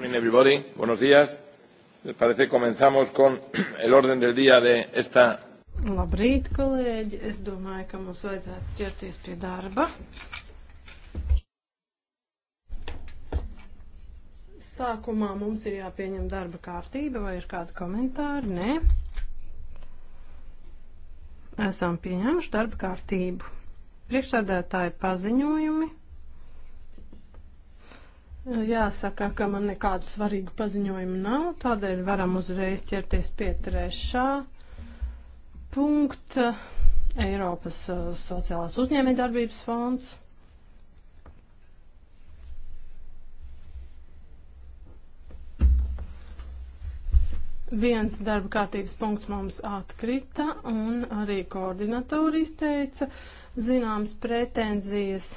Morning, everybody. Buenos días. Me parece comenzamos con el orden del día de esta. Labrīt, kolēģi. Es domāju, ka mums vajadzētu ķerties pie darba. Sākumā mums ir jāpieņem darba kārtība, vai ir kādi komentāri? Nē. Esam pieņēmuši darba kārtību. Priekšsēdētāji paziņojumi. Jāsaka, ka man nekādu svarīgu paziņojumu nav, tādēļ varam uzreiz ķerties pie trešā punkta - Eiropas uh, sociālās uzņēmējdarbības fonds. Viens darba kārtības punkts mums atkrita, un arī koordinatori izteica zināmas pretenzijas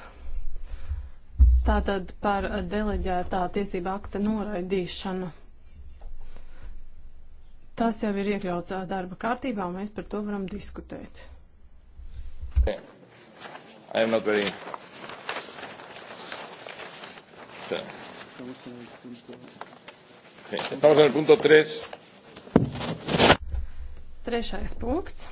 Tātad par deleģētā tiesība akta noraidīšanu. Tas jau ir iekļauts darba kārtībā, un mēs par to varam diskutēt. Okay. I am not very... So. Okay. Estamos en el punto 3. Trešais punkts.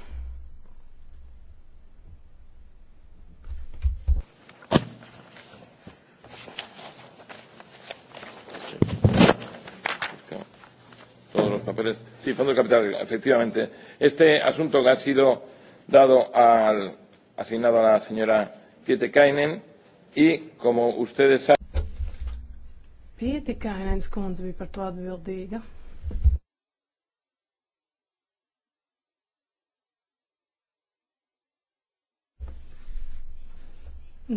Pérez. Sí, Fondo de Capital, efectivamente. Este asunto que ha sido dado al, asignado a la señora Pietekainen y, como ustedes saben... Pietekainens kundze bija par to atbildīga.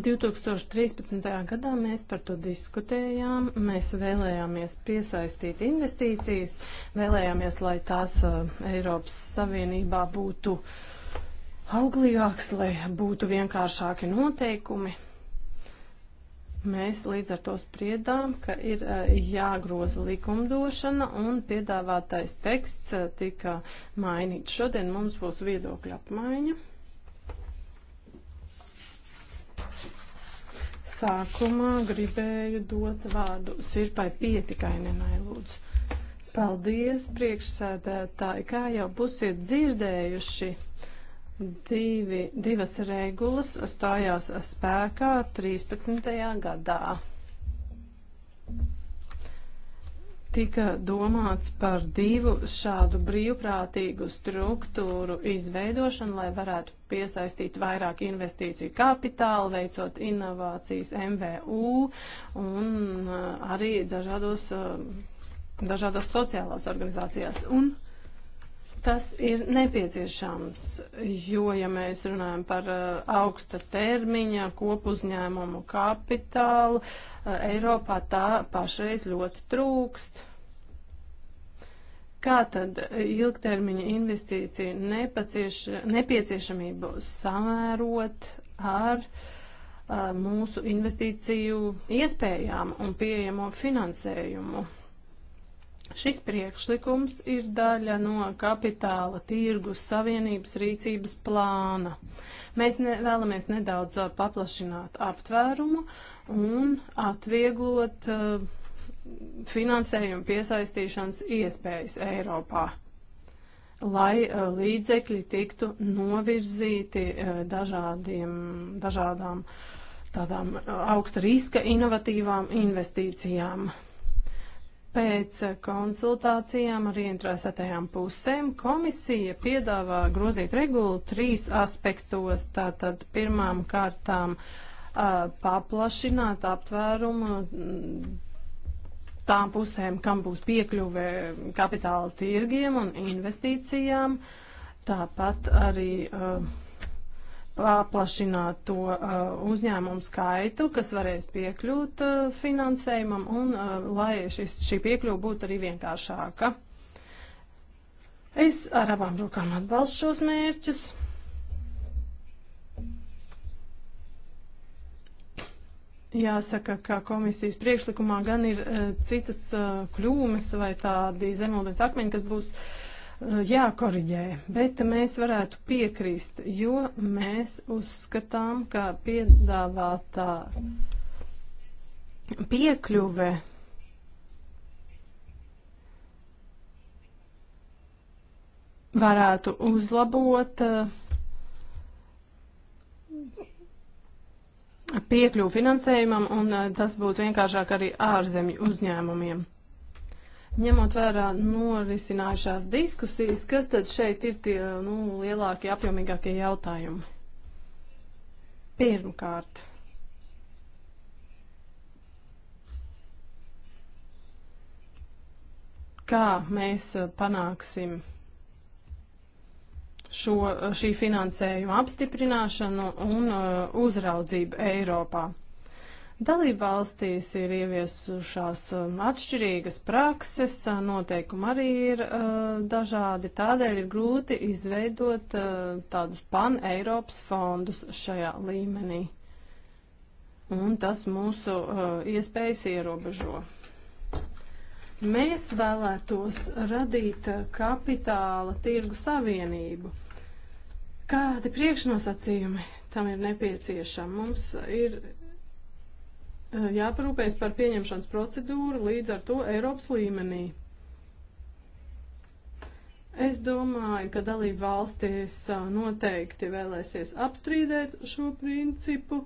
2013. gadā mēs par to diskutējām, mēs vēlējāmies piesaistīt investīcijas, vēlējāmies, lai tās uh, Eiropas Savienībā būtu auglīgāks, lai būtu vienkāršāki noteikumi. Mēs līdz ar to spriedām, ka ir uh, jāgroza likumdošana un piedāvātais teksts uh, tika mainīts. Šodien mums būs viedokļa apmaiņa. sākumā gribēju dot vārdu Sirpai Pietikainenai, lūdzu. Paldies, priekšsēdētāji, kā jau būsiet dzirdējuši, divi, divas regulas stājās spēkā 13. gadā. tika domāts par divu šādu brīvprātīgu struktūru izveidošanu, lai varētu piesaistīt vairāk investīciju kapitālu, veicot inovācijas MVU un uh, arī dažādos, uh, dažādos sociālās organizācijās. Un Tas ir nepieciešams, jo, ja mēs runājam par uh, augsta termiņa kopuzņēmumu kapitālu, uh, Eiropā tā pašreiz ļoti trūkst. Kā tad ilgtermiņa investīciju nepieciešamību samērot ar uh, mūsu investīciju iespējām un pieejamo finansējumu? Šis priekšlikums ir daļa no kapitāla tirgus savienības rīcības plāna. Mēs ne, vēlamies nedaudz paplašināt aptvērumu un atvieglot uh, finansējumu piesaistīšanas iespējas Eiropā, lai uh, līdzekļi tiktu novirzīti uh, dažādiem, dažādām tādām augsta riska inovatīvām investīcijām. Pēc konsultācijām ar ieinteresētajām pusēm komisija piedāvā grozīt regulu trīs aspektos. Tātad pirmām kārtām paplašināt aptvērumu mm, tām pusēm, kam būs piekļuve kapitāla tirgiem un investīcijām. Tāpat arī uh, paplašināt to uh, uzņēmumu skaitu, kas varēs piekļūt uh, finansējumam, un uh, lai šis, šī piekļuva būtu arī vienkāršāka. Es ar abām rokām atbalstu šos mērķus. Jāsaka, ka komisijas priekšlikumā gan ir uh, citas uh, kļūmes vai tādi zemūdens akmeņi, kas būs uh, Eh, jākoriģē, bet mēs varētu piekrīst, jo mēs uzskatām, ka piedāvātā piekļuve varētu uzlabot eh, piekļuvu finansējumam, un eh, tas būtu vienkāršāk arī ārzemju uzņēmumiem ņemot vērā norisinājušās diskusijas, kas tad šeit ir tie nu, lielākie, apjomīgākie jautājumi? Pirmkārt. Kā mēs panāksim šo, šī finansējuma apstiprināšanu un uh, uzraudzību Eiropā? Dalībvalstīs ir ieviesušās um, atšķirīgas prakses, uh, noteikumi arī ir uh, dažādi, tādēļ ir grūti izveidot uh, tādus pan-Eiropas fondus šajā līmenī. Un tas mūsu uh, iespējas ierobežo. Mēs vēlētos radīt uh, kapitāla tirgu savienību. Kādi priekšnosacījumi tam ir nepieciešami? Mums ir Eh, jāparūpēs par pieņemšanas procedūru līdz ar to Eiropas līmenī. Es domāju, ka dalība valstīs eh, noteikti vēlēsies apstrīdēt šo principu.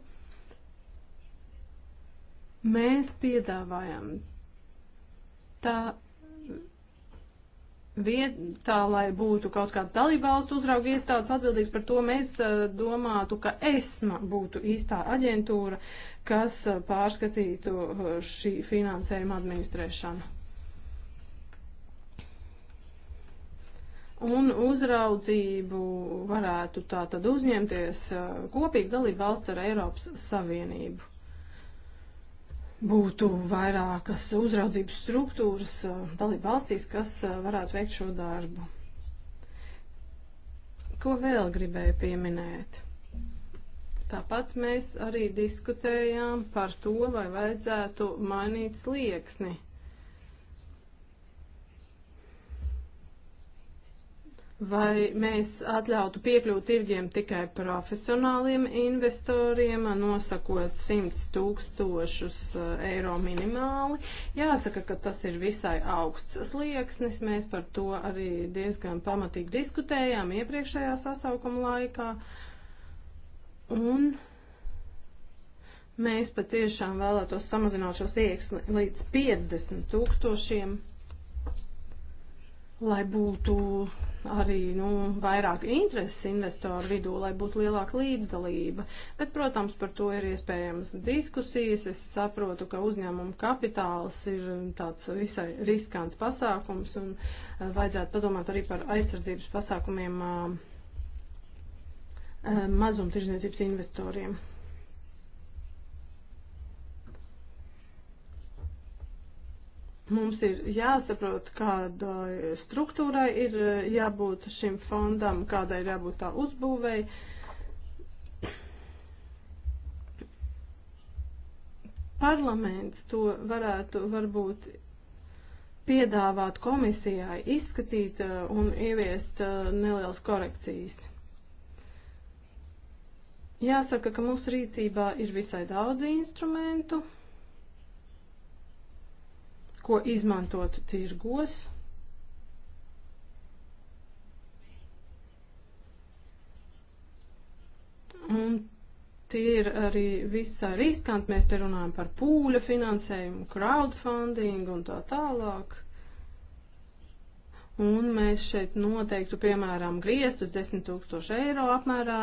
Mēs piedāvājam tā vietā, lai būtu kaut kāds dalībvalstu uzrauga iestādes atbildīgs par to, mēs eh, domātu, ka ESMA būtu īstā aģentūra, kas eh, pārskatītu eh, šī finansējuma administrēšanu. Un uzraudzību varētu tā tad uzņemties kopīgi dalību valsts ar Eiropas Savienību būtu vairākas uzraudzības struktūras uh, dalība valstīs, kas uh, varētu veikt šo darbu. Ko vēl gribēju pieminēt? Tāpat mēs arī diskutējām par to, vai vajadzētu mainīt slieksni vai mēs atļautu piekļūt tirgiem tikai profesionāliem investoriem, nosakot 100 tūkstošus eh, eiro minimāli. Jāsaka, ka tas ir visai augsts slieksnis. Mēs par to arī diezgan pamatīgi diskutējām iepriekšējā sasaukuma laikā. Un mēs patiešām vēlētos samazināt šo slieksni līdz 50 tūkstošiem, lai būtu arī nu, vairāk intereses investoru vidū, lai būtu lielāka līdzdalība. Bet, protams, par to ir iespējams diskusijas. Es saprotu, ka uzņēmuma kapitāls ir tāds visai riskants pasākums un eh, vajadzētu padomāt arī par aizsardzības pasākumiem eh, eh, mazumtirdzniecības investoriem. Mums ir jāsaprot, kādai struktūrai ir jābūt šim fondam, kādai ir jābūt tā uzbūvēji. Parlaments to varētu varbūt piedāvāt komisijai izskatīt uh, un ieviest uh, nelielas korekcijas. Jāsaka, ka mūsu rīcībā ir visai daudz instrumentu ko izmantot tirgos. Un tie ir arī visai riskanti. Mēs te runājam par pūļa finansējumu, crowdfunding un tā tālāk. Un mēs šeit noteiktu, piemēram, griestus 10 tūkstoši eiro apmērā.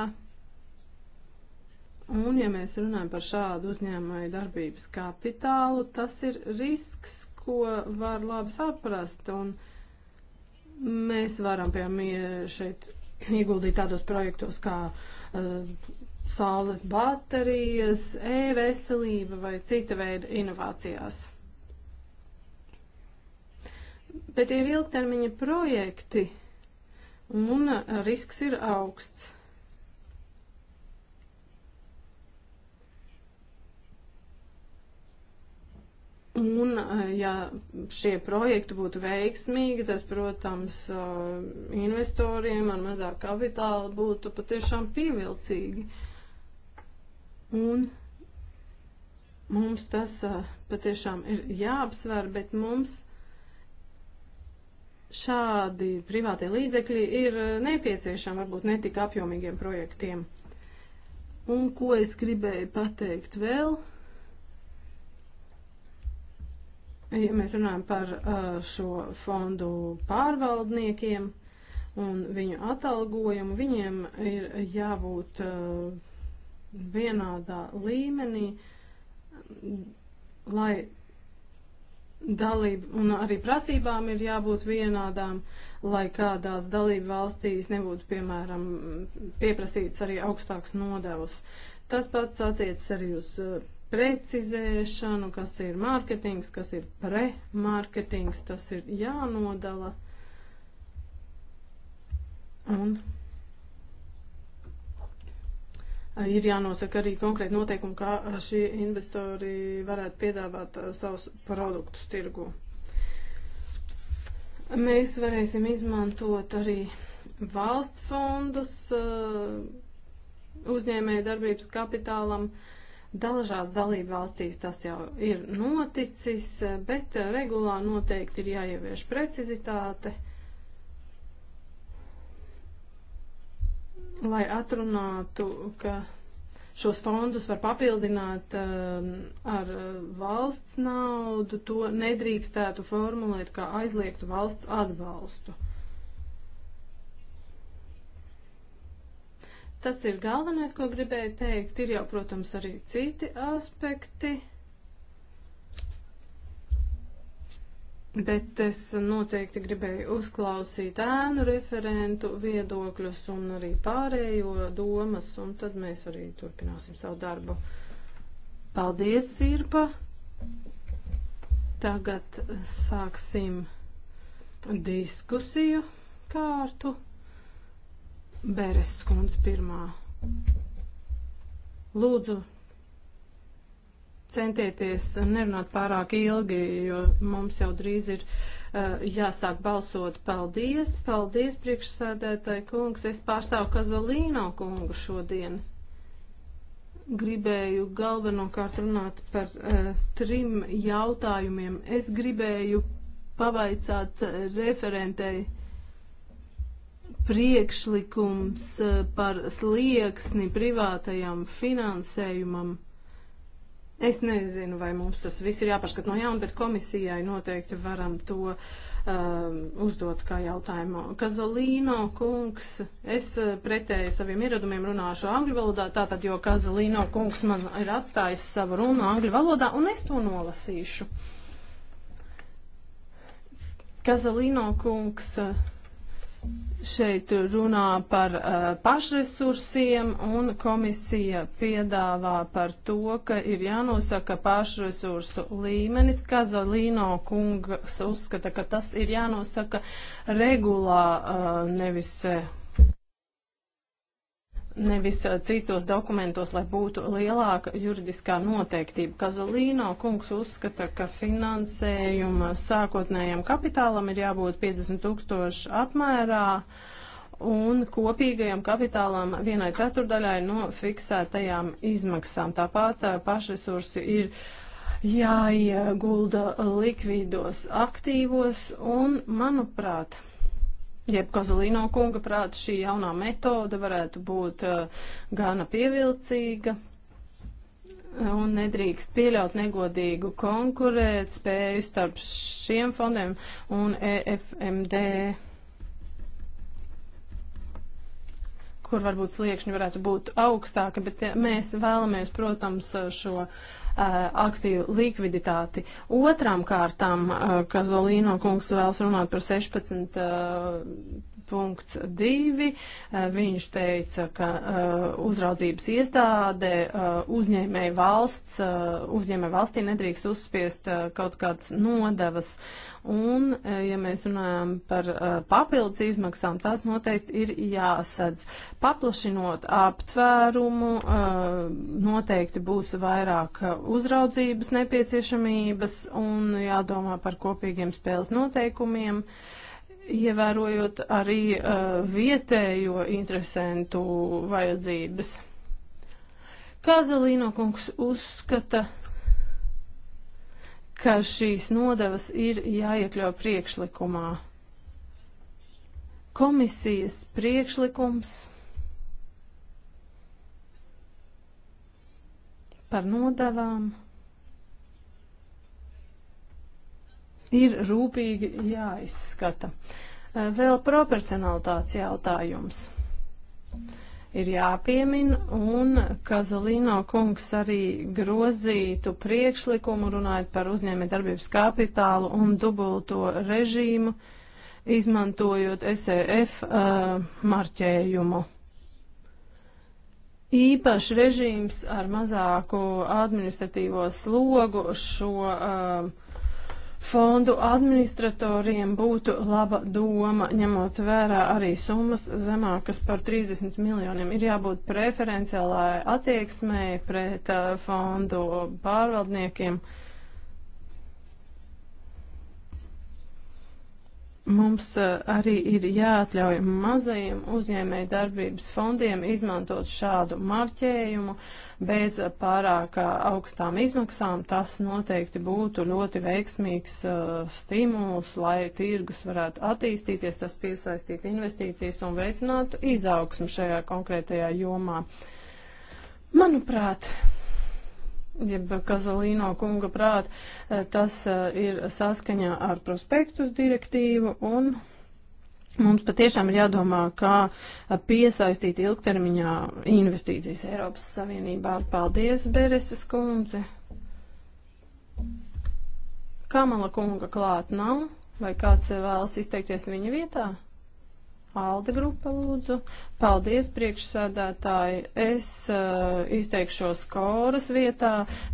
Un, ja mēs runājam par šādu uzņēmēju darbības kapitālu, tas ir risks, ko var labi saprast. Un mēs varam, piemēram, šeit ieguldīt tādos projektos kā uh, saules baterijas, e-veselība vai cita veida inovācijās. Bet ir ilgtermiņa projekti un risks ir augsts. Un, eh, ja šie projekti būtu veiksmīgi, tas, protams, eh, investoriem ar mazāk kapitāla būtu patiešām pievilcīgi. Un mums tas eh, patiešām ir jāapsver, bet mums šādi privātie līdzekļi ir nepieciešami varbūt netika apjomīgiem projektiem. Un ko es gribēju pateikt vēl? ja mēs runājam par uh, šo fondu pārvaldniekiem un viņu atalgojumu, viņiem ir jābūt uh, vienādā līmenī, lai dalība un arī prasībām ir jābūt vienādām, lai kādās dalību valstīs nebūtu, piemēram, pieprasīts arī augstāks nodevus. Tas pats attiecas arī uz uh, precizēšanu, kas ir mārketings, kas ir pre-mārketings, tas ir jānodala. Un ir jānosaka arī konkrēti noteikumi, kā šie investori varētu piedāvāt uh, savus produktus tirgu. Mēs varēsim izmantot arī valsts fondus uh, uzņēmēja darbības kapitālam. Uh, Dažās dalību valstīs tas jau ir noticis, bet regulā noteikti ir jāievieš precizitāte, lai atrunātu, ka šos fondus var papildināt um, ar valsts naudu, to nedrīkstētu formulēt kā aizliegtu valsts atbalstu. Tas ir galvenais, ko gribēju teikt. Ir jau, protams, arī citi aspekti. Bet es noteikti gribēju uzklausīt ēnu referentu viedokļus un arī pārējo domas, un tad mēs arī turpināsim savu darbu. Paldies, Sirpa! Tagad sāksim diskusiju kārtu. Beres skundze pirmā. Lūdzu, centieties nerunāt pārāk ilgi, jo mums jau drīz ir uh, jāsāk balsot. Paldies, paldies priekšsēdētāji kungs. Es pārstāvu Kazolīno kungu šodien. Gribēju galvenokārt runāt par uh, trim jautājumiem. Es gribēju pavaicāt uh, referentei priekšlikums eh, par slieksni privātajam finansējumam. Es nezinu, vai mums tas viss ir jāpaskat no jauna, bet komisijai noteikti varam to um, uzdot kā jautājumu. Kazolīno kungs, es eh, pretēji saviem ieradumiem runāšu angļu valodā, tātad, jo Kazolīno kungs man ir atstājis savu runu angļu valodā, un es to nolasīšu. Kazolīno kungs. Uh, šeit runā par uh, pašresursiem un komisija piedāvā par to, ka ir jānosaka pašresursu līmenis. Kazalīno kungs uzskata, ka tas ir jānosaka regulā, uh, nevis. Uh, nevis citos dokumentos, lai būtu lielāka juridiskā noteiktība. Kazolīno kungs uzskata, ka finansējuma sākotnējam kapitālam ir jābūt 50 tūkstoši apmērā un kopīgajam kapitālam vienai ceturdaļai no fiksētajām izmaksām. Tāpat pašresursi ir jāiegulda likvidos aktīvos un, manuprāt, Jeb Kozalīno kunga prāt šī jaunā metode varētu būt uh, gana pievilcīga un nedrīkst pieļaut negodīgu konkurēt spēju starp šiem fondiem un EFMD, kur varbūt sliekšņi varētu būt augstāki, bet mēs vēlamies, protams, šo uh, aktīvu likviditāti. Otrām kārtām, Kazolīno kungs vēlas runāt par 16 punkts divi. Eh, viņš teica, ka eh, uzraudzības iestāde eh, uzņēmēja valsts, uzņēmēja valstī nedrīkst uzspiest kaut kādas nodevas. Un, ja mēs runājam par papildus izmaksām, tās noteikti ir jāsadz. Paplašinot aptvērumu, noteikti būs vairāk uzraudzības nepieciešamības un jādomā par kopīgiem spēles noteikumiem. Uh, ievērojot arī uh, vietējo interesentu vajadzības. Kazalīno kungs uzskata, ka šīs nodevas ir jāiekļau priekšlikumā. Komisijas priekšlikums par nodavām. ir rūpīgi jāizskata. Eh, vēl proporcionalitātes jautājums ir jāpiemina, un Kazalino kungs arī grozītu priekšlikumu runājot par uzņēmē darbības kapitālu un dubulto režīmu, izmantojot SEF uh, eh, marķējumu. Īpaši režīms ar mazāku administratīvo slogu šo uh, fondu administratoriem būtu laba doma, ņemot vērā arī summas zemākas par 30 miljoniem. Ir jābūt preferenciālai attieksmei pret uh, fondu pārvaldniekiem. Uh, Mums eh, arī ir jāatļauj mazajiem uzņēmēju darbības fondiem izmantot šādu marķējumu bez eh, pārāk eh, augstām izmaksām. Tas noteikti būtu ļoti veiksmīgs stimuls, lai tirgus varētu attīstīties, tas piesaistītu investīcijas un veicinātu izaugsmu šajā konkrētajā jomā. Manuprāt, jeb Kazalīno kunga prāt, eh, tas eh, ir saskaņā ar prospektus direktīvu un mums patiešām ir jādomā, kā eh, piesaistīt ilgtermiņā investīcijas Eiropas Savienībā. Paldies, Bereses kundze. Kamala kunga klāt nav, vai kāds vēlas izteikties viņa vietā? Alda grupa lūdzu. Paldies, priekšsēdētāji. Es uh, izteikšos koras vietā.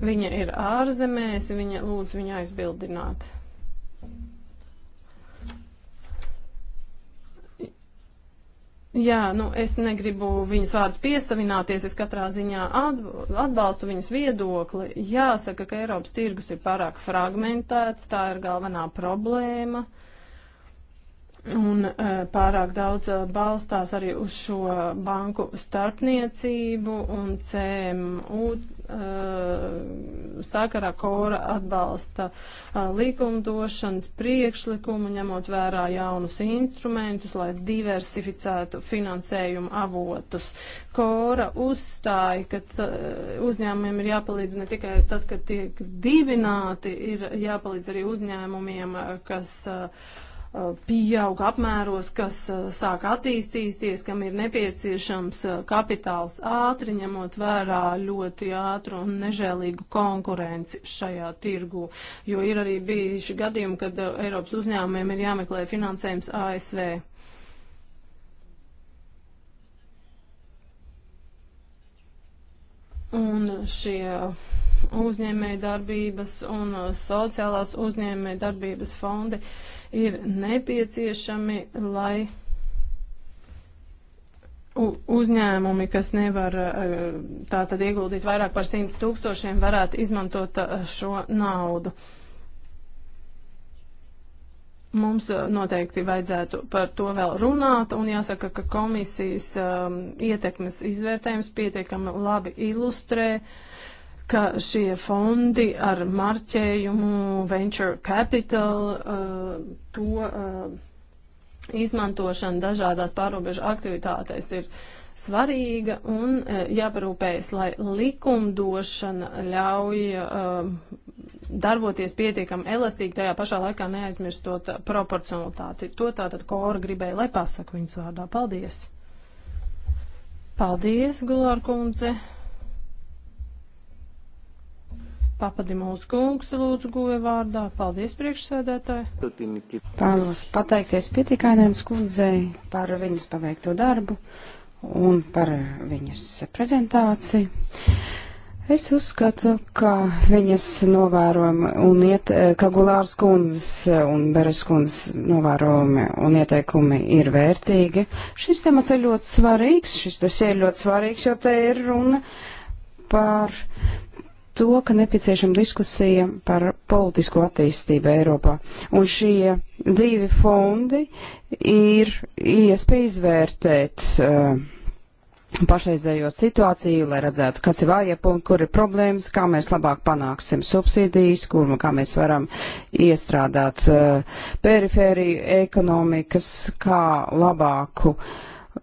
Viņa ir ārzemēs, viņa lūdzu viņu aizbildināt. Jā, nu es negribu viņas vārdus piesavināties, es katrā ziņā atbalstu viņas viedokli. Jāsaka, ka Eiropas tirgus ir pārāk fragmentēts, tā ir galvenā problēma. Uh, un eh, pārāk daudz eh, balstās arī uz šo banku starpniecību un CMU eh, sakarā kora atbalsta likumdošanas priekšlikumu, ņemot vērā jaunus instrumentus, lai diversificētu finansējumu avotus. Kora uzstāja, ka uzņēmumiem ir jāpalīdz ne tikai tad, kad tiek dibināti, ir jāpalīdz arī uzņēmumiem, kas uh, Uh, pieauga apmēros, kas uh, sāk attīstīties, kam ir nepieciešams uh, kapitāls ātri, ņemot vērā ļoti ātru un nežēlīgu konkurenci šajā tirgu. Jo ir arī bijuši gadījumi, kad Eiropas uzņēmumiem ir jāmeklē finansējums ASV. Un šie uzņēmējdarbības un sociālās uzņēmējdarbības fondi uh, ir nepieciešami, lai uzņēmumi, kas nevar eh, tātad ieguldīt vairāk par 100 tūkstošiem, varētu izmantot eh, šo naudu. Mums eh, noteikti vajadzētu par to vēl runāt, un jāsaka, ka komisijas um, ietekmes izvērtējums pietiekami labi ilustrē uh, ka šie fondi ar marķējumu venture capital uh, to uh, izmantošana dažādās pārobežu aktivitātēs ir svarīga un uh, jāparūpējas, lai likumdošana ļauj uh, darboties pietiekam elastīgi, tajā pašā laikā neaizmirstot proporcionalitāti. To tātad Kora gribēja, lai pasaku viņas vārdā. Paldies! Paldies, Gulār kundze! Papadi mūsu kungs, lūdzu, guve vārdā. Paldies, priekšsēdētāji. Vēlos pateikties pietikainēns kundzei par viņas paveikto darbu un par viņas prezentāciju. Es uzskatu, ka viņas novērojumi un iet, ka Gulārs kundzes un Beres kundzes novērojumi un ieteikumi ir vērtīgi. Šis temats ir ļoti svarīgs, šis tas ir ļoti svarīgs, jo te ir runa par to, ka nepieciešama diskusija par politisko attīstību Eiropā. Un šie divi fondi ir iespēja izvērtēt uh, pašreizējo situāciju, lai redzētu, kas ir vājie punkti, kur ir problēmas, kā mēs labāk panāksim subsīdijas, kur, kā mēs varam iestrādāt uh, perifēriju ekonomikas, kā labāku, uh,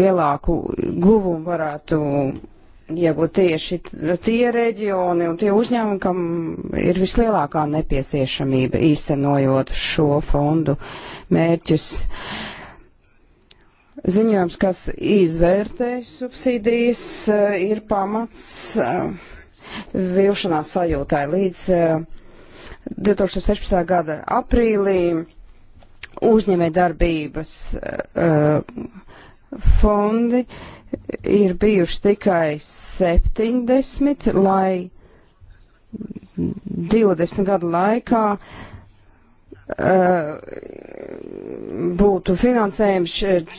lielāku guvumu varētu iegūt tieši tie reģioni un tie uzņēmumi, kam ir vislielākā nepieciešamība īstenojot šo fondu mērķus. Ziņojums, kas izvērtē subsīdijas, eh, ir pamats eh, vilšanās sajūtai līdz 2016. Eh, gada aprīlī uzņēmē darbības fondi ir bijuši tikai 70, lai 20 gadu laikā uh, būtu finansējums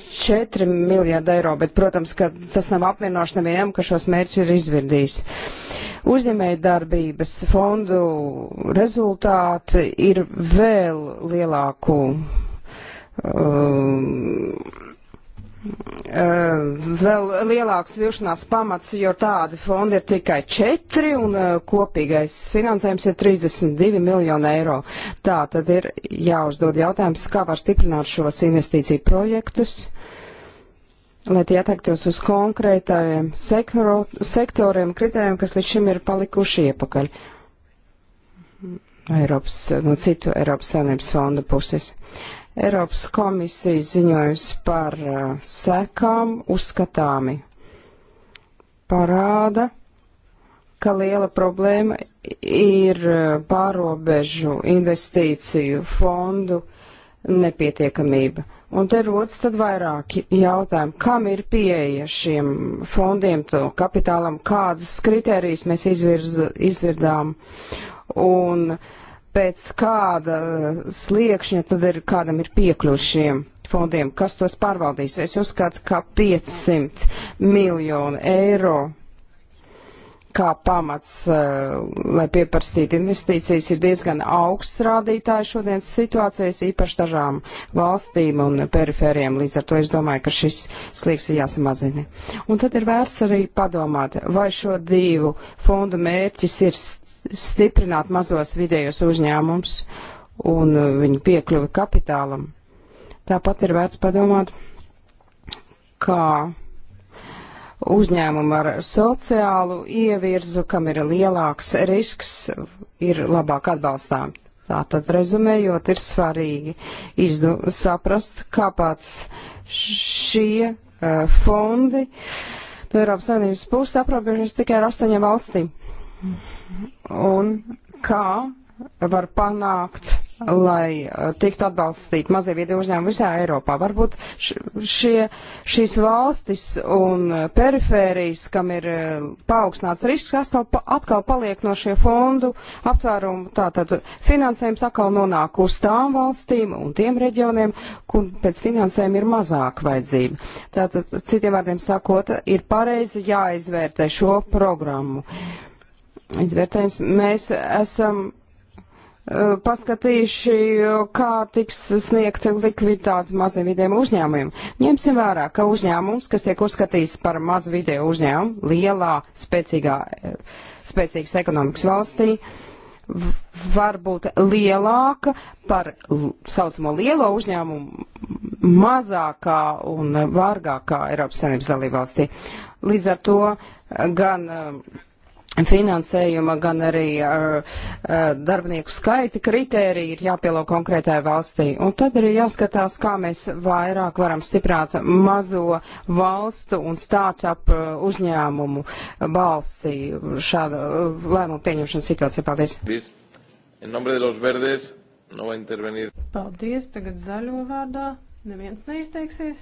4 miljārdi eiro, bet, protams, ka tas nav apvienošs nevienam, ka šos mērķus ir izvirdījis. Uzņēmēja darbības fondu rezultāti ir vēl lielāku. Um, uh, Eh, vēl lielāks vilšanās pamats, jo tādi fondi ir tikai četri un eh, kopīgais finansējums ir 32 miljoni eiro. Tā tad ir jāuzdod jautājums, kā var stiprināt šos investīciju projektus, lai tie attiektos uz konkrētajiem sektoro, sektoriem, kritērijiem, kas līdz šim ir palikuši iepakaļ. Eiropas, no citu Eiropas saimnības fonda puses. Uh, Eiropas komisijas ziņojums par uh, sekām uzskatāmi parāda, ka liela problēma ir uh, pārobežu investīciju fondu nepietiekamība. Un te rodas tad vairāki jautājumi, kam ir pieeja šiem fondiem, to kapitālam, kādas kritērijas mēs izvirz, izvirdām. Un uh, pēc kāda sliekšņa tad ir, kādam ir piekļušiem fondiem, kas tos pārvaldīs. Es uzskatu, ka 500 miljonu eiro kā pamats, eh, lai pieprasītu investīcijas, ir diezgan augsts rādītājs šodienas situācijas, īpaši dažām valstīm un perifēriem. Līdz ar to es domāju, ka šis slieks ir jāsamazina. Un tad ir vērts arī padomāt, vai šo divu fondu mērķis ir stiprināt mazos vidējos uzņēmums un uh, viņu piekļuvi kapitālam. Tāpat ir vērts padomāt, kā uzņēmumu ar sociālu ievirzu, kam ir lielāks risks, ir labāk atbalstām. Tātad, rezumējot, ir svarīgi izdu, saprast, kāpēc šie uh, fondi no Eiropas Savienības puses aprobežas tikai ar astoņiem valstīm. Mm un kā var panākt, lai eh, tiktu atbalstīti mazie video uzņēmumi visā Eiropā. Varbūt šie, šīs valstis un eh, perifērijas, kam ir eh, paaugstināts risks, atkal, atkal paliek no šie fondu aptvērumu. Tātad finansējums atkal nonāk uz tām valstīm un tiem reģioniem, kur pēc finansējuma ir mazāk vajadzība. Tātad, citiem vārdiem sakot, ir pareizi jāizvērtē šo programmu. Uh, izvērtējums. Mēs esam e, paskatījuši, kā tiks sniegta likviditāte maziem vidiem uzņēmumiem. Ņemsim vērā, ka uzņēmums, kas tiek uzskatīts par mazu vidēju uzņēmumu, lielā, spēcīgā, e, spēcīgas ekonomikas valstī, var būt lielāka par saucamo lielo uzņēmumu mazākā un vārgākā Eiropas Savienības dalībvalstī. Līdz ar to gan uh, finansējuma, gan arī uh, uh, darbinieku skaita kritērija ir jāpielūko konkrētai valstī. Un tad arī jāskatās, kā mēs vairāk varam stiprināt mazo valstu un startup uh, uzņēmumu balsi šāda uh, lēmuma pieņemšanas situācija. Paldies. Paldies. Tagad zaļo vārdā. Neviens neizteiksies.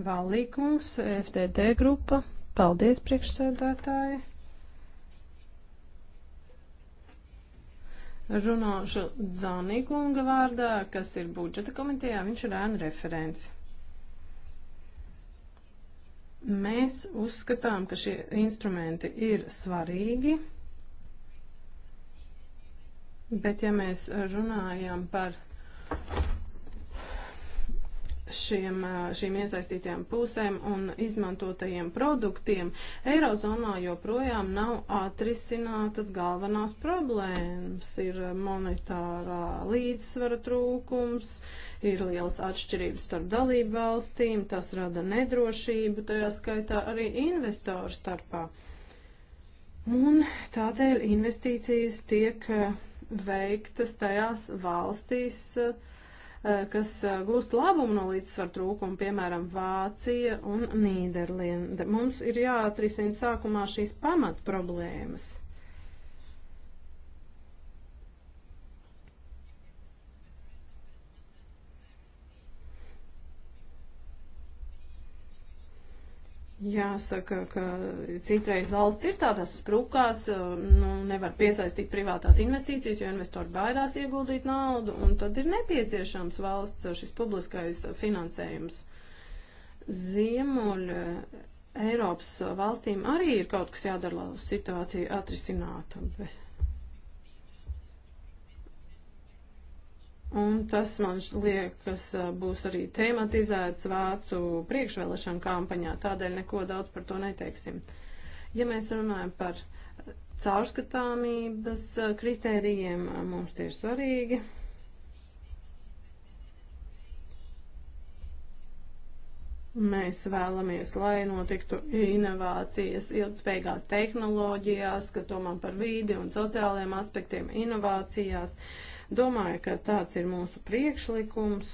Valīkums, FTT grupa. Paldies, priekšsēdētāji. Runāšu Zanīkunga vārdā, kas ir budžeta komitejā, viņš ir ēna referents. Mēs uzskatām, ka šie instrumenti ir svarīgi, bet ja mēs runājam par šiem, šīm iesaistītajām pusēm un izmantotajiem produktiem, Eirozonā joprojām nav atrisinātas galvenās problēmas. Ir monetārā līdzsvara trūkums, ir lielas atšķirības starp dalību valstīm, tas rada nedrošību, tajā skaitā arī investoru starpā. Un tādēļ investīcijas tiek veiktas tajās valstīs, uh, Eh, kas eh, gūst labumu no līdzsvaru trūkuma, piemēram, Vācija un Nīderlanda. Mums ir jāatrisina sākumā šīs pamatproblēmas. Jāsaka, ka citreiz valsts ir tādās sprukās, nu, nevar piesaistīt privātās investīcijas, jo investori baidās ieguldīt naudu, un tad ir nepieciešams valsts šis publiskais finansējums. Ziemuļa eh, Eiropas valstīm arī ir kaut kas jādara, lai situāciju atrisinātu. Bet Un tas, man liekas, būs arī tematizēts vācu priekšvēlēšanu kampaņā, tādēļ neko daudz par to neteiksim. Ja mēs runājam par caurskatāmības kritērijiem, mums tie ir svarīgi. Mēs vēlamies, lai notiktu inovācijas ilgspējīgās tehnoloģijās, kas domā par vīdi un sociālajiem aspektiem inovācijās. Uh, Domāju, ka tāds ir mūsu priekšlikums.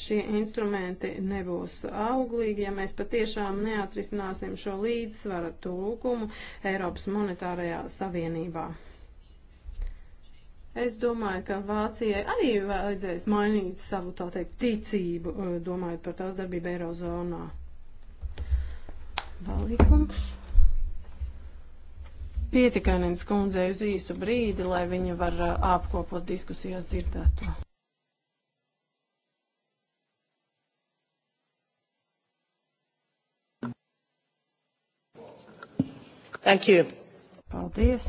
Šie instrumenti nebūs auglīgi, ja mēs patiešām neatrisināsim šo līdzsvara trūkumu Eiropas monetārajā savienībā. Es domāju, ka Vācijai arī vajadzēs mainīt savu, tā teikt, ticību, eh, domājot par tās darbību Eirozonā. Balīkungs. Pietikainens kundzei uz īsu brīdi, lai viņa var uh, apkopot diskusijās dzirdēto. Thank you. Paldies.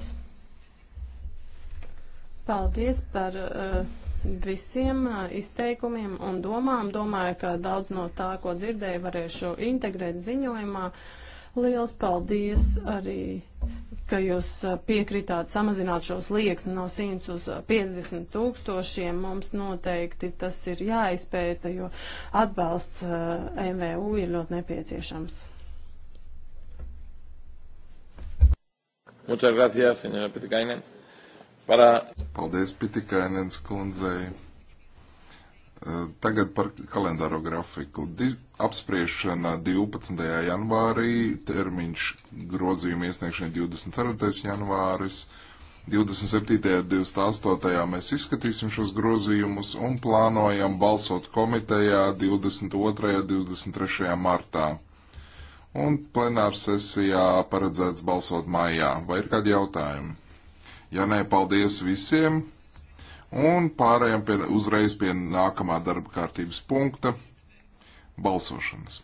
Paldies par uh, visiem uh, izteikumiem un domām. Domāju, ka daudz no tā, ko dzirdēju, varēšu integrēt ziņojumā. Liels paldies arī ka jūs piekritāt samazināt šos lieksni no 100 uz 50 tūkstošiem. Mums noteikti tas ir jāizpēta, jo atbalsts MVU ir ļoti nepieciešams. Muchas gracias, señora Pitikainen. Para... Paldies Pitikainens kundzei. Tagad par kalendāro grafiku. Diz, apspriešana 12. janvārī, termiņš grozījuma iesniegšanai 24. janvāris. 27. un 28. mēs izskatīsim šos grozījumus un plānojam balsot komitejā 22. un 23. martā. Un plenārs sesijā paredzēts balsot maijā. Vai ir kādi jautājumi? Ja nē, paldies visiem! Un pārējām pie, uzreiz pie nākamā darba kārtības punkta - balsošanas.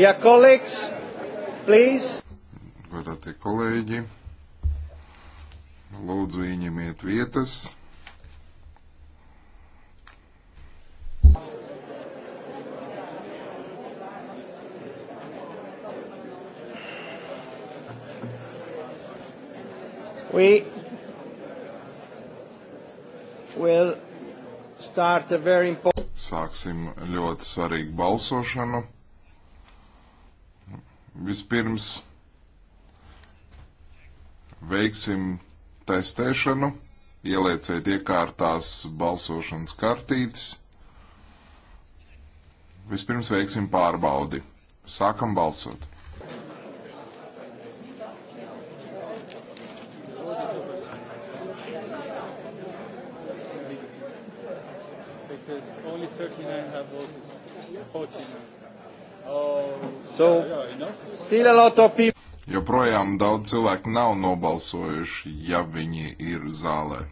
Ja kolēģis, please. Godātie kolēģi, lūdzu ieņemiet vietas. We will start a very important. Sāksim ļoti svarīgu balsošanu. Vispirms veiksim testēšanu, ielieciet iekārtās balsošanas kartītes. Vispirms veiksim pārbaudi. Sākam balsot. Because only 39 have voted. 14 now. So, still a lot of people. Joprojām daudz cilvēku nav nobalsojuši, ja viņi ir zālē.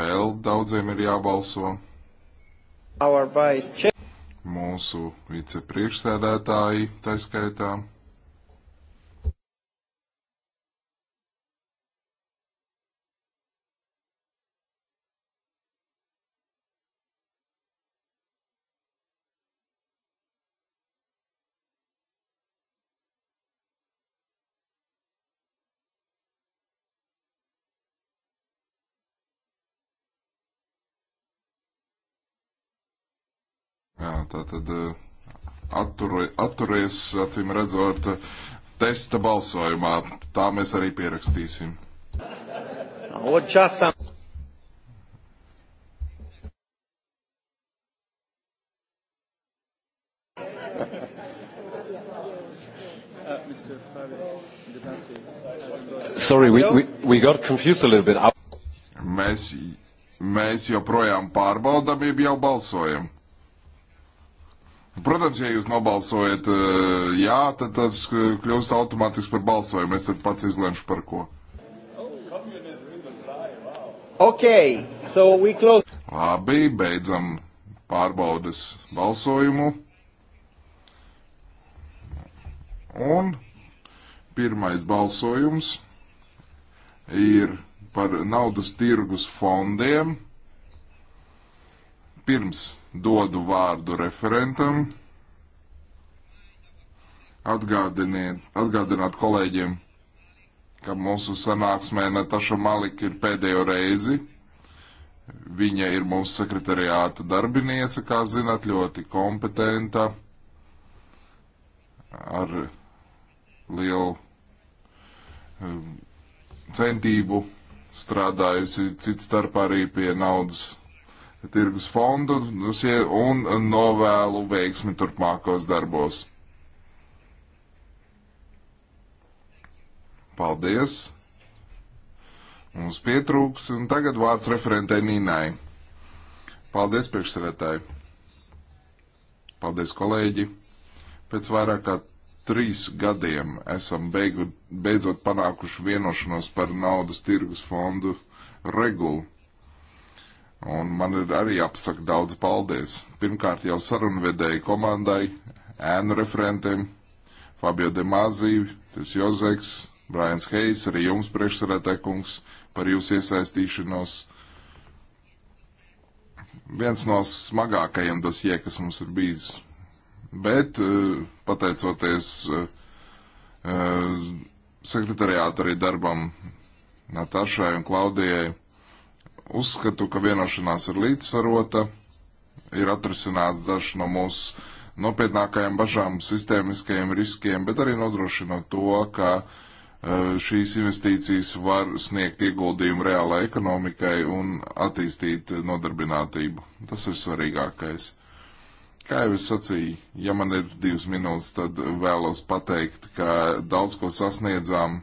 Vēl daudziem ir jābalso. Mūsu vicepriekšsēdētāji taiskaitā. Tātad eh, attur, atturies, acīm redzot, testa balsojumā. Tā mēs arī pierakstīsim. Časam. Sorry, we, we, we got confused a little bit. Mēs, mēs joprojām pārbaudām, jau balsojam. Protams, ja jūs nobalsojat eh, jā, tad tas eh, kļūst automātiski par balsojumu. Es tad pats izlemšu par ko. Okay, so we close. Labi, beidzam pārbaudas balsojumu. Un pirmais balsojums ir par naudas tirgus fondiem. Pirms dodu vārdu referentam. Atgādiniet, atgādināt kolēģiem, ka mūsu sanāksmē Nataša Malika ir pēdējo reizi. Viņa ir mūsu sekretariāta darbiniece, kā zinat, ļoti kompetenta, ar lielu um, centību strādājusi cits starp arī pie naudas tirgus fondu un novēlu veiksmi turpmākos darbos. Paldies! Mums pietrūks, un tagad vārds referentē Nīnai. Paldies, priekšsēdētāji! Paldies, kolēģi! Pēc vairāk kā trīs gadiem esam beigu, beidzot panākuši vienošanos par naudas tirgus fondu regulu Un man ir arī jāpasaka daudz paldies. Pirmkārt jau sarunvedēju komandai, ēnu referentiem, Fabio De Mazī, tas Jozeks, Brians Heis, arī jums priekšsarētēkungs par jūsu iesaistīšanos. Viens no smagākajiem dosie, kas mums ir bijis. Bet, eh, pateicoties eh, eh, sekretariāta arī darbam Natašai un Klaudijai, Uzskatu, ka vienošanās ir līdzsvarota, ir atrisināts dažs no mūsu nopietnākajām bažām, sistēmiskajiem riskiem, bet arī nodrošina to, ka e, šīs investīcijas var sniegt ieguldījumu reālai ekonomikai un attīstīt nodarbinātību. Tas ir svarīgākais. Kā jau es sacīju, ja man ir divas minūtes, tad vēlos pateikt, ka daudz ko sasniedzām,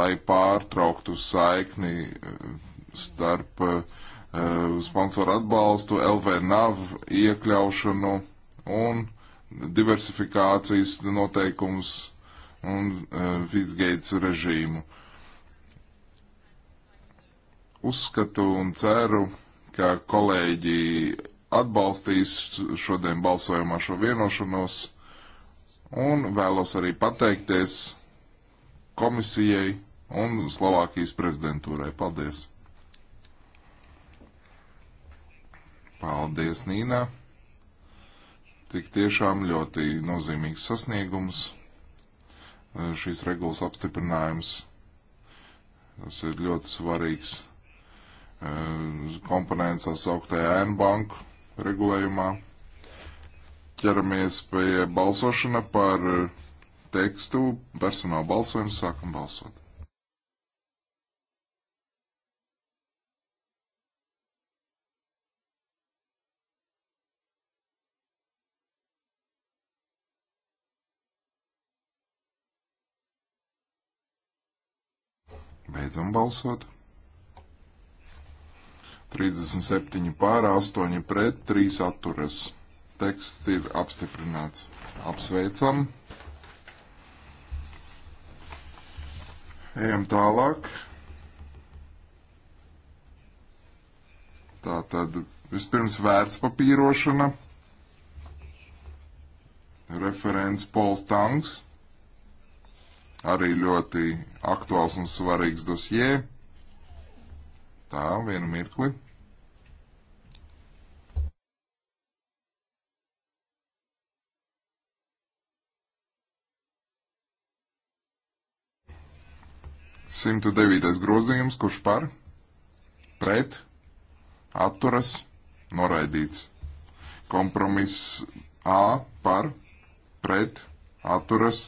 lai pārtrauktu saikni e, starp uh, sponsoru atbalstu, LVNAV iekļaušanu un diversifikācijas noteikums un uh, Fitzgates režīmu. Uzskatu un ceru, ka kolēģi atbalstīs šodien balsojumā šo vienošanos un vēlos arī pateikties komisijai un Slovākijas prezidentūrai. Paldies! Paldies, Nīna! Tik tiešām ļoti nozīmīgs sasniegums eh, šīs regulas apstiprinājums. Tas ir ļoti svarīgs eh, komponents tās augtajā ēnbanku regulējumā. Ķeramies pie balsošana par eh, tekstu personāla balsojumu, sākam balsot. Beidzam balsot. 37 pār 8 pret 3 atturas. Teksts ir apstiprināts. Apsveicam. Ejam tālāk. Tā tad vispirms vērts papīrošana. Referents Pols Tanks. Arī ļoti aktuāls un svarīgs dosjē. Tā, vienu mirkli. Simtu devītais grozījums, kurš par, pret, atturas, noraidīts. Kompromiss A par, pret, atturas,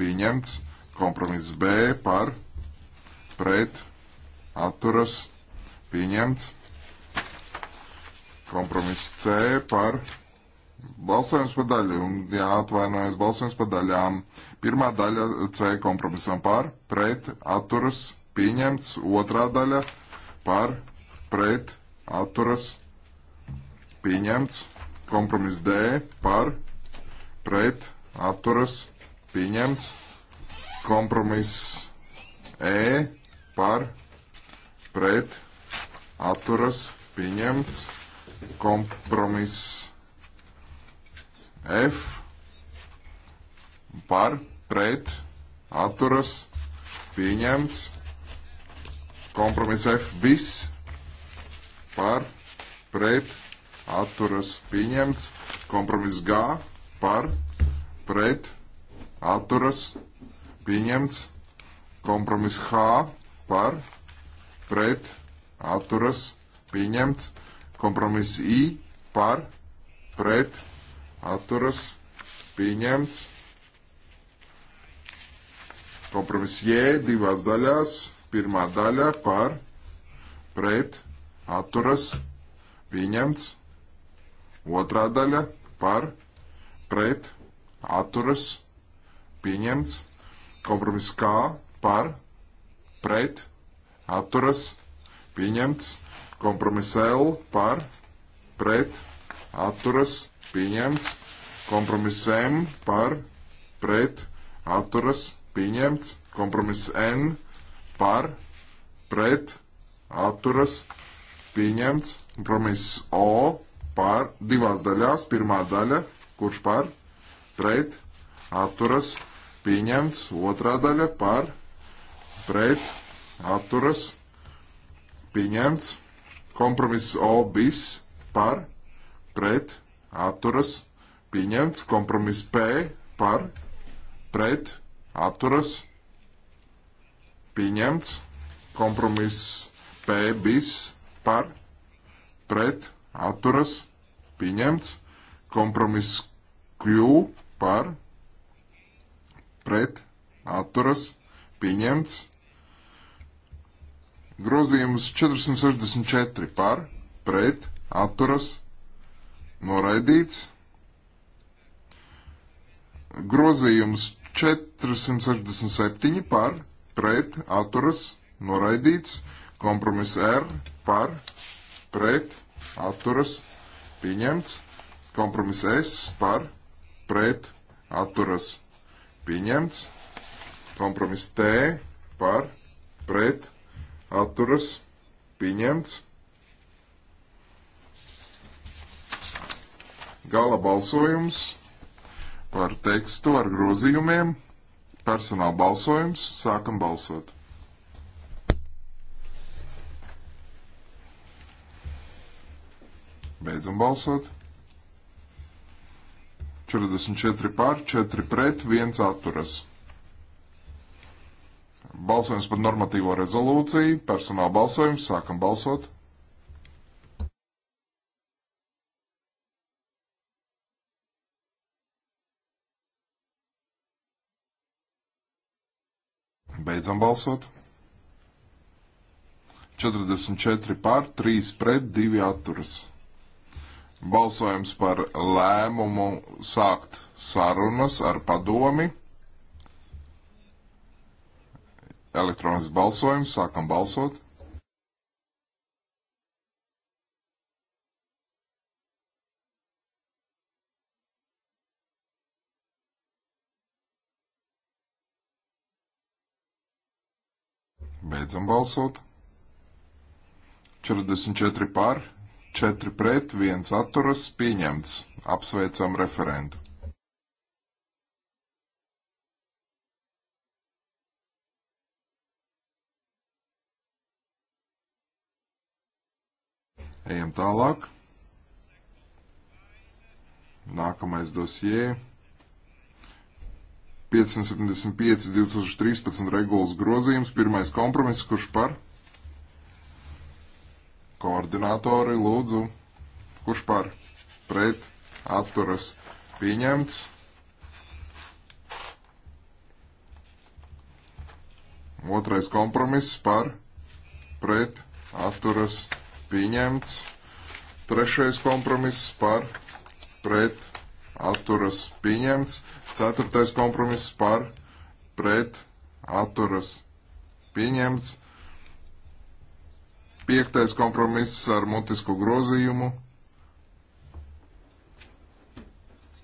pieņemts. Kompromiss B par pret atturas pieņemts. Kompromiss C par balsojums par daļu. Un, jā, atvainojos, balsojums par daļām. Pirmā daļa C kompromisam par pret atturas pieņemts. Otrā daļa par pret atturas pieņemts. Kompromiss D par pret atturas pieņemts. Kompromiss E par pret atturas pieņemts. Kompromiss F par pret atturas pieņemts. Kompromiss F viss par pret atturas pieņemts. Kompromiss G par pret atturas pieņemts pieņemts. Kompromiss H par, pret, atturas, pieņemts. Kompromiss I par, pret, atturas, pieņemts. Kompromiss J divās daļās. Pirmā daļa par, pret, atturas, pieņemts. Otrā daļa par, pret, atturas, pieņemts. Kompromiss kā par, pret, atturas, pieņemts. Kompromiss L par, pret, atturas, pieņemts. Kompromiss M par, pret, atturas, pieņemts. Kompromiss N par, pret, atturas, pieņemts. Kompromiss O par divās daļās. Pirmā daļa, kurš par, pret, atturas, pieņemts pieņemts, otrā daļa par, pret, atturas, pieņemts, kompromiss O bis par, pret, atturas, pieņemts, kompromiss P par, pret, atturas, pieņemts, kompromiss P bis par, pret, atturas, pieņemts, kompromiss Q par, pret, atturas, pieņemts. Grozījums 464 par, pret, atturas, noraidīts. Grozījums 467 par, pret, atturas, noraidīts. Kompromiss R par, pret, atturas, pieņemts. Kompromiss S par, pret, atturas, noraidīts pieņemts. Kompromiss T par pret atturas pieņemts. Gala balsojums par tekstu ar grozījumiem. Personāla balsojums. Sākam balsot. Beidzam balsot. 44 pār, 4 pret, 1 atturas. Balsojums par normatīvo rezolūciju, personāla balsojums, sākam balsot. Beidzam balsot. 44 pār, 3 pret, 2 atturas balsojums par lēmumu sākt sarunas ar padomi. Elektronisks balsojums, sākam balsot. Beidzam balsot. 44 pār, 4 pret, 1 atturas, pieņemts. Apsveicam referentu. Ejam tālāk. Nākamais dosie. 575 2013 regulas grozījums, pirmais kompromiss, kurš par? Koordinātori, lūdzu, kurš par pret atturas pieņemts. Otrais kompromiss par pret atturas pieņemts. Trešais kompromiss par pret atturas pieņemts. Ceturtais kompromiss par pret atturas pieņemts. Piektais kompromiss ar mutisku grozījumu.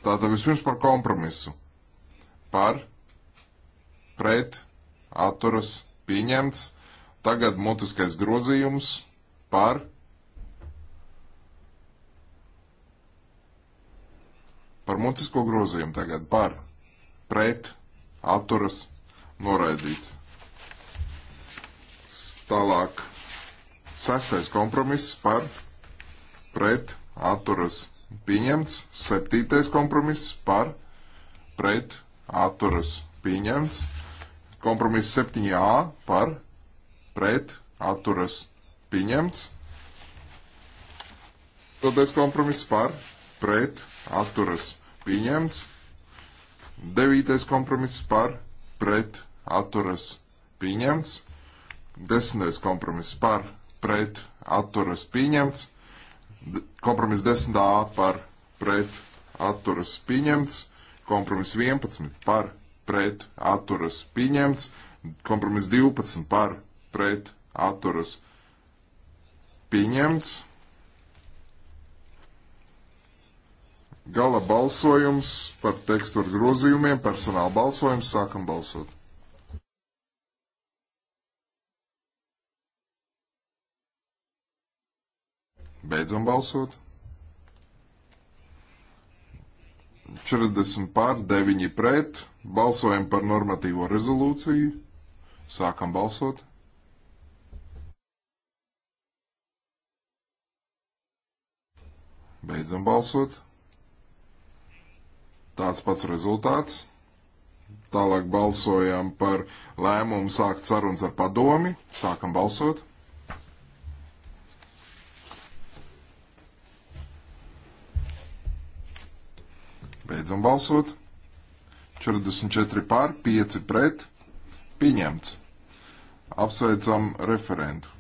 Tātad vispirms par kompromisu. Par, pret, atturas, pieņemts. Tagad mutiskais grozījums par, par mutisko grozījumu tagad, par, pret, atturas, noraidīts. Tālāk Sestais kompromiss par pret atturas pieņemts. Septītais kompromiss par pret atturas pieņemts. Kompromiss 7a par pret atturas pieņemts. Totais kompromiss par pret atturas pieņemts. Devītais kompromiss par pret atturas pieņemts. Desmitais kompromiss par pret atturas pieņemts. Kompromiss 10a par pret atturas pieņemts. Kompromiss 11 par pret atturas pieņemts. Kompromiss 12 par pret atturas pieņemts. Gala balsojums par tekstu ar grozījumiem, personāla balsojums, sākam balsot. Beidzam balsot. 40 pār, 9 pret. Balsojam par normatīvo rezolūciju. Sākam balsot. Beidzam balsot. Tāds pats rezultāts. Tālāk balsojam par lēmumu sākt sarunas ar padomi. Sākam balsot. Beidzam balsot. 44 pār, 5 pret. Pieņemts. Apsveicam referentu.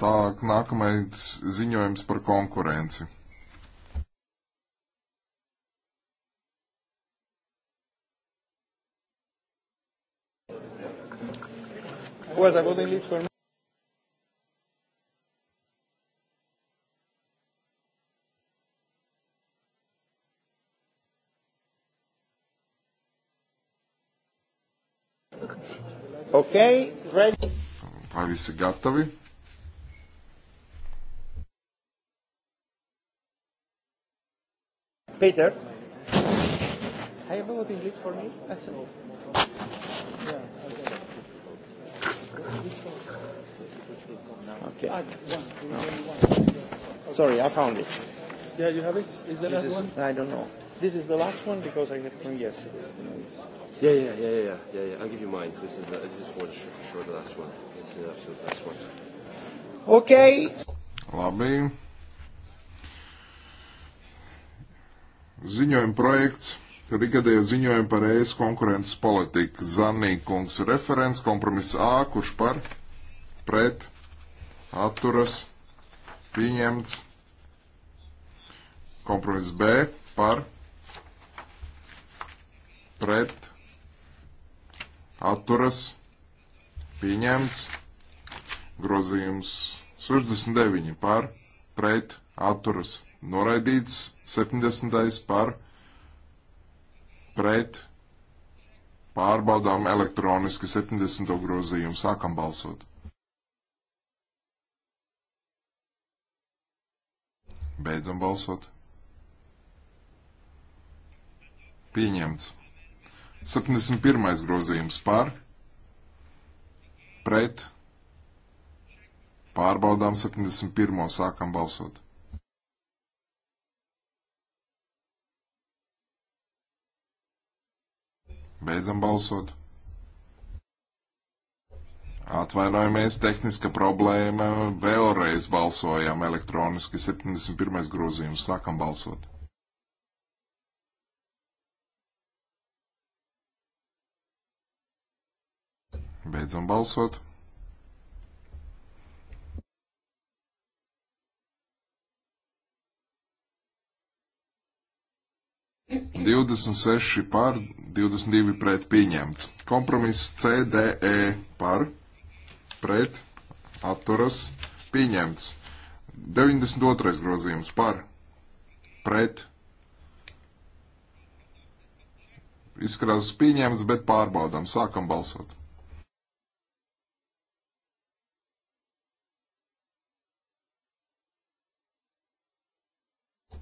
Tā nākamais ziņojums par konkurenci. was I voting list for? Okay, ready. Vai visi gatavi? Peter, I have a voting list for me. I said, Okay. No. Sorry, I found it. Yeah, you have it? Is the this last is, one? I don't know. This is the last one because I had from yesterday. Yeah, yeah, yeah, yeah, yeah, yeah. I'll give you mine. This is the, this is for sure, sure the last one. It's the absolute last one. Okay. Labi. Ziņojuma projekts Tad ir gadējo ziņojumi par ES konkurences politiku. Zanīkungs referents, kompromiss A, kurš par, pret, atturas, pieņemts. Kompromiss B, par, pret, atturas, pieņemts. Grozījums 69 par, pret, atturas, noraidīts, 70 par, pret pret, pārbaudām elektroniski 70. grozījumu, sākam balsot. Beidzam balsot. Pieņemts. 71. grozījums par, pret, pārbaudām 71. sākam balsot. Beidzam balsot. Atvainojamies, tehniska problēma. Vēlreiz balsojam elektroniski 71. grozījums. Sākam balsot. Beidzam balsot. Divdesmit seši pār 22 pret pieņemts. Kompromiss CDE par pret atturas pieņemts. 92. grozījums par pret izskatās pieņemts, bet pārbaudām. Sākam balsot.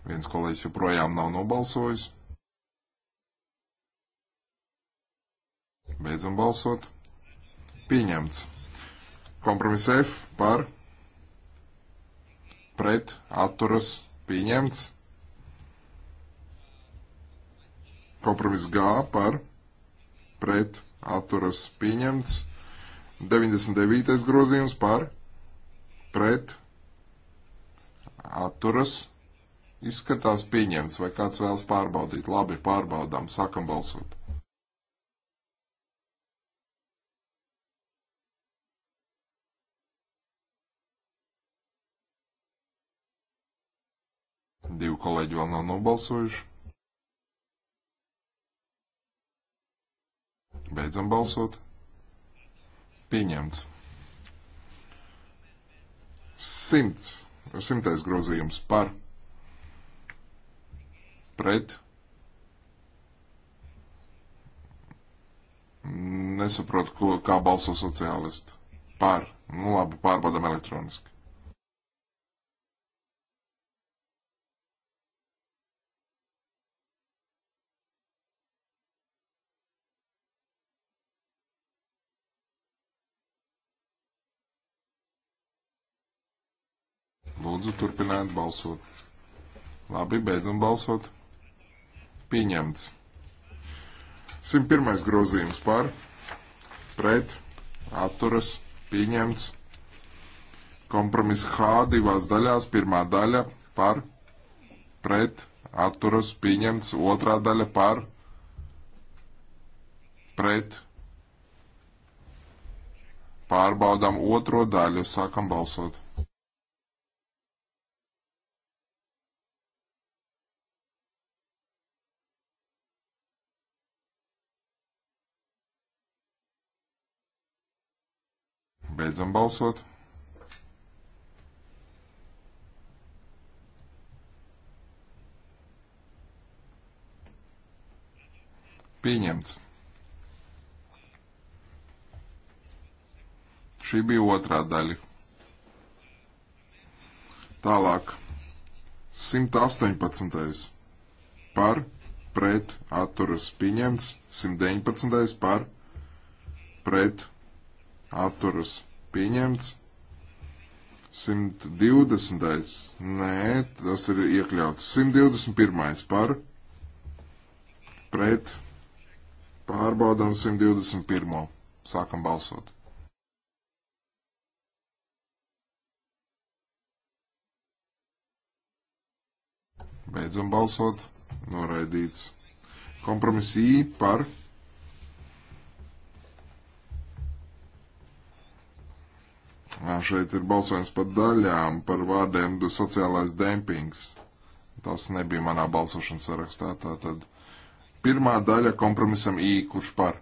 Viens kolēģis joprojām nav nobalsojis. Beidzam balsot. Pieņemts. Kompromiss F par pret atturas pieņemts. Kompromiss G par pret atturas pieņemts. 99. grozījums par pret atturas izskatās pieņemts vai kāds vēlas pārbaudīt. Labi, pārbaudām, sākam balsot. Divi kolēģi vēl nav nobalsojuši. Beidzam balsot. Pieņemts. Simts. Simtais grozījums par. Pret. Nesaprotu, ko, kā balso sociālisti. Par. Nu labi, pārbaudam elektroniski. Lūdzu, turpiniet balsot. Labi, beidzam balsot. Pieņemts. 101. grozījums par, pret, atturas, pieņemts. Kompromiss H divās daļās, pirmā daļa par, pret, atturas, pieņemts, otrā daļa par, pret, pārbaudām otro daļu, sākam balsot. Beidzam balsot. Pieņemts. Šī bija otrā daļa. Tālāk. 118. par pret atturas pieņemts. 119. par pret atturas pieņemts. 120. Nē, tas ir iekļauts. 121. par pret pārbaudām 121. Sākam balsot. Beidzam balsot. Noraidīts. Kompromiss I par Šeit ir balsojums par daļām, par vārdiem sociālais dempings. Tas nebija manā balsošanas sarakstā. Tātad pirmā daļa kompromisam I, kurš par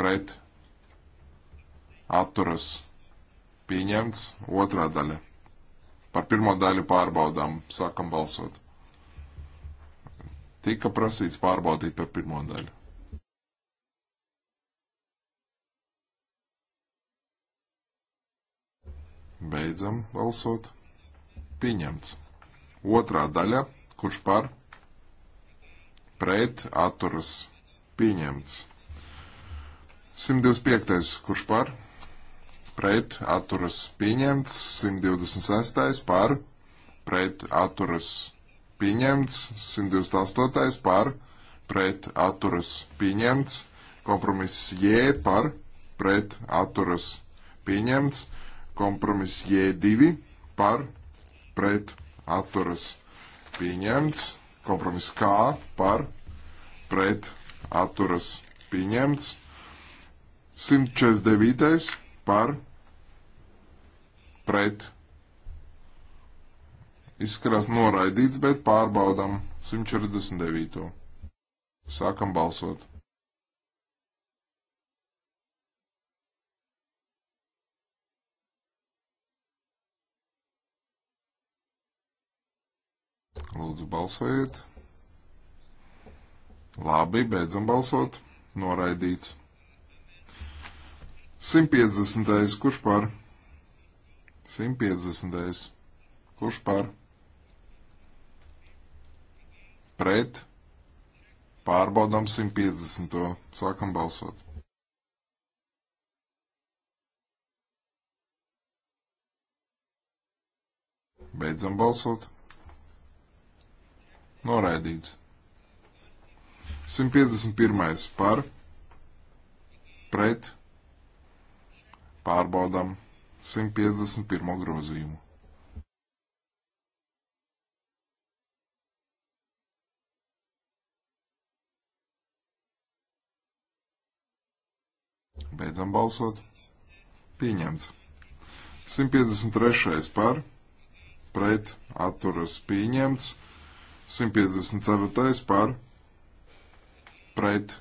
pret atturas pieņemts, otrā daļa. Par pirmo daļu pārbaudām, sākam balsot. Tika prasīts pārbaudīt par pirmo daļu. Beidzam balsot. Pieņemts. Otrā daļa, kurš par pret atturas pieņemts. 125. kurš par pret atturas pieņemts. 126. par pret atturas pieņemts. 128. par pret atturas pieņemts. Kompromiss J par pret atturas pieņemts. Kompromiss J2 par pret atturas pieņemts. Kompromiss K par pret atturas pieņemts. 149. par pret izskatās noraidīts, bet pārbaudam 149. Sākam balsot. Lūdzu, balsojiet. Labi, beidzam balsot. Noraidīts. 150. Kurš par? 150. Kurš par? Pret. Pārbaudām 150. Sākam balsot. Beidzam balsot. Noraidīts. 151. par, pret, pārbaudām 151. grozījumu. Beidzam balsot. Pieņemts. 153. par, pret, atturas pieņemts. 154. par pret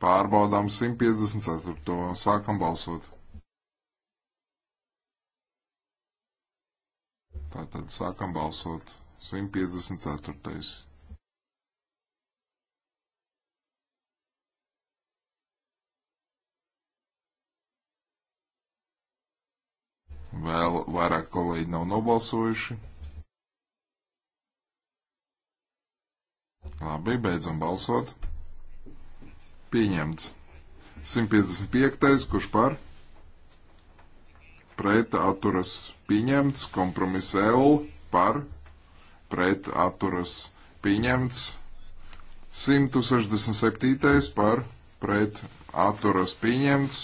pārbaudām 154. sākam balsot. Tātad sākam balsot 154. Vēl vairāk kolēģi nav nobalsojuši. Labi, beidzam balsot. Pieņemts. 155. kurš par? Pret atturas pieņemts. Kompromiss L par? Pret atturas pieņemts. 167. par? Pret atturas pieņemts.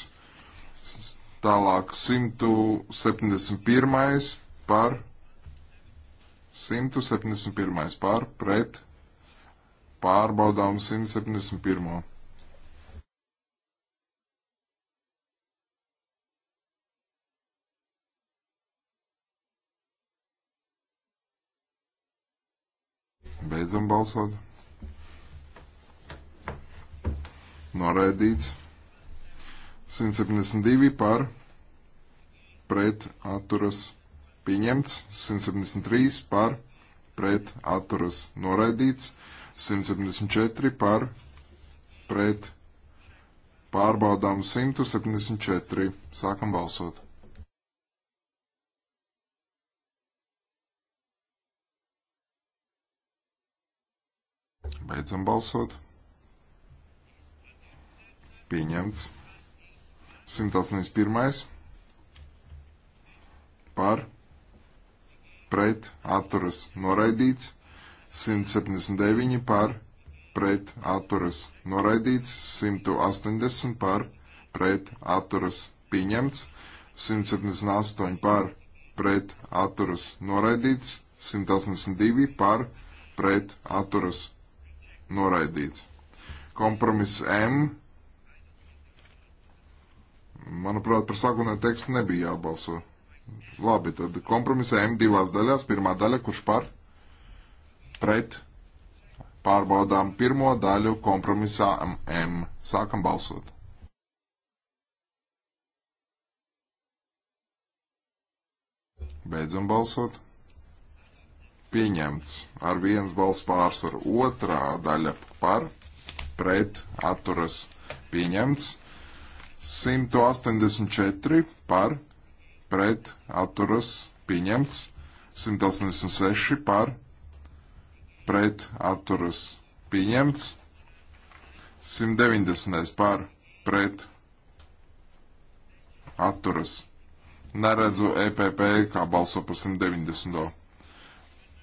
Tālāk 171. par 171. par pret pārbaudām 171. Beidzam balsot. Noraidīts. 172 par pret atturas pieņemts, 173 par pret atturas noraidīts, 174 par pret pārbaudām 174. Sākam balsot. Beidzam balsot. Pieņemts. 181. Par pret atturas noraidīts. 179 par pret atturas noraidīts, 180 par pret atturas pieņemts, 178 par pret atturas noraidīts, 182 par pret atturas noraidīts. Kompromiss M. Manuprāt, par sākotnēju tekstu nebija jābalso. Labi, tad kompromiss M divās daļās. Pirmā daļa, kurš par pret pārbaudām pirmo daļu kompromisā M. Sākam balsot. Beidzam balsot. Pieņemts ar vienas balss pārsvaru. Otrā daļa par, pret, atturas pieņemts. 184 par, pret, atturas pieņemts. 186 par, pret atturas pieņemts. 190. par pret atturas. Neredzu EPP, kā balso par 190.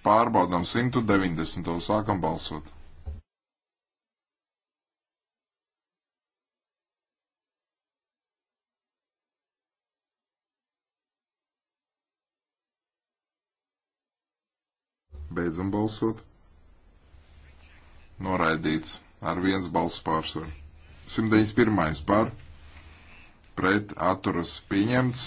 Pārbaudām 190. Sākam balsot. Beidzam balsot noraidīts ar viens balss pārsvaru. 191. par pret atturas pieņemts,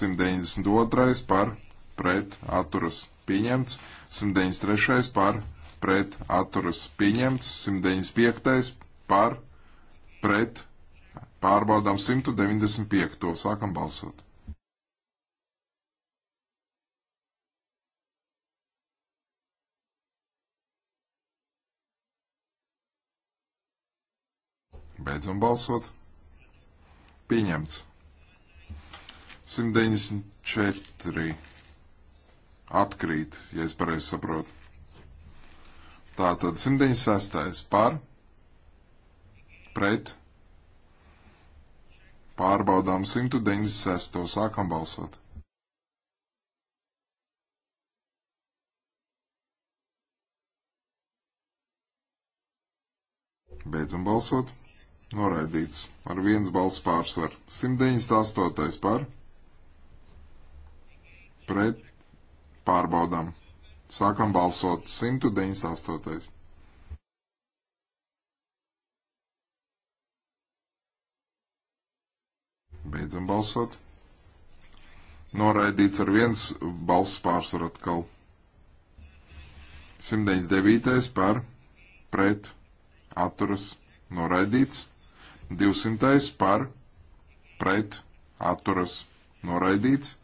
192. par pret atturas pieņemts, 193. par pret atturas pieņemts, 195. par pret pārbaudām 195. sākam balsot. Beidzam balsot. Pieņemts. 194 atkrīt, ja es pareizi saprotu. Tātad 196 par, pret, pārbaudām 196, sākam balsot. Beidzam balsot. Noraidīts ar viens balss pārsvaru. 198. par. Pret. Pārbaudām. Sākam balsot. 198. Beidzam balsot. Noraidīts ar viens balss pārsvaru atkal. 199. par. Pret. Atturas. Noraidīts. 200. par pret atturas noraidīts,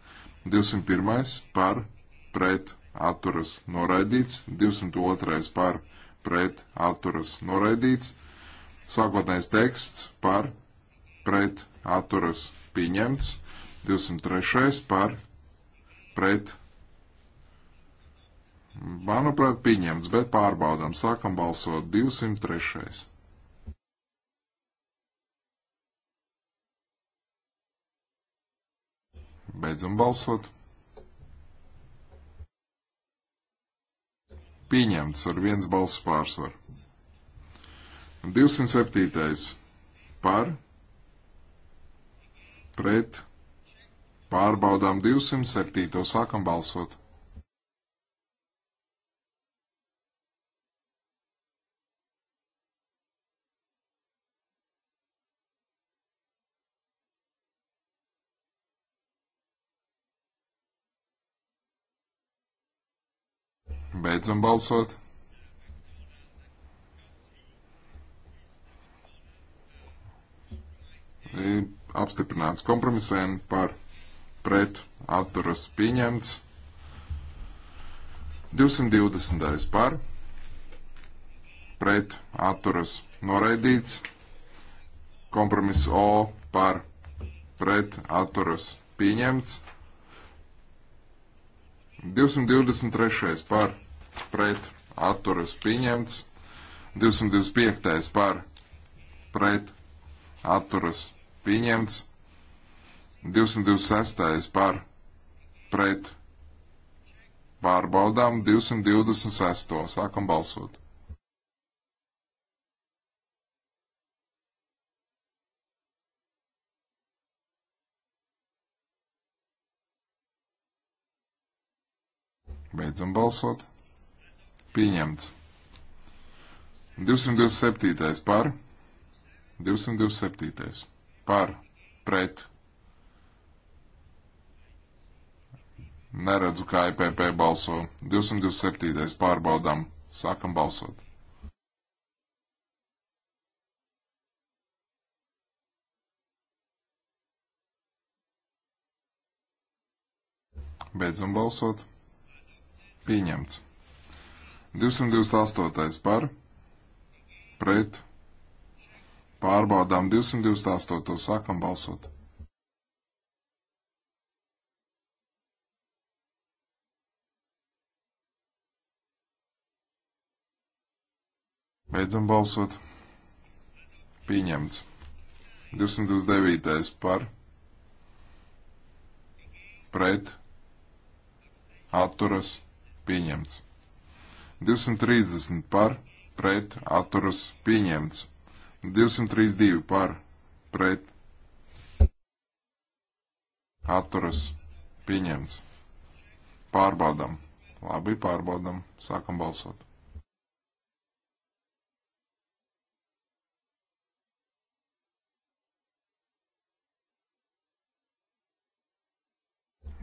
201. par pret atturas noraidīts, 202. par pret atturas noraidīts, sākotnējs teksts par pret atturas pieņemts, 203. par pret Manuprāt, pieņemts, bet pārbaudām. Sākam balsot 203. Beidzam balsot. Pieņemts ar viens balss pārsvaru. 207. par pret pārbaudām 207. sākam balsot. Beidzam balsot. Ir apstiprināts kompromisēm par pret atturas pieņemts. 220. par pret atturas noraidīts. Kompromiss O par pret atturas pieņemts. 223. par pret pret atturas pieņemts, 225. par pret atturas pieņemts, 226. par pret pārbaudām 226. sākam balsot. Beidzam balsot. Pieņemts. 227. par. 227. par. Pret. Neredzu, kā IPP e balso. 227. pārbaudām. Sākam balsot. Beidzam balsot. Pieņemts. 228. par pret pārbaudām 228. sākam balsot. Beidzam balsot. Pieņemts. 229. par. Pret. Atturas. Pieņemts. 230 par, pret, atturas pieņemts. 232 par, pret, atturas pieņemts. Pārbaudam. Labi, pārbaudam. Sākam balsot.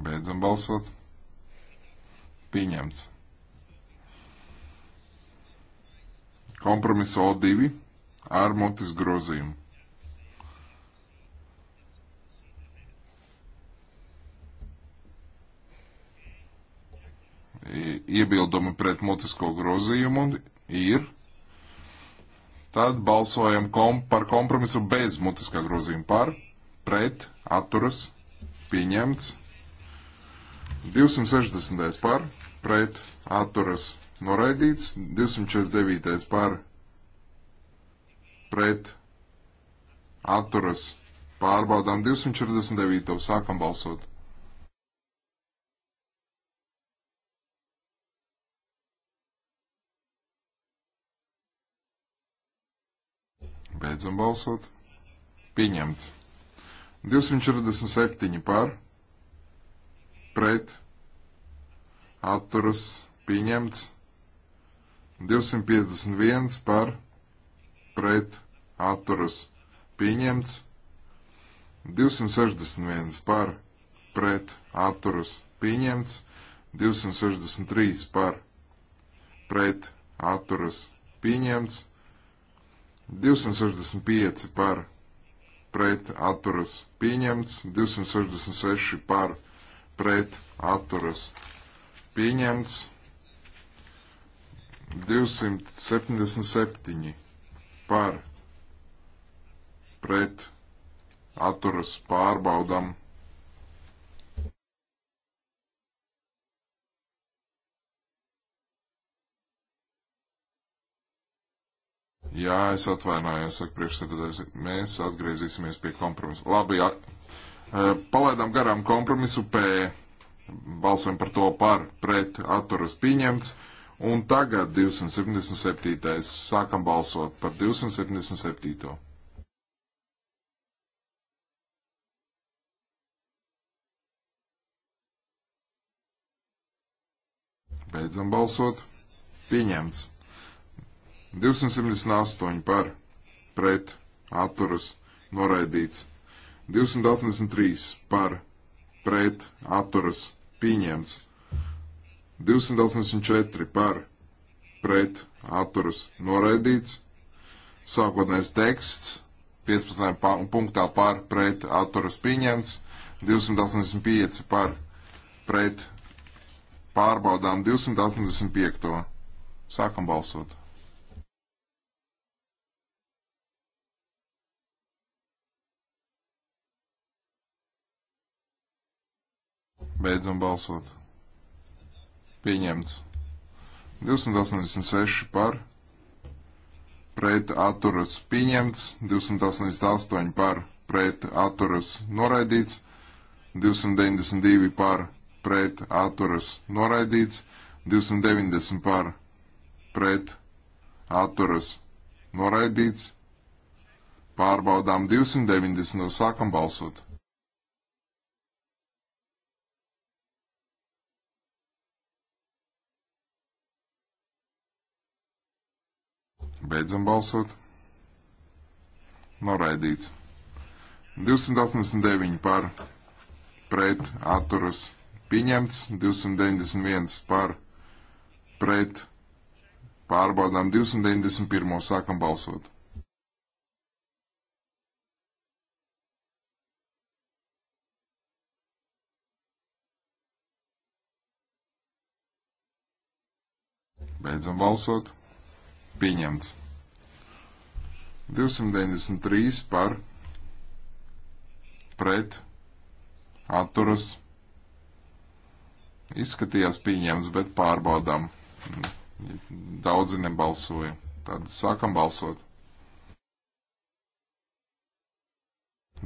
Beidzam balsot. Pieņemts. Kompromiss O2 ar mutes grozījumu. Iebildumi pret mutisko grozījumu ir. Tad balsojam kom par kompromisu bez mutiskā grozījuma par, pret, atturas, pieņemts. 260. par, pret, atturas, noraidīts, 249. par pret atturas pārbaudām 249. sākam balsot. Beidzam balsot. Pieņemts. 247 par pret atturas pieņemts. 251 par pret atturas pieņemts. 261 par pret atturas pieņemts. 263 par pret atturas pieņemts. 265 par pret atturas pieņemts, 266 par pret atturas pieņemts, 277 par pret atturas pārbaudam. Jā, es atvainājos, saka priekšsēdētājs, mēs atgriezīsimies pie kompromisa. Labi, ja, palaidām garām kompromisu P, balsojam par to par, pret, atturas pieņemts. Un tagad 277. sākam balsot par 277. Beidzam balsot. Pieņemts. 278 par, pret, atturas, noraidīts. 283 par, pret, atturas, pieņemts. 284 par pret atturas noraidīts. Sākotnējais teksts 15. punktā par pret atturas pieņemts. 285 par pret pārbaudām 285. Sākam balsot. Beidzam balsot. Pieņemts. 286 par. Pret atturas pieņemts. 288 par. Pret atturas noraidīts. 292 par. Pret atturas noraidīts. 290 par. Pret atturas noraidīts. Pārbaudām 290 no sākam balsot. Beidzam balsot. Noraidīts. 289 par pret atturas pieņemts, 291 par pret pārbaudām 291. sākam balsot. Beidzam balsot. Pieņemts. 293 par pret atturas. Izskatījās pieņemts, bet pārbaudām. Daudzi nebalsoja. Tad sākam balsot.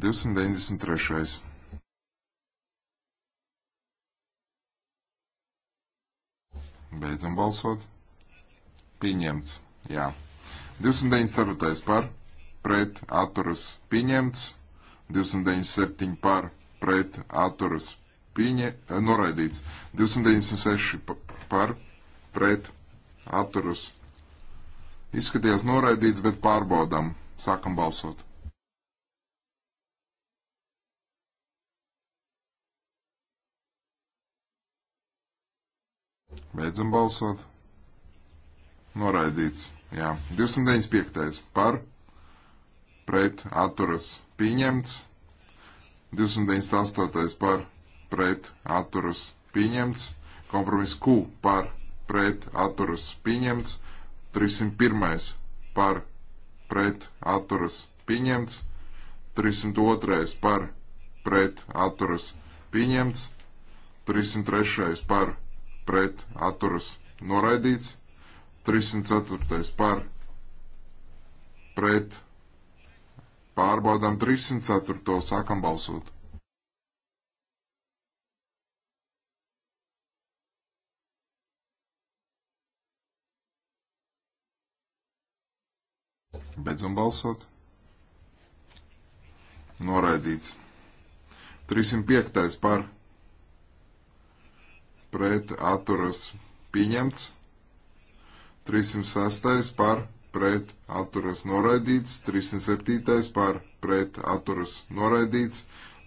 293. Beidzam balsot. Pieņemts. Jā. 294. par pret atturas pieņemts, 297 par pret atturas pieņe, eh, noraidīts, 296 par pret atturas. Izskatījās noraidīts, bet pārbaudam. Sākam balsot. Beidzam balsot. Noraidīts. Jā, 295. par pret atturas pieņemts. 298. par pret atturas pieņemts. Kompromiss Q par pret atturas pieņemts. 301. par pret atturas pieņemts. 302. par pret atturas pieņemts. 303. par pret atturas noraidīts. 304. par pret pārbaudām 304. sākam balsot. Beidzam balsot. Noraidīts. 305. par pret atturas pieņemts. 306. par pret atturas noraidīts, 307. par pret atturas noraidīts,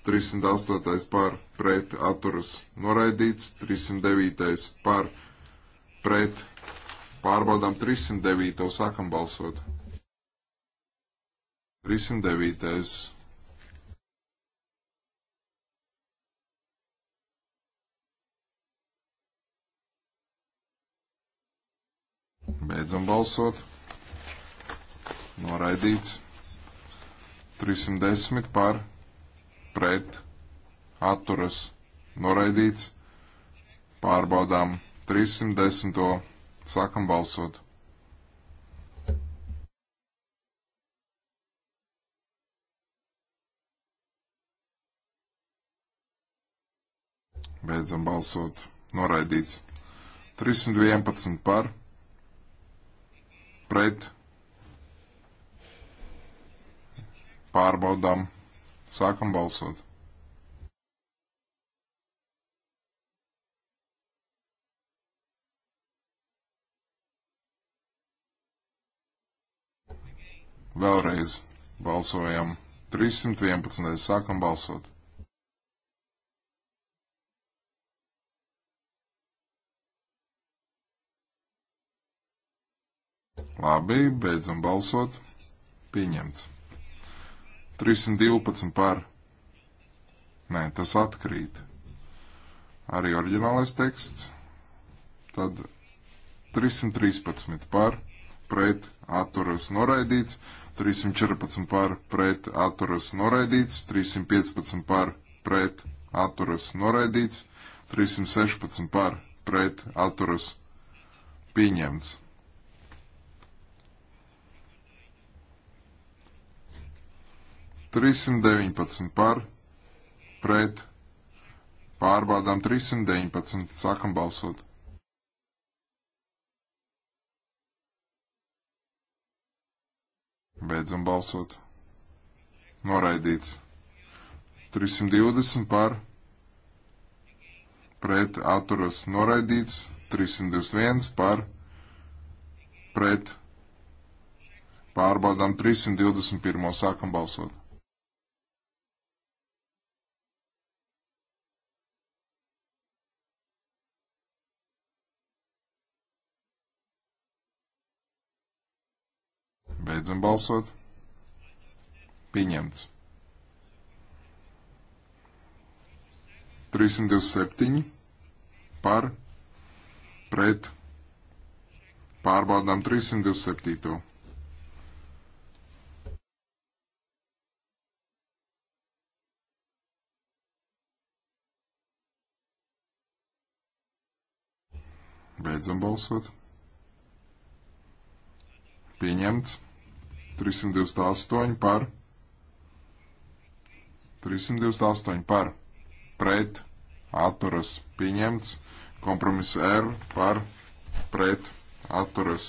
308. par pret atturas noraidīts, 309. par pret pārbaudām 309. sākam balsot. 309. Beidzam balsot. Noraidīts. 310 par pret atturas. Noraidīts. Pārbaudām 310. Sākam balsot. Beidzam balsot. Noraidīts. 311 par pret pārbaudām. Sākam balsot. Vēlreiz balsojam. 311. Sākam balsot. Labi, beidzam balsot. Pieņemts. 312 par. Nē, tas atkrīt. Arī oriģinālais teksts. Tad 313 par, pret, atturas noraidīts. 314 par, pret, atturas noraidīts. 315 par, pret, atturas noraidīts. 316 par, pret, atturas pieņemts. 319 par, pret, pārbaudām 319, sākam balsot. Beidzam balsot. Noraidīts. 320 par, pret, atturas, noraidīts. 321 par, pret, pārbaudām 321, sākam balsot. Beidzam balsot. Pieņemts. 327 par pret pārbaudām 327. Beidzam balsot. Pieņemts. 328 par. 328 par. Pret. Atturas. Pieņemts. Kompromiss R par. Pret. Atturas.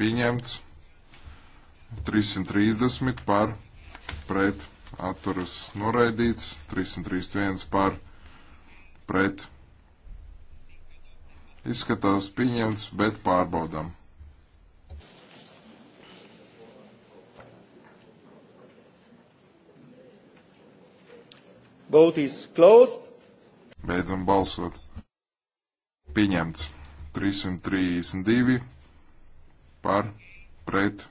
Pieņemts. 330 par. Pret. Atturas. Noraidīts. 331 par. Pret. Izskatās pieņemts, bet pārbaudām. Vote is closed. Beidzam balsot. Pieņemts. 332 par pret.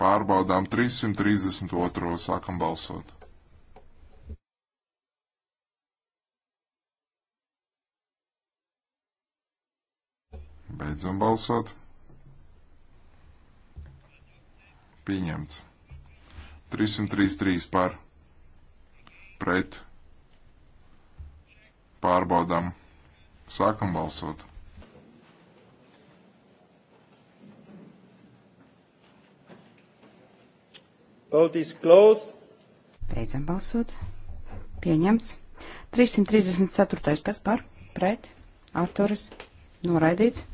Pārbaudām 332. Sākam balsot. Beidzam balsot. Pieņemts. 333 par pret pārbaudām. Sākam balsot. Vote is closed. Beidzam balsot. Pieņems. 334. kas par? Pret. Atturas. Noraidīts.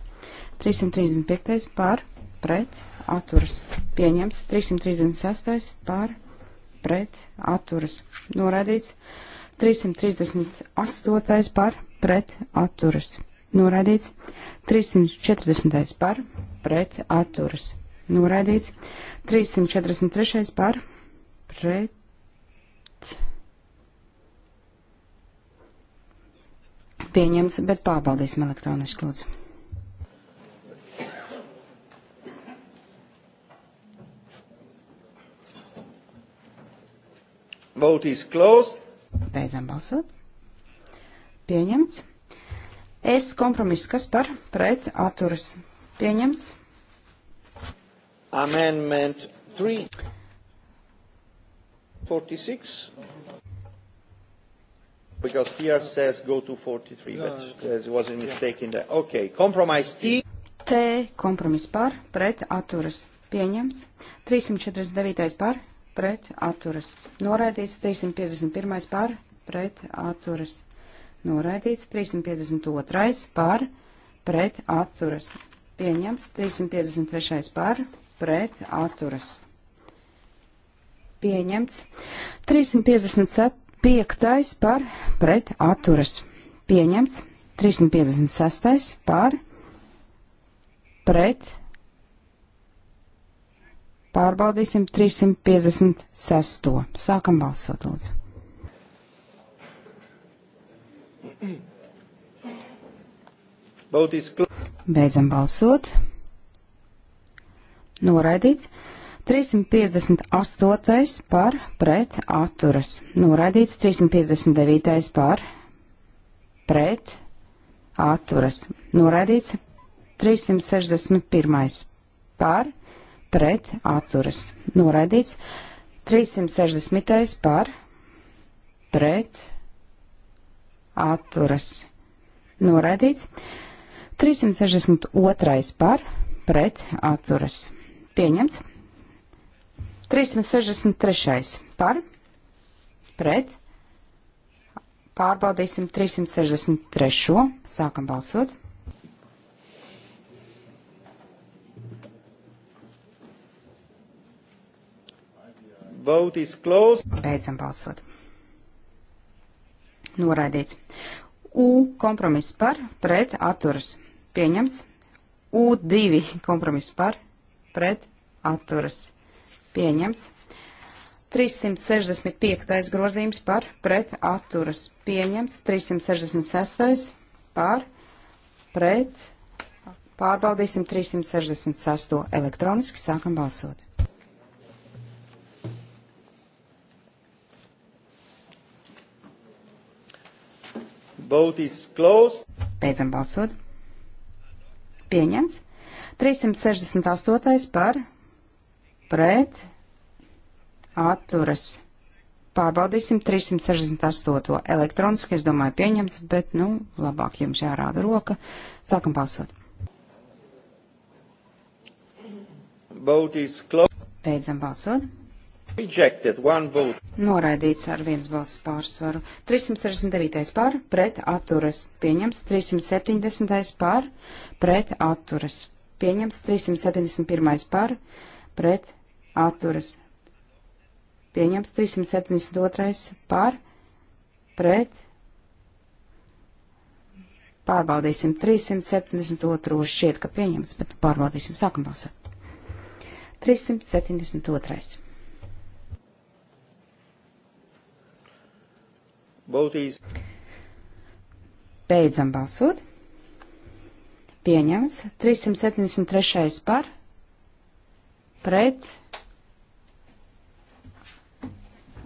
335. par? Pret. Atturas. Pieņems. 336. par? Pret pret atturas noraidīts. 338. par pret atturas noraidīts. 340. par pret atturas noraidīts. 343. par pret. Pieņemts, bet pārbaudīsim elektroniski lūdzu. Vote is closed. Beidzam balsot. Pieņemts. Es kompromiss, kas par pret atturas. Pieņemts. Amendment 3. 46. Because here says go to 43, no, but there was a mistake in there. Okay, compromise T. T, kompromiss par, pret, atturas, pieņems. 349 par, pret atturas noraidīts, 351. par pret atturas noraidīts, 352. par pret atturas pieņems, 353. par pret atturas pieņemts, 355. par pret atturas pieņemts, 356. par pret atturas Pārbaudīsim 356. Sākam balsot, lūdzu. Beidzam balsot. Noraidīts. 358. par pret atturas. Noraidīts 359. par pret atturas. Noraidīts 361. par pret atturas noraidīts. 360. par pret atturas noraidīts. 362. par pret atturas pieņemts. 363. par pret pārbaudīsim 363. sākam balsot. Vote is closed. Beidzam balsot. Noraidīts. U kompromiss par, pret, atturas. Pieņemts. U2 kompromiss par, pret, atturas. Pieņemts. 365. grozījums par, pret, atturas. Pieņemts. 366. par, pret. Pārbaudīsim 366. elektroniski sākam balsot. Vote is closed. Beidzam balsot. Pieņems. 368. par pret atturas. Pārbaudīsim 368. elektroniski, es domāju, pieņems, bet, nu, labāk jums jārāda roka. Sākam balsot. Beidzam balsot. Noraidīts ar viens balss pārsvaru. 369. par, pret atturas pieņems. 370. par, pret atturas pieņems. 371. par, pret atturas pieņems. 372. par, pret. Pārbaudīsim 372. šķiet, ka pieņems, bet pārbaudīsim. Sākam balsot. 372. Beidzam balsot. Pieņemts. 373. par. Pret.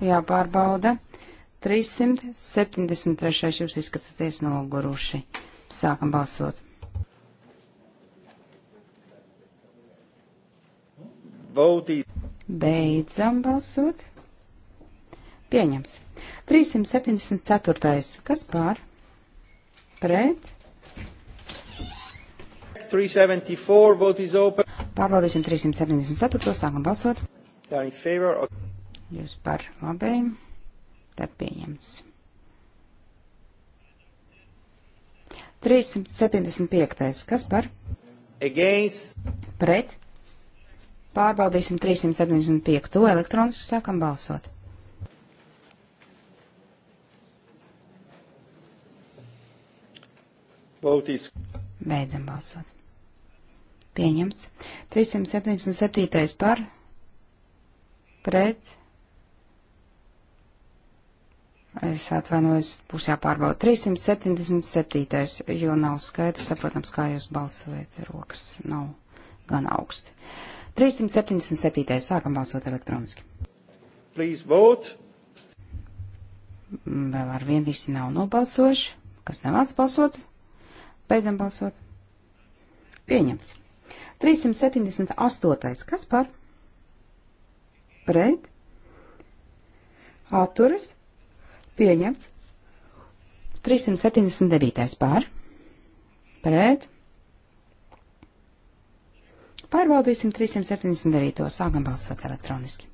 Jāpārbauda. 373. jūs izskatāties noguruši. Sākam balsot. Bauti. Beidzam balsot. Pieņems. 374. Kas pār? Pret? 374. Vote is open. Pārbaudīsim 374. Sākam balsot. Jūs par labējumu. Tad pieņems. 375. Kas par? Against. Pret. Pārbaudīsim 375. To elektroniski sākam balsot. Beidzam balsot. Pieņemts. 377. par. Pret. Es atvainojos, būs jāpārbauda 377. jo nav skaidrs, saprotams, kā jūs balsojat. Rokas nav gan augsti. 377. sākam balsot elektroniski. Vēl ar vienu visi nav nobalsojuši. Kas nevēlas balsot? Beidzam balsot. Pieņemts. 378. Kas par? Pret. Atturas. Pieņemts. 379. pār. Pret. Pārbaudīsim 379. Sākam balsot elektroniski.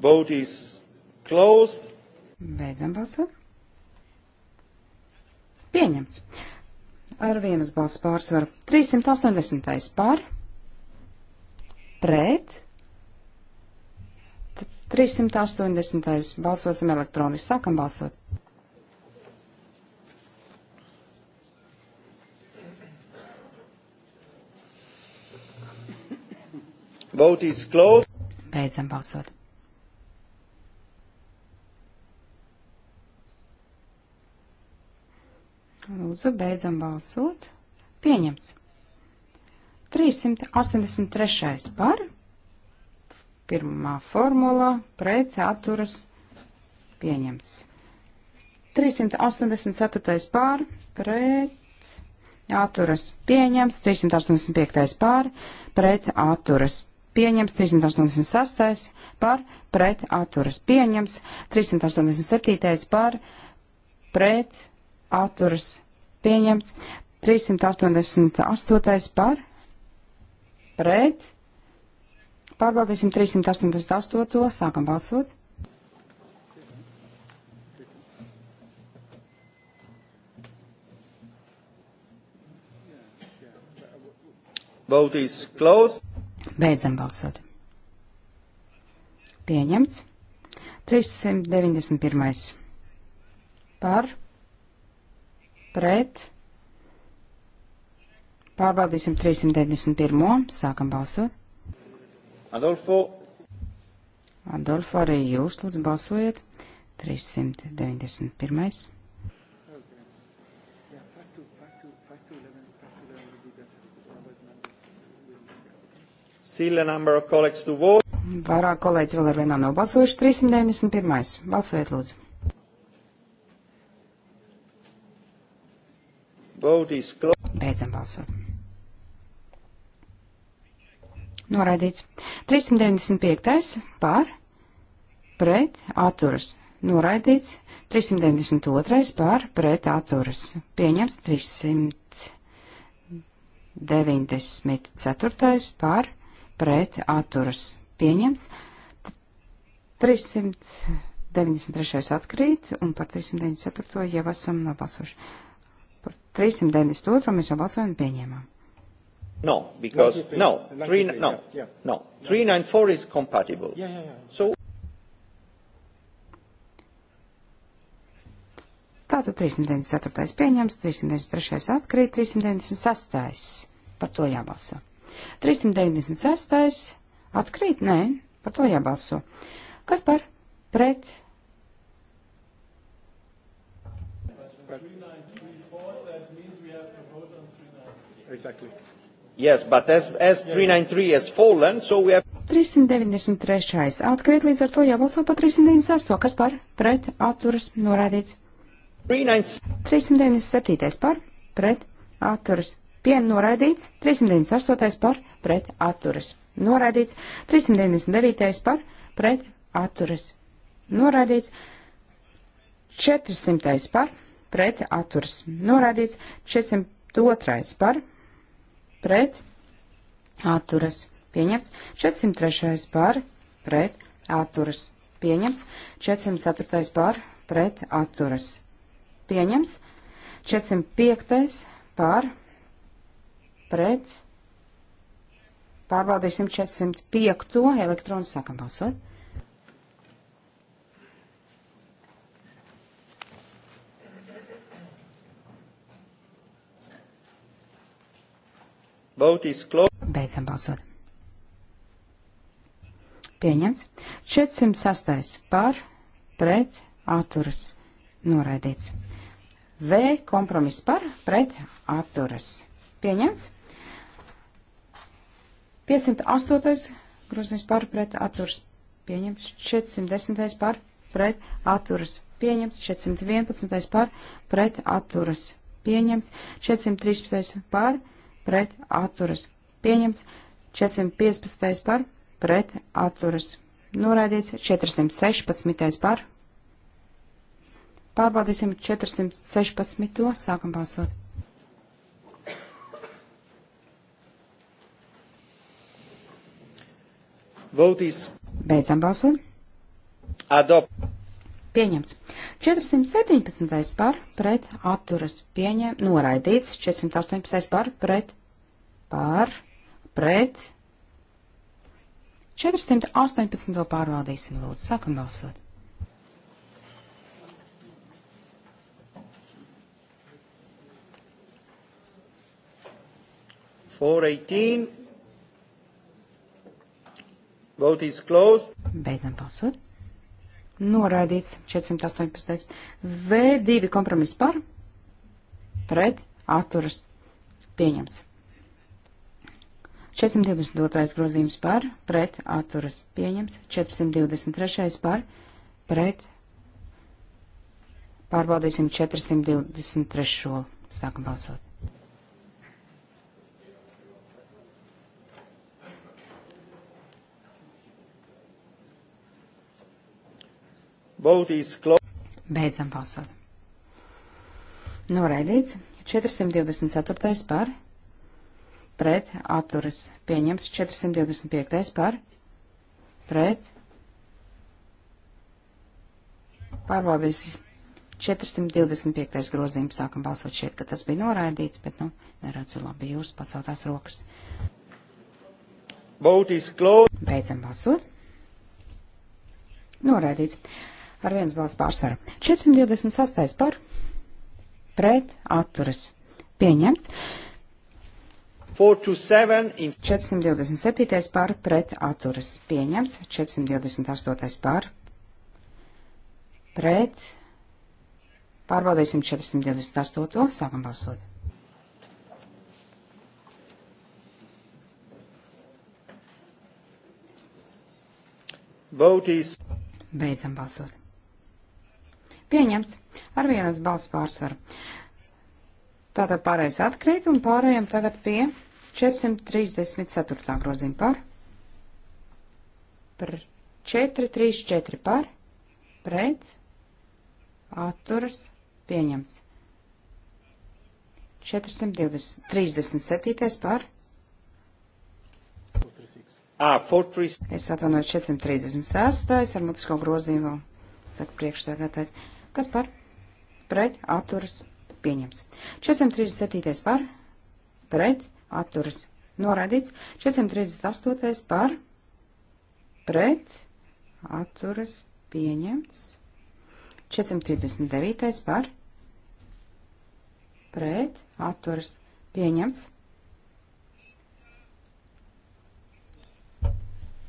Vote is closed. Beidzam balsot. Pieņemts. Ar vienas balss pārsvaru. 380. pār. Pret. 380. balsosim elektroniski. Sākam balsot. Vote is closed. Beidzam balsot. Lūdzu, beidzam balsot. Pieņemts. 383. par. Pirmā formula pret atturas pieņemts. 384. pār pret atturas pieņemts. 385. pār pret atturas pieņemts. 386. pār pret atturas pieņemts. 387. pār pret atturas pieņemts atturas pieņemts. 388 par pret. Pārbaudīsim 388. Sākam balsot. Vote is closed. Beidzam balsot. Pieņemts. 391. Par pret. Pārbaudīsim 391. Sākam balsot. Adolfo. Adolfo, arī jūs lūdzu balsojiet. 391. Vairāk kolēģi vēl ar vienā nav balsojuši. 391. Balsojiet, lūdzu. Beidzam balsot. Noraidīts. 395. pār, pret, atturas. Noraidīts. 392. pār, pret, atturas. Pieņems 394. pār, pret, atturas. Pieņems 393. atkrīt un par 394. jau esam nobalsojuši. 392 mēs jau balsojumu pieņēmām. No, because 93, no, three, no, yeah. no, 394 is compatible. Yeah, yeah, yeah. So Tātad 394. pieņems, 393. atkrīt, 396. par to jābalso. 396. atkrīt, nē, par to jābalso. Kas par pret exactly. Yes, but as, as 393 has fallen, so we have... 393. Atkrīt līdz ar to jābalso par 398. Kas par? Pret. Atturas. Norādīts. 397. par? Pret. Atturas. Pien norādīts. 398. par? Pret. Atturas. Norādīts. 399. par? Pret. Atturas. Norādīts. 400. par? Pret. Atturas. Norādīts. 402. par? pret, atturas, pieņemts. 403. par, pret, atturas, pieņemts. 404. par, pret, atturas, pieņemts. 405. par, pret, pārbaudīsim 405. elektronu, sākam balsot. Beidzam balsot. Pieņems. 406. par, pret, atturas. Noraidīts. V kompromiss par, pret, atturas. Pieņems. 508. grozījums par, pret, atturas. Pieņems. 410. par, pret, atturas. Pieņems. 411. par, pret, atturas. Pieņems. 413. par, pret, atturas pret atturas pieņemts, 415. par pret atturas noraidīts, 416. par. Pārbaudīsim 416. To. sākam balsot. Vote is. Beidzam balsot. Adopt pieņemts. 417. par pret atturas pieņem, noraidīts. 418. par pret par pret. 418. pārvaldīsim lūdzu. Sākam balsot. Four eighteen. Vote is closed. Beidzam balsot. Noraidīts 418. V2 kompromiss par, pret, atturas, pieņemts. 422. grozījums par, pret, atturas, pieņemts. 423. par, pret, pārbaudīsim 423. Sākam balsot. Beidzam balsot. Noraidīts 424. par, pret atturas pieņems 425. par, pret pārbaudīs 425. grozījums. Sākam balsot šeit, ka tas bija noraidīts, bet, nu, neredzu labi jūs paceltās rokas. Beidzam balsot. Noraidīts ar viens balss pārsvaru. 428 par pret atturas pieņemts. 427 par pret atturas pieņemts. 428 par pret. Pārbaudīsim 428. Sākam balsot. Bautis. Beidzam balsot. Pieņemts ar vienas balss pārsvaru. Tātad pārējais atkrīt un pārējiem tagad pie 434. grozījuma par. Par 434 par. Pret. Atturas. Pieņemts. 437 par. À, ah, es atvainoju 436. ar mutisko grozījumu, saka priekšsēdētājs. Kas par? Pret atturas pieņemts. 437. par? Pret atturas noraidīts. 438. par? Pret atturas pieņemts. 439. par? Pret atturas pieņemts.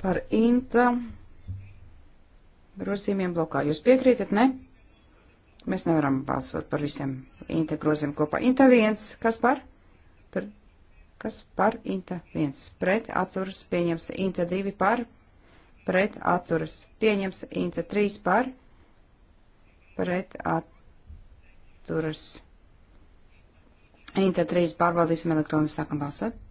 Par inta grozījumiem blokā. Jūs piekrītat, ne? Mēs nevaram balsot par visiem integroziem kopā. Inta viens, kas par? par kas par Inta viens. Pret atturas pieņems Inta divi par. Pret atturas pieņems Inta trīs par. Pret atturas. Inta trīs pārbaudīsim elektroni, sākam balsot.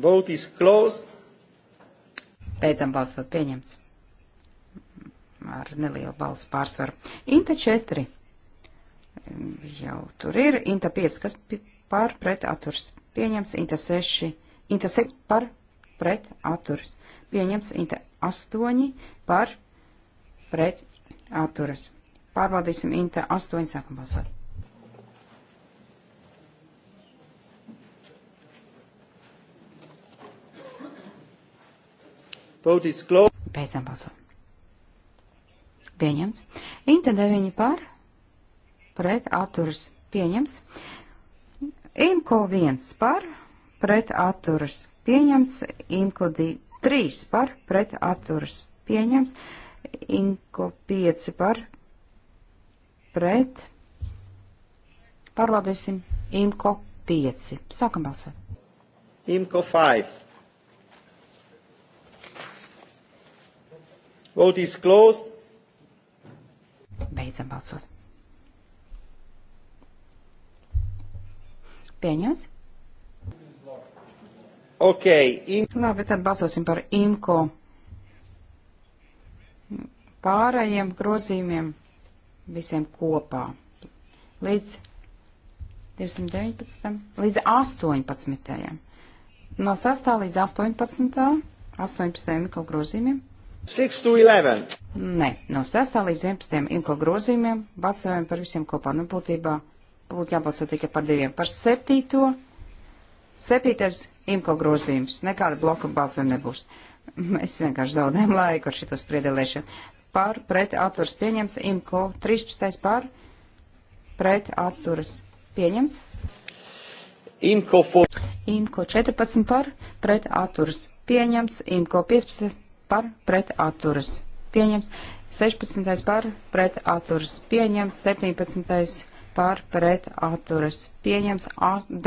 Vote is closed. Beidzam balsot pieņemts. Ar nelielu balsu pārsvaru. Inta 4. Jau tur ir. Inta 5, kas par pret atturs. Pieņems. Inta 6. Inta 7 par pret atturs. Pieņems. Inta 8 par pret atturas. Pārbaudīsim Inta 8. Sākam balsot. Beidzam balsot. Pieņems. Inta 9 par, pret atturas pieņems. Imko 1 par, pret atturas pieņems. Imko 3 par, pret atturas pieņems. Imko 5 par, pret. Pārbaudīsim. Imko 5. Sākam balsot. Imko 5. Vote is closed. Beidzam balsot. Pieņems. Ok. Im... Labi, tad balsosim par IMCO pārējiem grozījumiem visiem kopā. Līdz 219. līdz 18. No 6. līdz 18. 18. mikro grozījumiem. 6 to 11. Nē, no 6 līdz 11 imko grozījumiem balsojam par visiem kopā. Nu, būtībā būtu jābalso tikai par diviem. Par 7. 7. imko grozījums. Nekāda bloka balsojuma nebūs. Mēs vienkārši zaudējam laiku ar šito spriedelēšanu. Par pret atturas pieņemts imko 13. par pret atturas pieņemts. Imko, for... imko 14 par pret atturas pieņemts. Imko 15 par pret atturas pieņemts, 16. par pret atturas pieņemts, 17. par pret atturas pieņemts,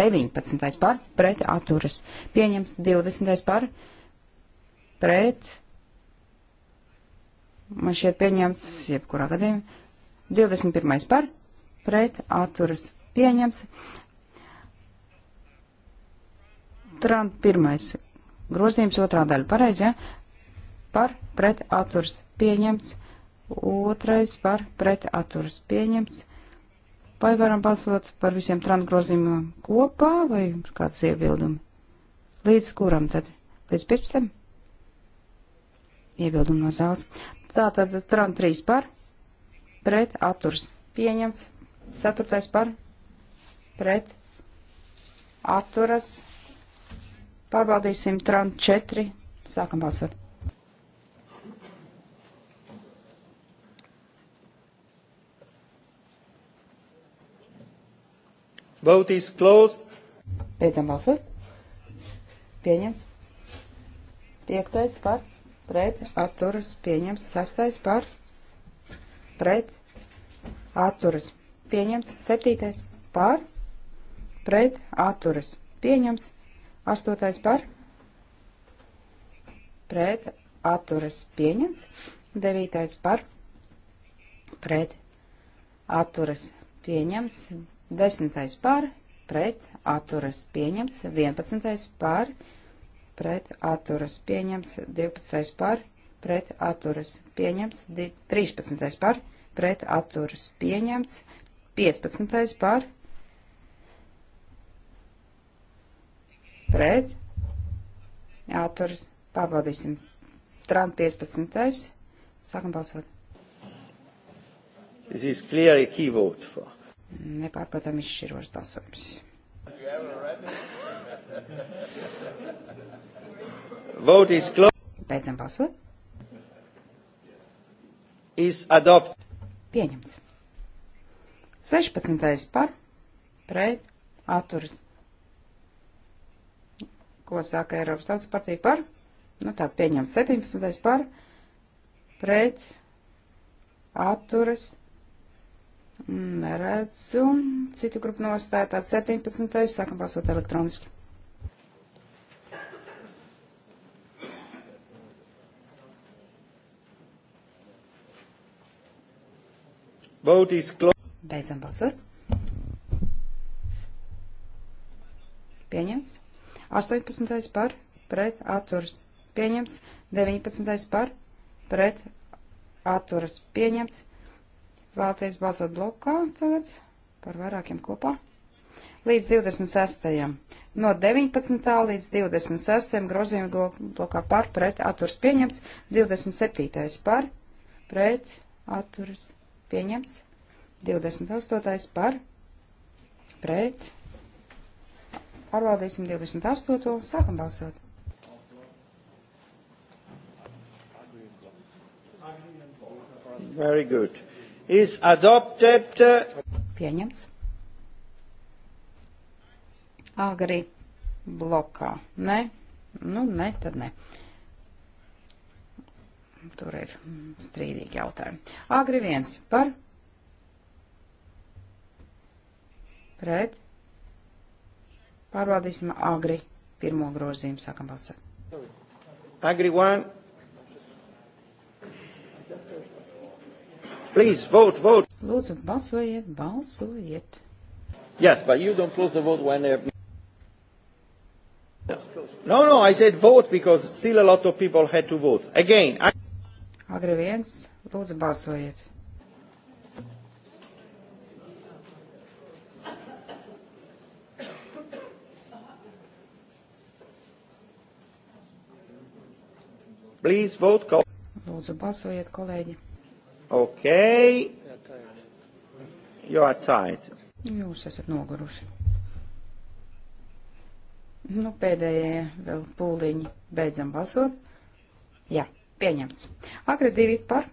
19. par pret atturas pieņemts, 20. par pret, man šeit pieņemts, jebkurā gadījumā, 21. par pret atturas pieņemts, Tran pirmais grozījums otrā daļa pareiz, ja? par pret atturs pieņemts, otrais par pret atturs pieņemts. Vai varam balsot par visiem transgrozījumiem kopā vai kāds iebildumi? Līdz kuram tad? Līdz 15? Iebildumi no zāles. Tātad tran 3 par pret atturs pieņemts, ceturtais par pret atturas. Pārbaudīsim tran 4. Sākam balsot. Vote is closed. Beidzam balsot. Pieņems. Piektais par pret atturas pieņems. Sastais par pret atturas pieņems. Septītais par pret atturas pieņems. Astotais par pret atturas pieņems. Devītais par pret atturas pieņems. Desmitais par, pret, atturas pieņemts. Vienpadsmitais par, pret, atturas pieņemts. Divpadsmitais par, pret, atturas pieņemts. Trīspadsmitais par, pret, atturas pieņemts. Piecpadsmitais par, pret, atturas pārbaudīsim. Trump 15. Sākam balsot. This is clearly key vote for nepārprotam izšķirošs balsojums. Vote is closed. Beidzam balsot. Is adopt. Pieņemts. 16. par, pret, atturas. Ko saka Eiropas Tautas partija par? Nu tā, pieņemts 17. par, pret, atturas Neredzu. Citu grupu nostāja tāds 17. Sākam balsot elektroniski. Beidzam balsot. Pieņemts. 18. par pret atturas. Pieņemts. 19. par pret atturas. Pieņemts. Vēlties balsot blokā tagad par vairākiem kopā. Līdz 26. No 19. līdz 26. grozījuma blokā par pret atturs pieņemts. 27. par pret atturs pieņemts. 28. par pret. Pārbaudīsim 28. Sākam balsot. Very good is adopted. Pieņemts. Agri blokā. Nē, nu nē, tad nē. Tur ir strīdīgi jautājumi. Agri viens par. Pret. Pārbaudīsim agri pirmo grozījumu. Sākam balsot. Agri one. Please vote, vote. Lūdzu, balsojiet, balsojiet. Yes, but you don't close the vote when they're... No, no, I said vote because still a lot of people had to vote. Again, I... Agri viens, lūdzu, balsojiet. Please vote, call. Lūdzu, balsojiet, kolēģi. Okay. You are tired. Jūs esat noguruši. Nu, pēdējie vēl pūliņi. Beidzam balsot. Jā, pieņemts. Agri divi par.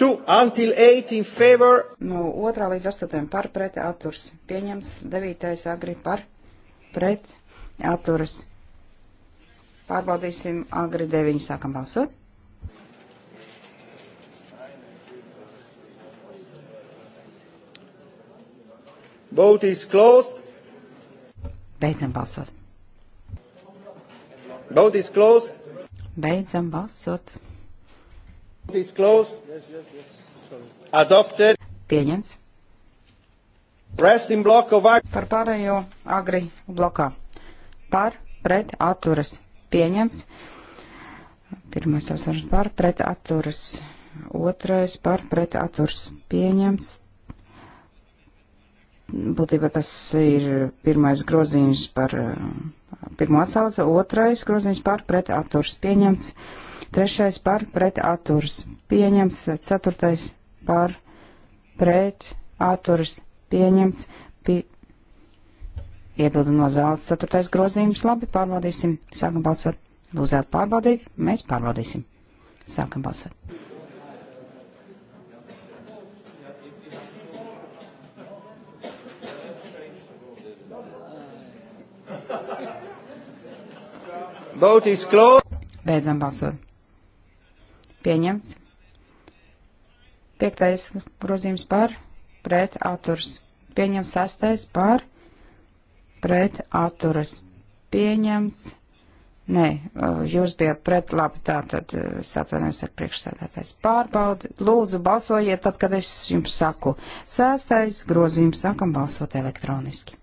Two until eight in favor. No nu, otrā līdz astotajam par pret atturs. Pieņemts. Devītais agri par pret atturs. Pārbaudīsim agri deviņi. Sākam balsot. Vote is closed. Beidzam balsot. Vote is closed. Beidzam balsot. Vote is closed. Yes, yes, yes. Sorry. Adopted. Pieņems. Rest in block of agri. Par pārējo agri blokā. Par, pret, atturas. Pieņems. Pirmais sasars par, pret, atturas. Otrais par, pret, atturas. Pieņems būtībā tas ir pirmais grozījums par eh, pirmo atsauce, otrais grozījums par pret atturs pieņemts, trešais par pret atturs pieņemts, ceturtais par pret atturs pieņemts, pie... iebildu no zāles, ceturtais grozījums, labi, pārbaudīsim, sākam balsot, lūdzētu pārbaudīt, mēs pārbaudīsim, sākam balsot. Beidzam balsot. Pieņemts. Piektais grozījums par pret atturs. Pieņem sastais par pret atturas. Pieņemts. Nē, uh, jūs bijat pret labi, tā tad uh, es atvainojos ar priekšsēdētājs pārbaudi. Lūdzu, balsojiet tad, kad es jums saku. Sēstais grozījums sākam balsot elektroniski.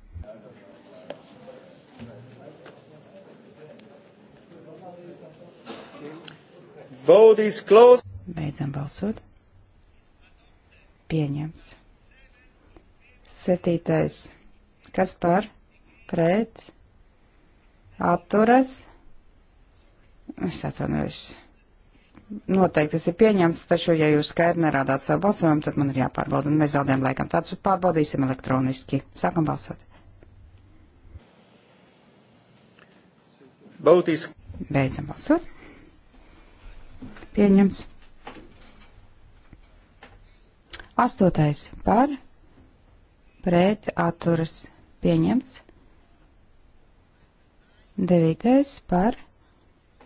Vote is closed. Beidzam balsot. Pieņemts. Septītais. Kas par? Pret. Atturas. Es atvainojos. Noteikti tas ir pieņemts, taču, ja jūs skaidri nerādāt savu balsojumu, tad man ir jāpārbauda, un mēs zaudējam laikam. Tātad pārbaudīsim elektroniski. Sākam balsot. Bautis. Beidzam balsot. Pieņemts. Astotais par, pret, atturas, pieņemts. Devītais par,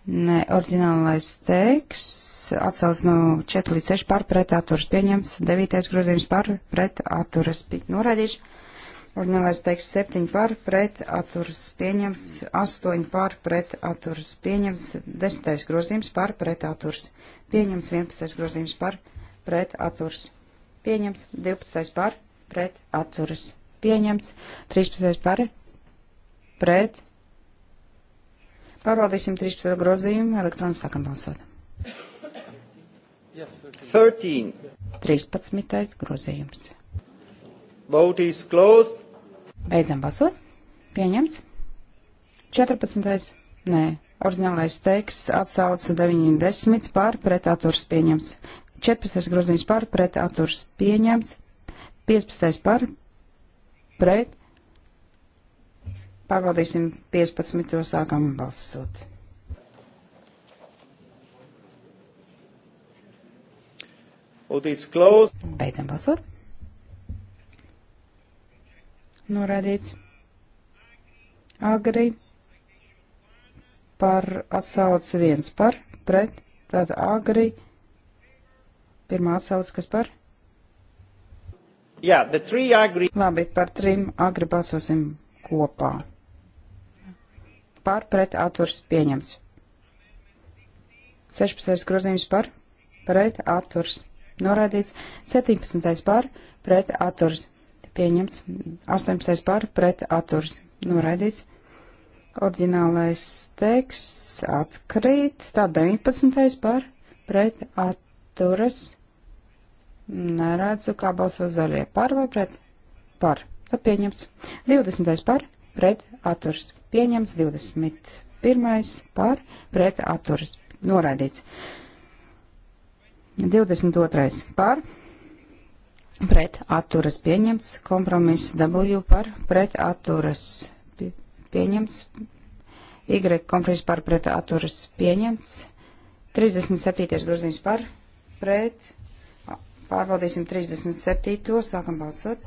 ne, orģinālais teksts, atsauc no 4 līdz 6 par, pret, atturas, pieņemts. Devītais grozījums par, pret, atturas, noraidīšu. Orģinālais teiks 7 par pret atturas pieņems, 8 par pret atturas pieņems, 10. grozījums par pret atturas pieņems, 11. grozījums par pret atturas pieņems, 12. par pret atturas pieņems, 13. par pret. Pārbaudīsim 13. grozījumu, elektronis sākam balsot. 13. 13. grozījums. Vote is closed. Beidzam balsot. Pieņemts. 14. Nē. Orģinālais teksts atsauca 90 par pretaturs pieņemts. 14. grozījums par pretaturs pieņemts. 15. par pret. Pārbaudīsim 15. sākam balsot. Beidzam balsot norādīts. Agri par atsauc viens par, pret, tad agri pirmā atsauc, kas par? Yeah, agri... Labi, par trim agri balsosim kopā. Par pret atturs pieņemts. 16. grozījums par pret atturs. Norādīts 17. par pret atturs pieņemts 18 par pret atturs noraidīts. Orģinālais teksts atkrīt, tā 19 par pret atturas. Neredzu, kā balso zaļie par vai pret. Par. Tad pieņemts 20 par pret atturs. Pieņemts 21 par pret atturs. Noraidīts. 22 par pret atturs pret atturas pieņemts, kompromiss W par pret atturas pieņemts, Y kompromiss par pret atturas pieņemts, 37. grozījums par pret, pārbaudīsim 37. sākam balsot.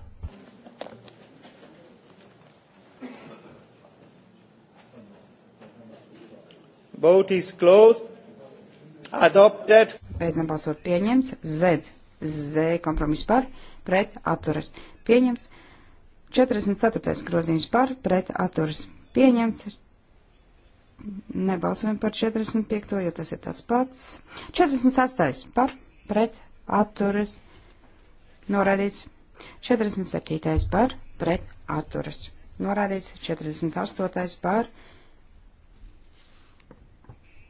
Vote is closed. Adopted. Beidzam balsot pieņemts. Z Z kompromiss par pret atturas pieņemts. 44. grozījums par pret atturas pieņemts. Nebalsojam par 45. jo tas ir tas pats. 46. par pret atturas norādīts. 47. par pret atturas norādīts. 48. par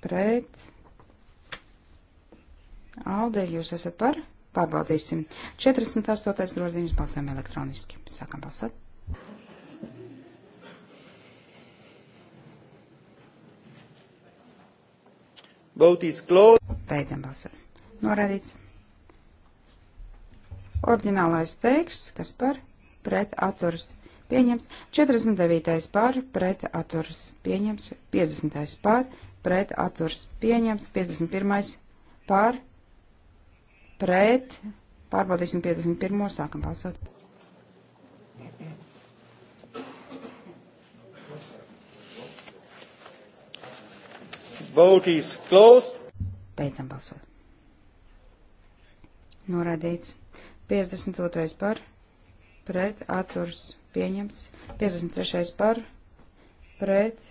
pret Alde, jūs esat par? Pārbaudīsim. 48. grozījums balsojam elektroniski. Sākam balsot. Vote is closed. Beidzam balsot. Norādīts. Orģinālais teksts, kas par pret atturas pieņems. 49. par pret atturas pieņems. 50. par pret atturas pieņems. 51. par pret pret, pārbaudīsim 51. sākam balsot. Vote is closed. Beidzam balsot. Norādīts. 52. par, pret, atturs, pieņems. 53. par, pret,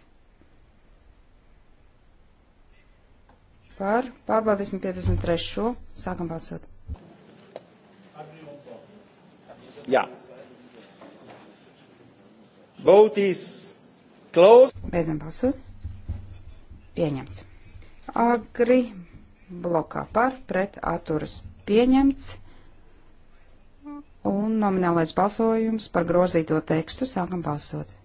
par. Pārbaudīsim 53. Sākam balsot. Jā. Vote is closed. Beidzam balsot. Pieņemts. Agri blokā par pret atturas pieņemts. Un nominālais balsojums par grozīto tekstu sākam balsot.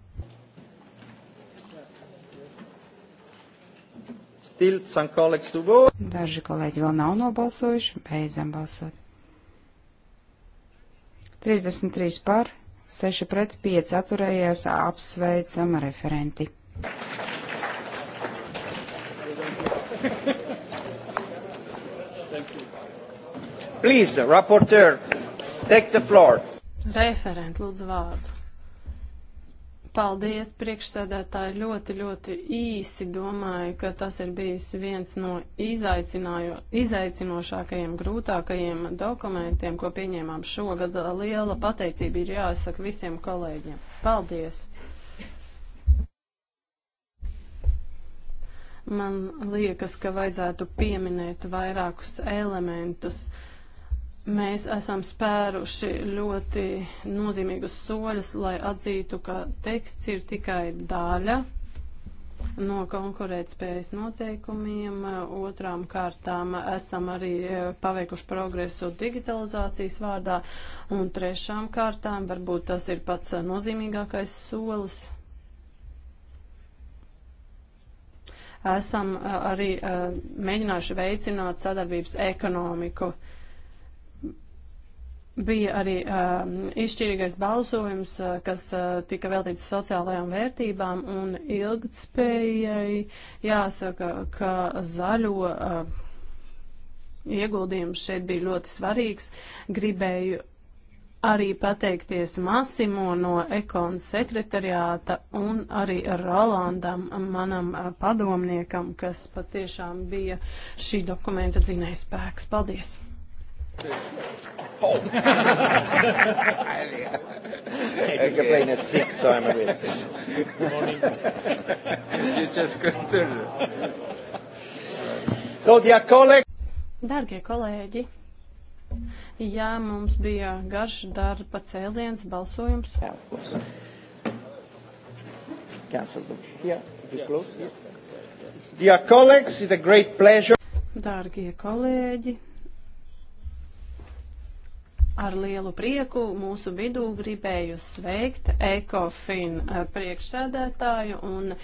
Daži kolēģi vēl nav nobalsojuši. Beidzam balsot. 33 par, 6 pret, 5 atturējās. Apsveicam referenti. Please, rapporteur, take the floor. Referent, lūdzu vārdu. Paldies, priekšsēdētāji, ļoti, ļoti īsi domāju, ka tas ir bijis viens no izaicinošākajiem, grūtākajiem dokumentiem, ko pieņēmām šogad. Liela pateicība ir jāsaka visiem kolēģiem. Paldies! Man liekas, ka vajadzētu pieminēt vairākus elementus. Uh, Mēs esam spēruši ļoti nozīmīgus soļus, lai atzītu, ka teksts ir tikai daļa no konkurētspējas noteikumiem. Otrām kārtām esam arī e, paveikuši progresu digitalizācijas vārdā. Un trešām kārtām varbūt tas ir pats nozīmīgākais solis. Esam e, arī e, mēģinājuši veicināt sadarbības ekonomiku. Uh, Bija arī um, izšķirīgais balsojums, uh, kas uh, tika veltīts sociālajām vērtībām un ilgtspējai. Jāsaka, ka zaļo uh, ieguldījums šeit bija ļoti svarīgs. Gribēju arī pateikties Masimo no Ekon sekretariāta un arī Rolandam, manam uh, padomniekam, kas patiešām bija šī dokumenta dzinējspēks. Paldies! Oh. I can play at six, so I'm awake. Good morning. you just couldn't. So, dear colleagues. Dargie kolēģi, jā, mums bija garš darba cēliens, balsojums. Jā, yeah, yeah. yeah. Dargie kolēģi, ar lielu prieku mūsu vidū gribēju sveikt ECOFIN eh, priekšsēdētāju un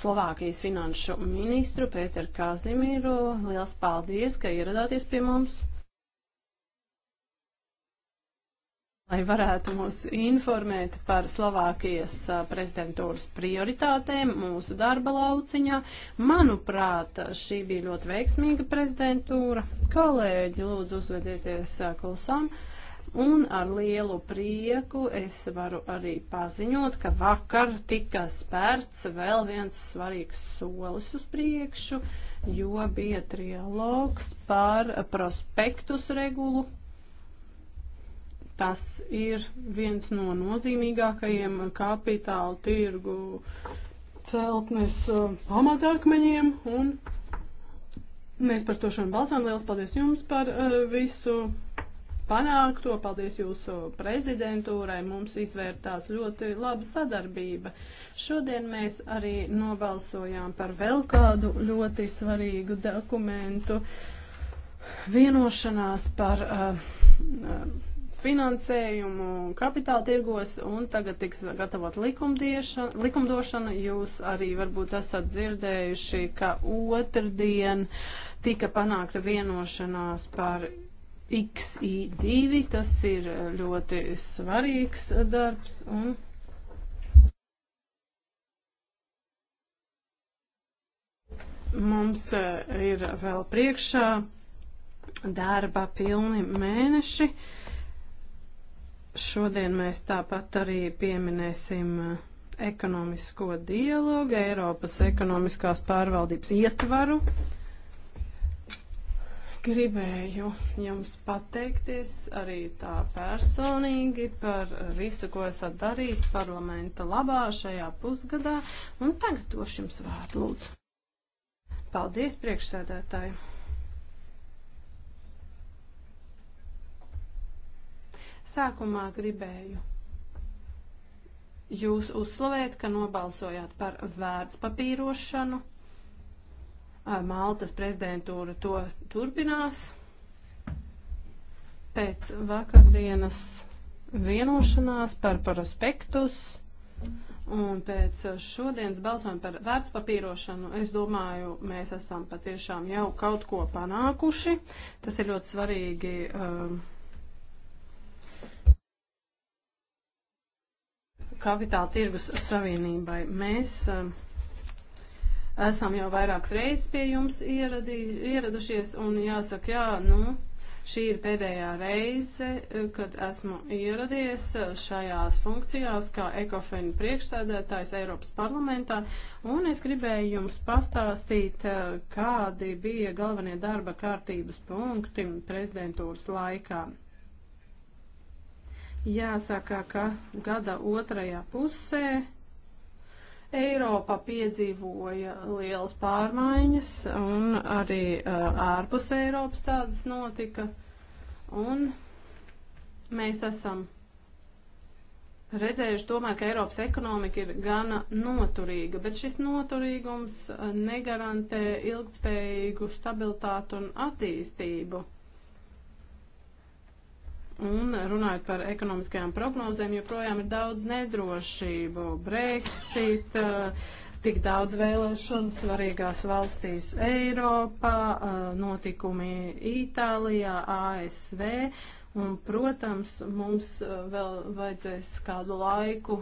Slovākijas finanšu ministru Pēteru Kazimiru. Liels paldies, ka ieradāties pie mums. Lai varētu mūs informēt par Slovākijas eh, prezidentūras prioritātēm mūsu darba lauciņā, manuprāt, šī bija ļoti veiksmīga prezidentūra. Kolēģi, lūdzu, uzvedieties eh, klusām. Uh, Un ar lielu prieku es varu arī paziņot, ka vakar tika spērts vēl viens svarīgs solis uz priekšu, jo bija trialogs par prospektus regulu. Tas ir viens no nozīmīgākajiem kapitāla tirgu celtnes um, pamatakmeņiem, un mēs par to šodien balsojam. Lielas paldies jums par uh, visu! panākto, paldies jūsu prezidentūrai, mums izvērtās ļoti laba sadarbība. Šodien mēs arī nobalsojām par vēl kādu ļoti svarīgu dokumentu vienošanās par. Uh, uh, finansējumu kapitāla tirgos, un tagad tiks gatavot likumdošana. Jūs arī varbūt esat dzirdējuši, ka otrdien tika panākta vienošanās par XI2, tas ir eh, ļoti svarīgs darbs un. Mums eh, ir vēl priekšā darba pilni mēneši. Šodien mēs tāpat arī pieminēsim eh, ekonomisko dialogu, Eiropas ekonomiskās pārvaldības ietvaru. Uh, Gribēju jums pateikties arī tā personīgi par visu, ko esat darījis parlamenta labā šajā pusgadā, un tagad došu jums vārdu lūdzu. Paldies, priekšsēdētāji! Sākumā gribēju jūs uzslavēt, ka nobalsojāt par vērts papīrošanu. Maltas prezidentūra to turpinās. Pēc vakardienas vienošanās par prospektus un pēc šodienas balsojuma par vērtspapīrošanu, es domāju, mēs esam patiešām jau kaut ko panākuši. Tas ir ļoti svarīgi. Um, kapitāla tirgus savienībai. Mēs uh, um, esam jau vairākas reizes pie jums ieradī, ieradušies, un jāsaka, jā, nu, šī ir pēdējā reize, kad esmu ieradies šajās funkcijās kā ekofēna priekšsēdētājs Eiropas parlamentā, un es gribēju jums pastāstīt, kādi bija galvenie darba kārtības punkti prezidentūras laikā. Jāsaka, ka gada otrajā pusē Eiropa piedzīvoja lielas pārmaiņas un arī uh, ārpus Eiropas tādas notika. Un mēs esam redzējuši tomēr, ka Eiropas ekonomika ir gana noturīga, bet šis noturīgums uh, negarantē ilgspējīgu stabilitātu un attīstību. Un runājot par ekonomiskajām prognozēm, joprojām ir daudz nedrošību. Brexit, eh, tik daudz vēlēšanu svarīgās valstīs Eiropā, eh, notikumi Itālijā, ASV. Un, protams, mums eh, vēl vajadzēs kādu laiku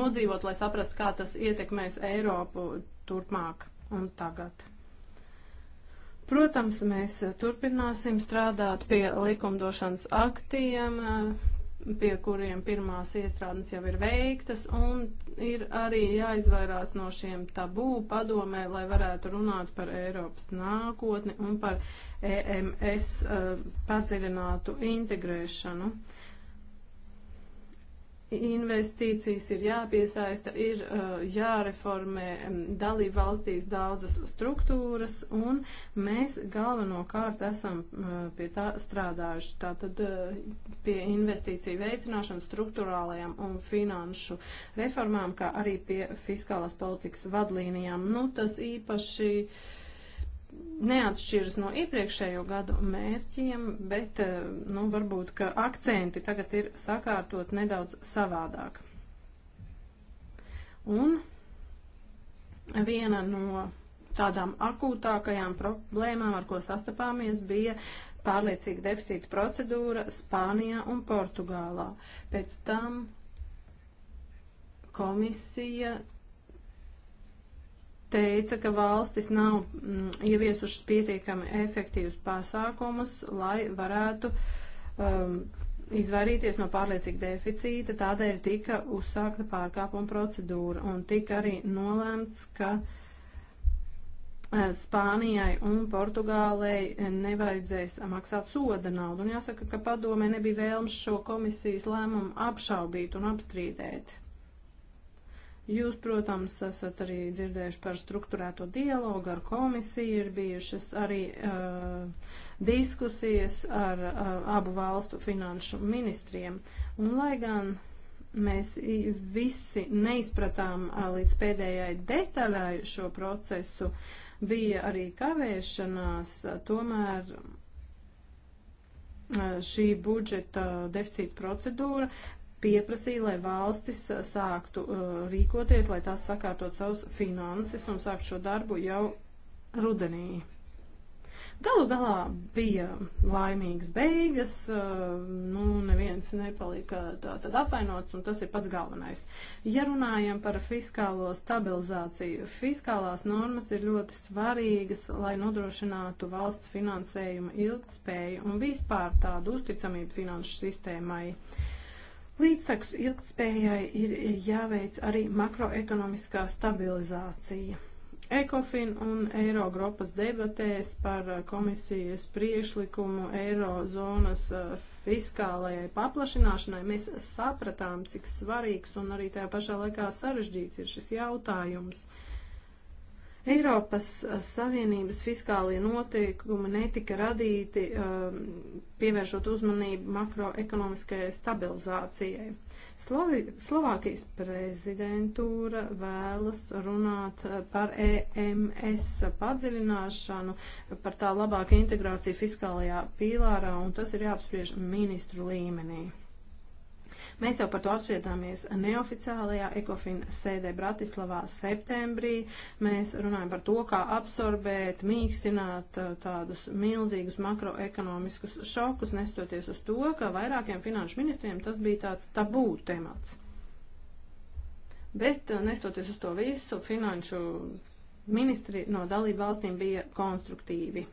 nodzīvot, lai saprastu, kā tas ietekmēs Eiropu turpmāk un tagad. Protams, mēs eh, turpināsim strādāt pie likumdošanas aktiem, eh, pie kuriem pirmās iestrādes jau ir veiktas, un ir arī jāizvairās no šiem tabū padomē, lai varētu runāt par Eiropas nākotni un par EMS eh, padziļinātu integrēšanu investīcijas ir jāpiesaista, ir uh, jāreformē mm, dalību valstīs daudzas struktūras, un mēs galvenokārt esam uh, pie tā strādājuši, tātad uh, pie investīciju veicināšanas, struktūrālajām un finanšu reformām, kā arī pie fiskālās politikas vadlīnijām. Nu, tas īpaši uh, neatšķiras no iepriekšējo gadu mērķiem, bet eh, nu, varbūt ka akcenti tagad ir sakārtot nedaudz savādāk. Un viena no tādām akūtākajām problēmām, ar ko sastapāmies, bija pārliecīga deficīta procedūra Spānijā un Portugālā. Pēc tam komisija teica, ka valstis nav mm, ieviesušas pietiekami efektīvus pasākumus, lai varētu um, izvairīties no pārliecīga deficīta, tādēļ tika uzsākta pārkāpuma procedūra un tika arī nolēmts, ka eh, Spānijai un Portugālei nevajadzēs maksāt soda naudu. Un jāsaka, ka padomē nebija vēlms šo komisijas lēmumu apšaubīt un apstrīdēt. Jūs, protams, esat arī dzirdējuši par struktūrēto dialogu ar komisiju, ir bijušas arī uh, diskusijas ar uh, abu valstu finanšu ministriem. Un lai gan mēs visi neizpratām uh, līdz pēdējai detaļai šo procesu, bija arī kavēšanās, uh, tomēr uh, šī budžeta deficīta procedūra pieprasīja, lai valstis uh, sāktu uh, rīkoties, lai tās sakārtot savus finanses un sāktu šo darbu jau rudenī. Galu galā bija laimīgas beigas, uh, nu, neviens nepalika tā tad apvainots, un tas ir pats galvenais. Ja runājam par fiskālo stabilizāciju, fiskālās normas ir ļoti svarīgas, lai nodrošinātu valsts finansējuma ilgtspēju un vispār tādu uzticamību finanšu sistēmai. Uh, Līdzsaks ilgtspējai ir jāveic arī makroekonomiskā stabilizācija. Ekofin un Eirogrupas debatēs par komisijas priešlikumu Eirozonas fiskālajai paplašināšanai mēs sapratām, cik svarīgs un arī tajā pašā laikā sarežģīts ir šis jautājums. Uh, Eiropas eh, Savienības fiskālie noteikumi netika radīti eh, pievēršot uzmanību makroekonomiskajai stabilizācijai. Slovi, Slovākijas prezidentūra vēlas runāt eh, par EMS padziļināšanu, par tā labāku integrāciju fiskālajā pīlārā, un tas ir jāapspriež ministru līmenī. Mēs jau par to apspriedāmies neoficiālajā ekofina sēdē Bratislavā septembrī. Mēs runājam par to, kā absorbēt, mīkstināt uh, tādus milzīgus makroekonomiskus šokus, nestoties uz to, ka vairākiem finanšu ministriem tas bija tāds tabū temats. Bet, uh, nestoties uz to visu, finanšu ministri no dalību valstīm bija konstruktīvi.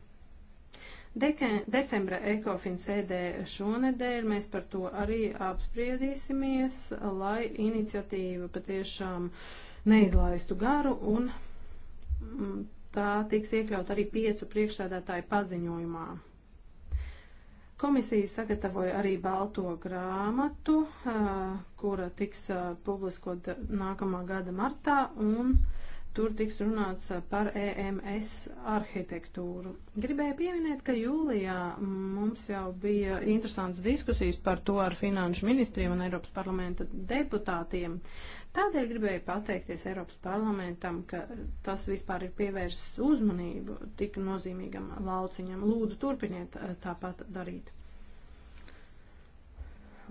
Deke, decembra ekofin sēdē šonedēļ mēs par to arī apspriedīsimies, lai iniciatīva patiešām neizlaistu garu un mm, tā tiks iekļaut arī piecu priekšsēdētāju paziņojumā. Komisija sagatavoja arī balto grāmatu, kura tiks publiskot nākamā gada martā un. Tur tiks runāts par EMS arhitektūru. Gribēju pieminēt, ka jūlijā mums jau bija interesants diskusijas par to ar finanšu ministriem un Eiropas parlamenta deputātiem. Tādēļ gribēju pateikties Eiropas parlamentam, ka tas vispār ir pievērsis uzmanību tik nozīmīgam lauciņam. Lūdzu, turpiniet eh, tāpat darīt.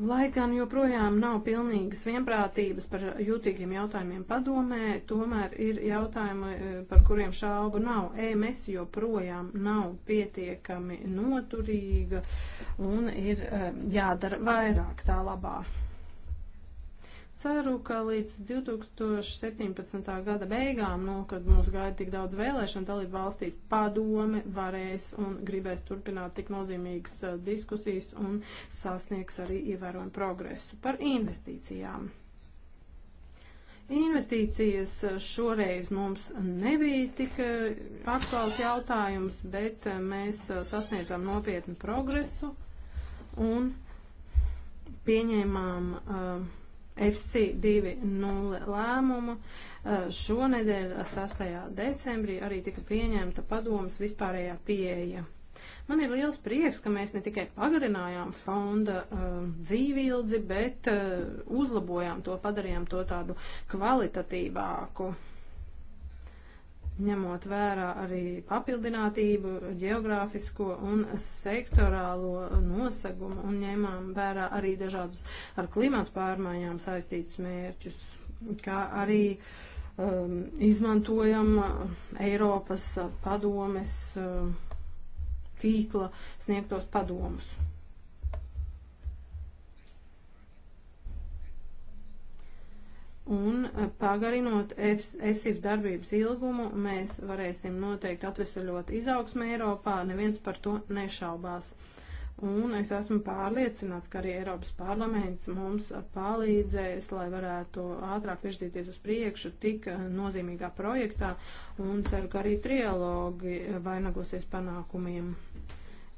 Lai gan joprojām nav pilnīgas vienprātības par jūtīgiem jautājumiem padomē, tomēr ir jautājumi, e, par kuriem šaubu nav. EMS joprojām nav pietiekami noturīga un ir e, jādara vairāk tā labā ceru, ka līdz 2017. gada beigām, nu, kad mūs gaida tik daudz vēlēšanu dalību valstīs, padome varēs un gribēs turpināt tik nozīmīgas uh, diskusijas un sasniegs arī ievērojumu progresu par investīcijām. Investīcijas uh, šoreiz mums nebija tik uh, aktuāls jautājums, bet mēs sasniedzām nopietnu progresu un pieņēmām uh, FC20 lēmumu. Šonedēļ, 6. decembrī, arī tika pieņemta padomas vispārējā pieeja. Man ir liels prieks, ka mēs ne tikai pagarinājām fonda uh, dzīvildzi, bet uh, uzlabojām to, padarījām to tādu kvalitatīvāku. Uh, ņemot vērā arī papildinātību, geogrāfisko un sektorālo nosegumu un ņēmām vērā arī dažādus ar klimatu pārmaiņām saistītus mērķus, kā arī um, izmantojam Eiropas padomes um, tīkla sniegtos padomus. Un eh, pagarinot ESIF darbības ilgumu, mēs varēsim noteikti atvesaļot izaugsmē Eiropā, neviens par to nešaubās. Un es esmu pārliecināts, ka arī Eiropas parlaments mums palīdzēs, lai varētu ātrāk virzīties uz priekšu tik eh, nozīmīgā projektā un ceru, ka arī trialogi eh, vainagosies panākumiem.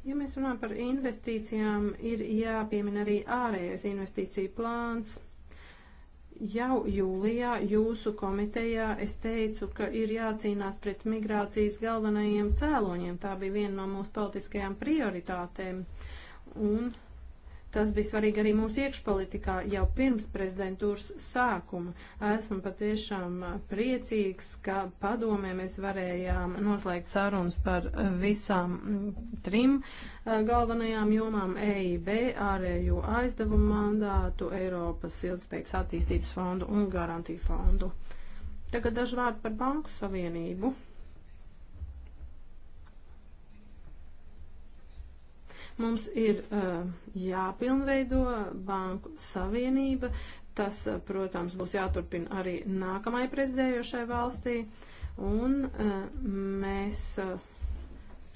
Ja mēs runājam par investīcijām, ir jāpiemina arī ārējais investīciju plāns. Jau jūlijā jūsu komitejā es teicu, ka ir jācīnās pret migrācijas galvenajiem cēloņiem. Tā bija viena no mūsu politiskajām prioritātēm. Un Tas bija svarīgi arī mūsu iekšpolitikā jau pirms prezidentūras sākuma. Esmu patiešām uh, priecīgs, ka padomē mēs varējām noslēgt sarunas par uh, visām mm, trim uh, galvenajām jomām - EIB, ārējo aizdevumu mandātu, Eiropas ilgspējīgas attīstības fondu un garantiju fondu. Tagad daži vārdi par Banku Savienību. Mums ir uh, jāpilnveido banku savienība. Tas, eh, protams, būs jāturpina arī nākamai prezidējošai valstī. Un uh, mēs uh,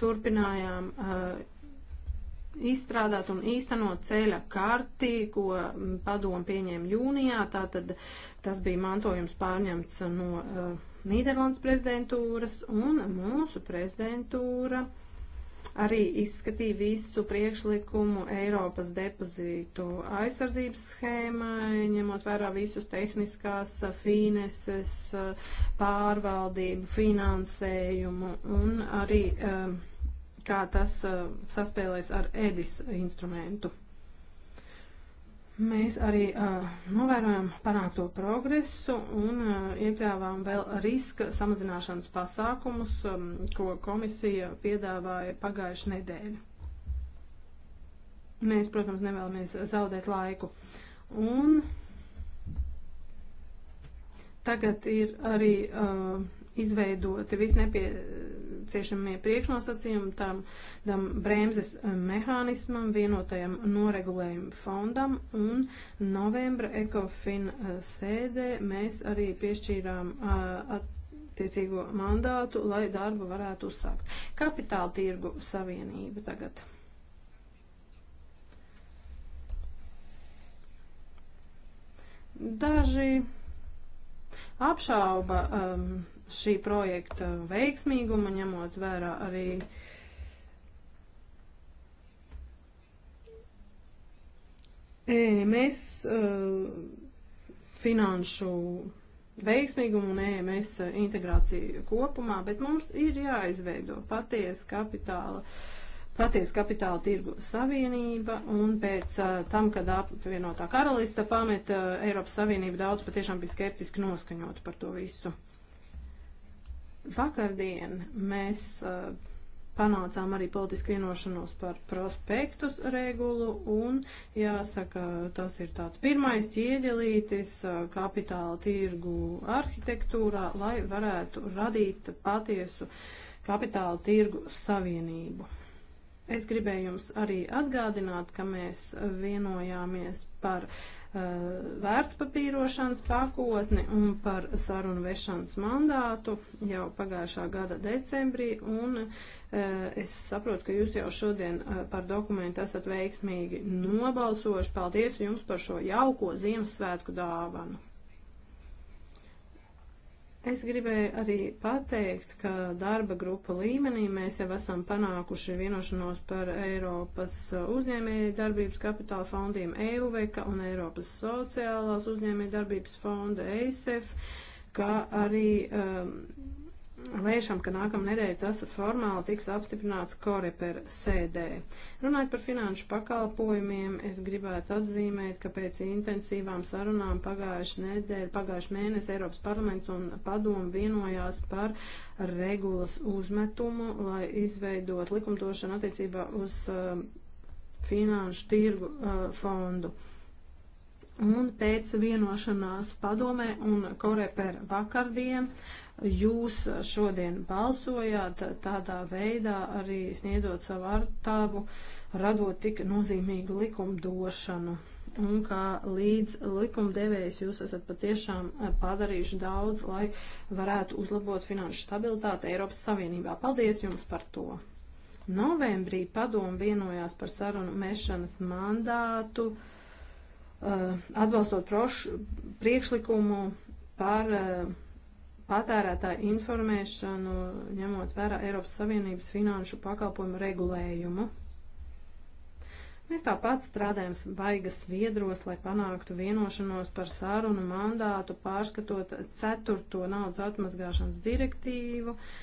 turpinājām. Uh, izstrādāt un īstenot ceļa karti, ko mm, padomu pieņēma jūnijā. Tātad tas bija mantojums pārņemts no uh, Nīderlandes prezidentūras un mūsu prezidentūra uh, arī izskatīja visu priekšlikumu Eiropas depozītu aizsardzības schēmai, ņemot vērā visus tehniskās fīneses, pārvaldību, finansējumu un arī kā tas saspēlēs ar EDIS instrumentu. Mēs arī uh, novērojam panākto progresu un uh, iekļāvām vēl riska samazināšanas pasākumus, um, ko komisija piedāvāja pagājušu nedēļu. Mēs, protams, nevēlamies zaudēt laiku. Un tagad ir arī uh, izveidoti visnepie nepieciešamie priekšnosacījumi tam, tam bremzes eh, mehānismam, vienotajam noregulējumu fondam un novembra ekofin eh, sēdē mēs arī piešķīrām eh, attiecīgo mandātu, lai darbu varētu uzsākt. Kapitāla tirgu savienība tagad. Daži apšauba um, šī projekta veiksmīgumu, ņemot vērā arī EMS uh, finanšu veiksmīgumu un EMS integrāciju kopumā, bet mums ir jāizveido patiesa kapitāla paties kapitāla tirgu savienība, un pēc uh, tam, kad apvienotā karalista pameta uh, Eiropas Savienību, daudz patiešām bija skeptiski noskaņot par to visu. Uh, Vakardien mēs uh, panācām arī politisku vienošanos par prospektus regulu un, jāsaka, tas ir tāds pirmais ķieģelītis eh, kapitāla tirgu arhitektūrā, lai varētu radīt patiesu kapitāla tirgu savienību. Es gribēju jums arī atgādināt, ka mēs vienojāmies par uh, Eh, vērtspapīrošanas pakotni un par sarunu vešanas mandātu jau pagājušā gada decembrī, un eh, es saprotu, ka jūs jau šodien eh, par dokumentu esat veiksmīgi nobalsojuši. Paldies jums par šo jauko Ziemassvētku dāvanu! Es gribēju arī pateikt, ka darba grupa līmenī mēs jau esam panākuši vienošanos par Eiropas uh, uzņēmēja darbības kapitāla fondiem EUVEKA un Eiropas sociālās uzņēmēja darbības fonda EISEF, kā arī um, lēšam, ka nākamā nedēļa tas formāli tiks apstiprināts Koreper sēdē. Runājot par finanšu pakalpojumiem, es gribētu atzīmēt, ka pēc intensīvām sarunām pagājuši nedēļa, pagājuši mēnesi Eiropas parlaments un padomu vienojās par regulas uzmetumu, lai izveidot likumdošanu attiecībā uz uh, finanšu tirgu uh, fondu. Uh, Un pēc vienošanās padomē un korepēra vakardien jūs šodien balsojāt tādā veidā arī sniedot savu artāvu, radot tik nozīmīgu likumdošanu. Un kā līdz likumdevējs jūs esat patiešām padarījuši daudz, lai varētu uzlabot finanšu stabilitāti Eiropas Savienībā. Paldies jums par to! Novembrī padomu vienojās par sarunu mešanas mandātu. Uh, Uh, atbalstot prošu, priekšlikumu par uh, patērētāju informēšanu, ņemot vērā Eiropas Savienības finanšu pakalpojumu regulējumu. Mēs tāpat strādājam baigas viedros, lai panāktu vienošanos par sārunu mandātu, pārskatot ceturto naudas atmazgāšanas direktīvu, uh,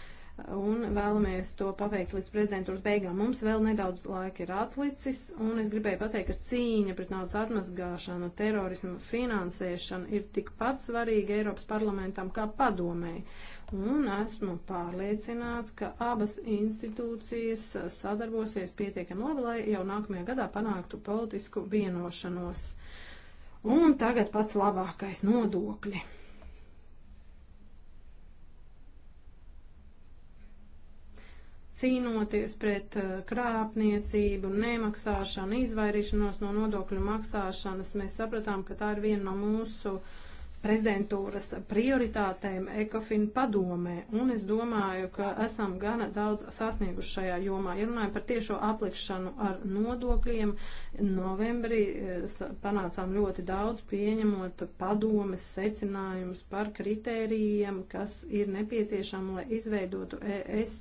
un vēlamies to paveikt līdz prezidentūras beigām. Mums vēl nedaudz laika ir atlicis, un es gribēju pateikt, ka cīņa pret naudas atmazgāšanu, terorismu finansēšanu ir tikpat svarīga Eiropas parlamentam kā padomēji. Un esmu pārliecināts, ka abas institūcijas sadarbosies pietiekami labi, lai jau nākamajā gadā panāktu politisku vienošanos. Un tagad pats labākais nodokļi. cīnoties pret eh, krāpniecību, nemaksāšanu, izvairīšanos no nodokļu maksāšanas, mēs sapratām, ka tā ir viena no mūsu prezidentūras prioritātēm ECOFIN padomē, un es domāju, ka esam gana daudz sasnieguši šajā jomā. Ja runājam par tiešo aplikšanu ar nodokļiem, novembrī eh, panācām ļoti daudz, pieņemot padomes secinājumus par kritērijiem, kas ir nepieciešami, lai izveidotu ES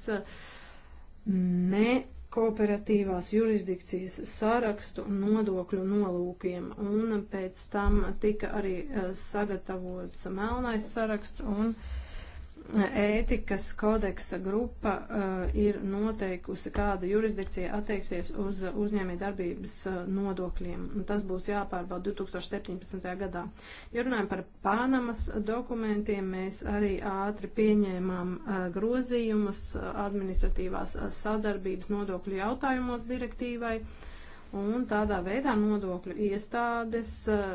nekooperatīvās jurisdikcijas sarakstu nodokļu nolūkiem, un pēc tam tika arī eh, sagatavots melnais saraksts un uh, ētikas kodeksa grupa uh, ir noteikusi, kāda jurisdikcija attieksies uz uzņēmē darbības uh, nodokļiem. Tas būs jāpārbauda 2017. gadā. Ja runājam par Pānamas dokumentiem, mēs arī ātri pieņēmām uh, grozījumus administratīvās sadarbības nodokļu jautājumos direktīvai. Uh, un tādā veidā nodokļu iestādes eh,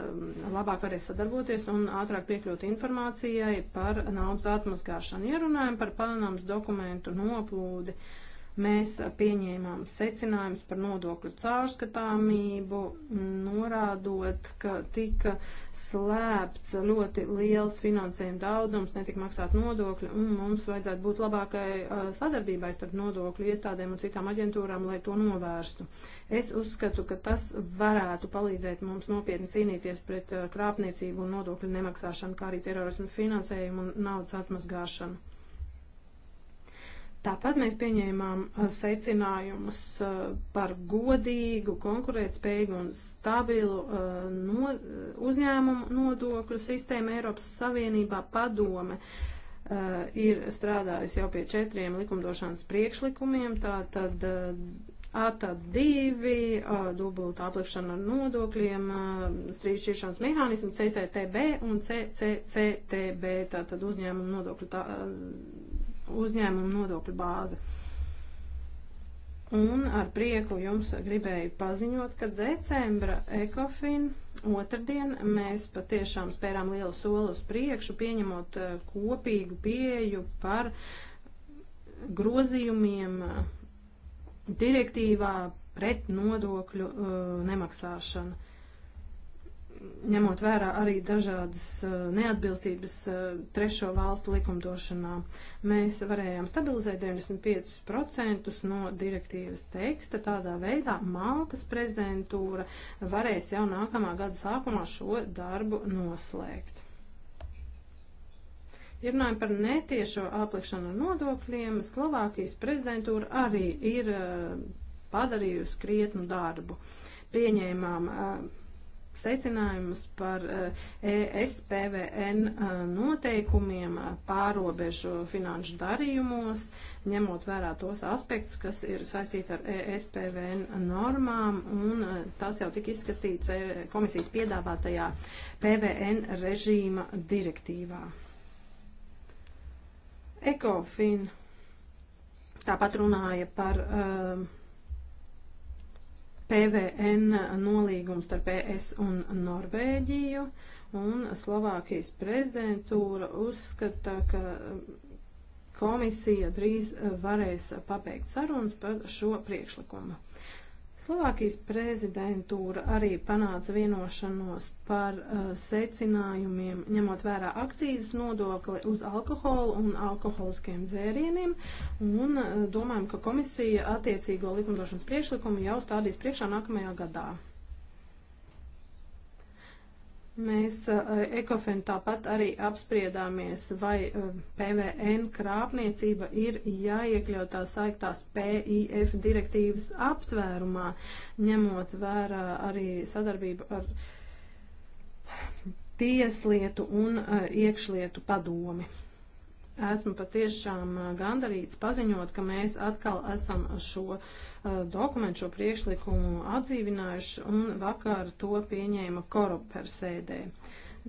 labāk varēs sadarboties un ātrāk piekļūt informācijai par naudas atmazgāšanu. Ja runājam par Panamas dokumentu noplūdi, uh, Mēs pieņēmām secinājumus par nodokļu caurskatāmību, norādot, ka tika slēpts ļoti liels finansējuma daudzums, netika maksāt nodokļi, un mums vajadzētu būt labākai uh, sadarbībai starp nodokļu iestādēm un citām aģentūrām, lai to novērstu. Es uzskatu, ka tas varētu palīdzēt mums nopietni cīnīties pret uh, krāpniecību un nodokļu nemaksāšanu, kā arī terorismu finansējumu un naudas atmazgāšanu. Tāpat mēs pieņēmām uh, secinājumus uh, par godīgu, konkurētspējīgu un stabilu uh, no, uzņēmumu nodokļu sistēmu Eiropas Savienībā padome. Ir strādājusi jau pie četriem likumdošanas priekšlikumiem, tā tad ATA 2, dubulta aplikšana ar nodokļiem, strīdšķiršanas mehānismi CCTB un CCCTB, tātad uzņēmumu nodokļu tā, uzņēmumu nodokļu bāze. Un ar prieku jums gribēju paziņot, ka decembra ekofin otrdien mēs patiešām spērām lielu soli uz priekšu, pieņemot eh, kopīgu pieju par grozījumiem eh, direktīvā pret nodokļu uh, nemaksāšanu ņemot vērā arī dažādas eh, neatbilstības eh, trešo valstu likumdošanā. Mēs varējām stabilizēt 95% no direktīvas teksta. Tādā veidā Maltas prezidentūra varēs jau nākamā gada sākumā šo darbu noslēgt. Ja runājam par netiešo aplikšanu ar nodokļiem, Slovākijas prezidentūra arī ir eh, padarījusi krietnu darbu. Pieņēmām uh, secinājumus par ES eh, e PVN eh, noteikumiem eh, pārobežu finanšu darījumos, ņemot vērā tos aspektus, kas ir saistīti ar ES PVN normām, un tas jau tika izskatīts komisijas piedāvātajā PVN režīma direktīvā. ECOFIN tāpat runāja par uh, PVN nolīgumu starp ES un Norvēģiju, un Slovākijas prezidentūra uzskata, ka komisija drīz varēs pabeigt sarunas par šo priekšlikumu. Slovākijas prezidentūra arī panāca vienošanos par uh, secinājumiem, ņemot vērā akcijas nodokli uz alkoholu un alkoholiskiem dzērieniem, un uh, domājam, ka komisija attiecīgo likumdošanas priekšlikumu jau stādīs priekšā nākamajā gadā. Mēs uh, ECOFIN tāpat arī apspriedāmies, vai uh, PVN krāpniecība ir jāiekļaut tā saiktās PIF direktīvas aptvērumā, ņemot vērā arī sadarbību ar tieslietu un uh, iekšlietu padomi. Esmu patiešām gandarīts paziņot, ka mēs atkal esam šo uh, dokumentu, šo priekšlikumu atdzīvinājuši un vakar to pieņēma Koroper sēdē.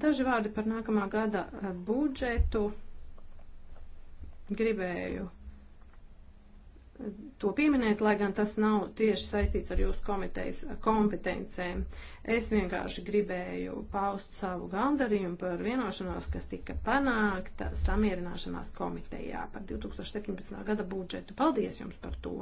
Daži vārdi par nākamā gada budžetu gribēju to pieminēt, lai gan tas nav tieši saistīts ar jūsu komitejas kompetencēm. Es vienkārši gribēju paust savu gandarījumu par vienošanos, kas tika panākta samierināšanās komitejā par 2017. gada budžetu. Paldies jums par to!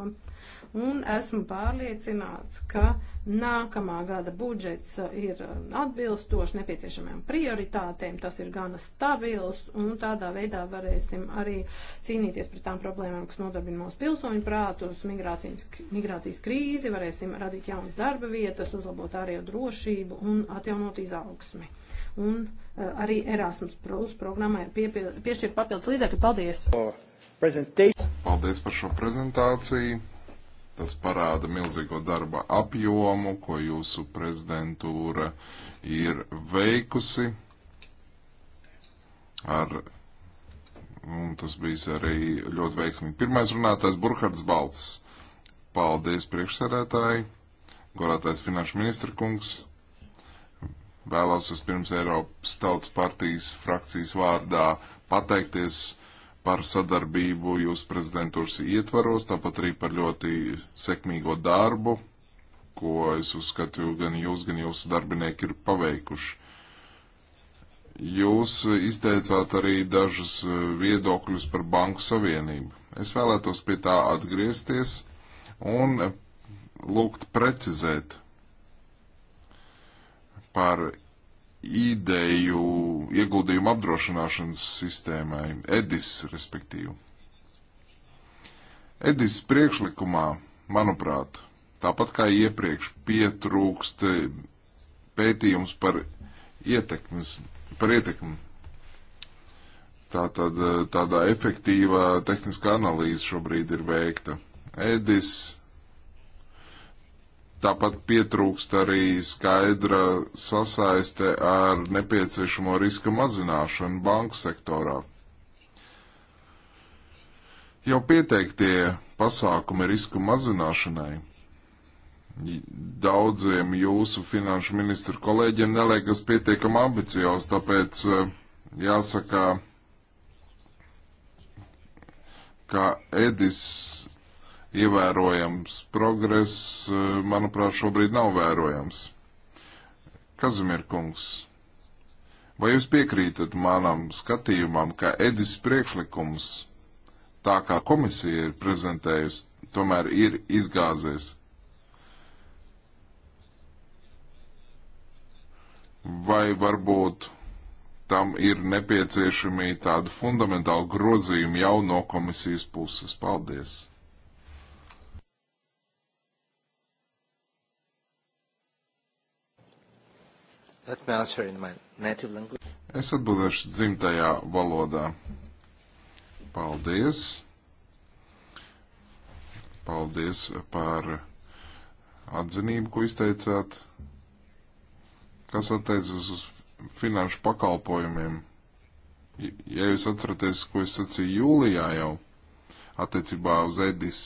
Un esmu pārliecināts, ka nākamā gada budžets ir atbilstoši nepieciešamajām prioritātēm, tas ir gana stabils, un tādā veidā varēsim arī cīnīties pret tām problēmām, kas nodarbina mūsu pilsoņu manuprāt, uz migrācijas, migrācijas krīzi varēsim radīt jaunas darba vietas, uzlabot ārējo drošību un atjaunot izaugsmi. Un uh, arī Erasmus Plus programmai pie, pie, piešķirt papildus līdzekļu. Paldies! Paldies par šo prezentāciju. Tas parāda milzīgo darba apjomu, ko jūsu prezidentūra ir veikusi ar Un tas bija arī ļoti veiksmīgi. Pirmais runātājs Burkhards Balts. Paldies priekšsarētāji, gorātais finanšu ministra kungs. Vēlos es pirms Eiropas Tautas partijas frakcijas vārdā pateikties par sadarbību jūsu prezidentūras ietvaros, tāpat arī par ļoti sekmīgo darbu, ko es uzskatu, gan jūs, gan jūsu darbinieki ir paveikuši. Jūs izteicāt arī dažus e, viedokļus par Banku Savienību. Es vēlētos pie tā atgriezties un e, lūgt precizēt par ideju ieguldījumu apdrošināšanas sistēmai, EDIS respektīvi. EDIS priekšlikumā, manuprāt, tāpat kā iepriekš pietrūkst e, pētījums par ietekmes par ietekmi. Tā tad eh, tādā efektīvā tehniskā analīze šobrīd ir veikta. Edis tāpat pietrūkst arī skaidra sasaiste ar nepieciešamo riska mazināšanu banku sektorā. Jau pieteiktie pasākumi riska mazināšanai daudziem jūsu finanšu ministru kolēģiem neliekas pietiekam ambiciozs, tāpēc eh, jāsaka, ka Edis ievērojams progress, eh, manuprāt, šobrīd nav vērojams. Kazumirkungs, vai jūs piekrītat manam skatījumam, ka Edis priekšlikums, tā kā komisija ir prezentējusi, tomēr ir izgāzies? vai varbūt tam ir nepieciešami tādi fundamentāli grozījumi jau no komisijas puses. Paldies! Es atbildēšu dzimtajā valodā. Paldies! Paldies par atzinību, ko izteicāt kas attiecas uz finanšu pakalpojumiem, ja jūs atceraties, ko es sacīju jūlijā jau attiecībā uz Edis,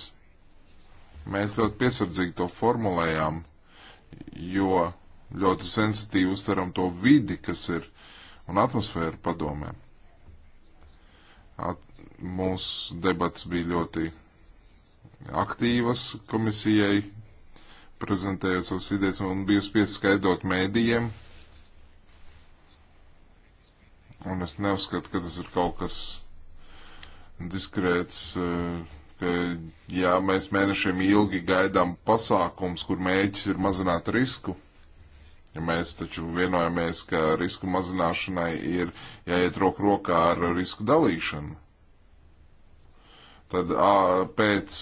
mēs ļoti piesardzīgi to formulējām, jo ļoti sensitīvi uztveram to vidi, kas ir un atmosfēru padomē. At, mūsu debats bija ļoti aktīvas komisijai prezentēja savas idejas un bija spiest skaidrot mēdījiem. Un es neuzskatu, ka tas ir kaut kas diskrēts, eh, ka jā, mēs mēnešiem ilgi gaidām pasākums, kur mēģis ir mazināt risku. Ja mēs taču vienojamies, ka risku mazināšanai ir jāiet roku rokā ar risku dalīšanu. Tad ā, pēc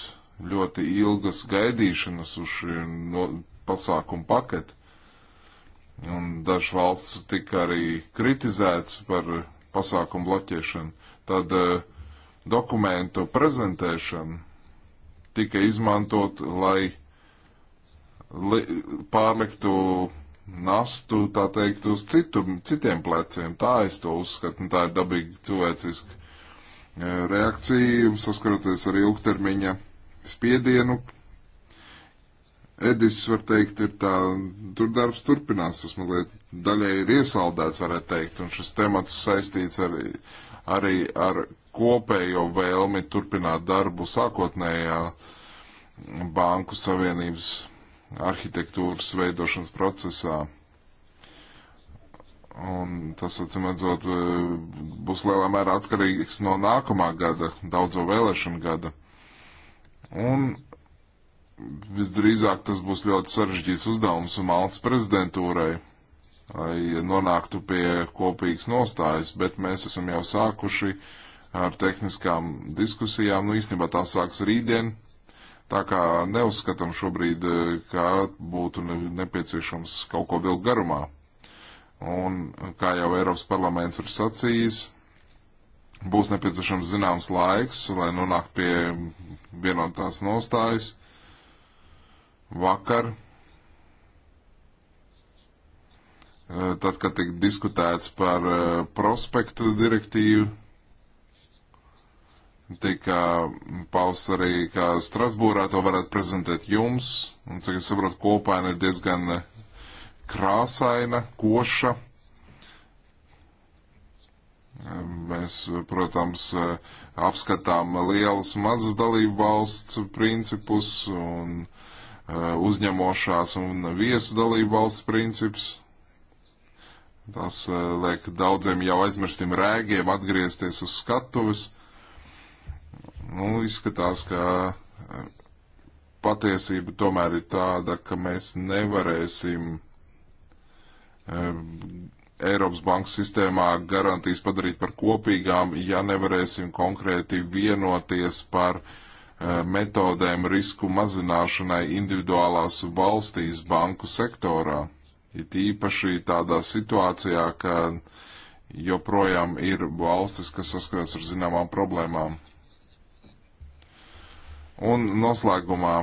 ļoti ilgas gaidīšanas uz šī no, pasākuma paketi. Un dažas valsts tika arī kritizētas par pasākumu bloķēšanu. Tad uh, dokumentu prezentēšana tika izmantot, lai li, pārliktu nastu, tā teikt, uz citu, citiem pleciem. Tā es to uzskatu, un tā ir dabīga cilvēciska eh, reakcija, saskaroties ar ilgtermiņa spiedienu. Edis, var teikt, ir tā, tur darbs turpinās, tas mazliet daļai ir iesaldēts, varētu teikt, un šis temats saistīts ar, arī ar kopējo vēlmi turpināt darbu sākotnējā Banku Savienības arhitektūras veidošanas procesā. Un tas, atcīm redzot, būs lielā mērā atkarīgs no nākamā gada, daudzo vēlēšanu gada. Un visdrīzāk tas būs ļoti sarežģīts uzdevums Maltas prezidentūrai, lai nonāktu pie kopīgas nostājas, bet mēs esam jau sākuši ar tehniskām diskusijām. Nu, īstenībā tās sāks rītdien. Tā kā neuzskatām šobrīd, ka būtu nepieciešams kaut ko vilkt garumā. Un, kā jau Eiropas parlaments ir sacījis, būs nepieciešams zināms laiks, lai nonāktu pie vienotās nostājas. Vakar, eh, tad, kad tika diskutēts par eh, prospektu direktīvu, tika pausts arī, ka Strasbūrā to varētu prezentēt jums, un, cik es saprotu, kopaina ir diezgan eh, krāsaina, koša. Mēs, protams, apskatām lielas, mazas dalību valsts principus un eh, uzņemošās un viesu dalību valsts principus. Tas eh, liek daudziem jau aizmirstiem rēgiem atgriezties uz skatuves. Nu, izskatās, ka eh, patiesība tomēr ir tāda, ka mēs nevarēsim Eiropas bankas sistēmā garantijas padarīt par kopīgām, ja nevarēsim konkrēti vienoties par eh, metodēm risku mazināšanai individuālās valstīs banku sektorā. It īpaši tādā situācijā, ka joprojām ir valstis, kas saskaras ar zināmām problēmām. Un noslēgumā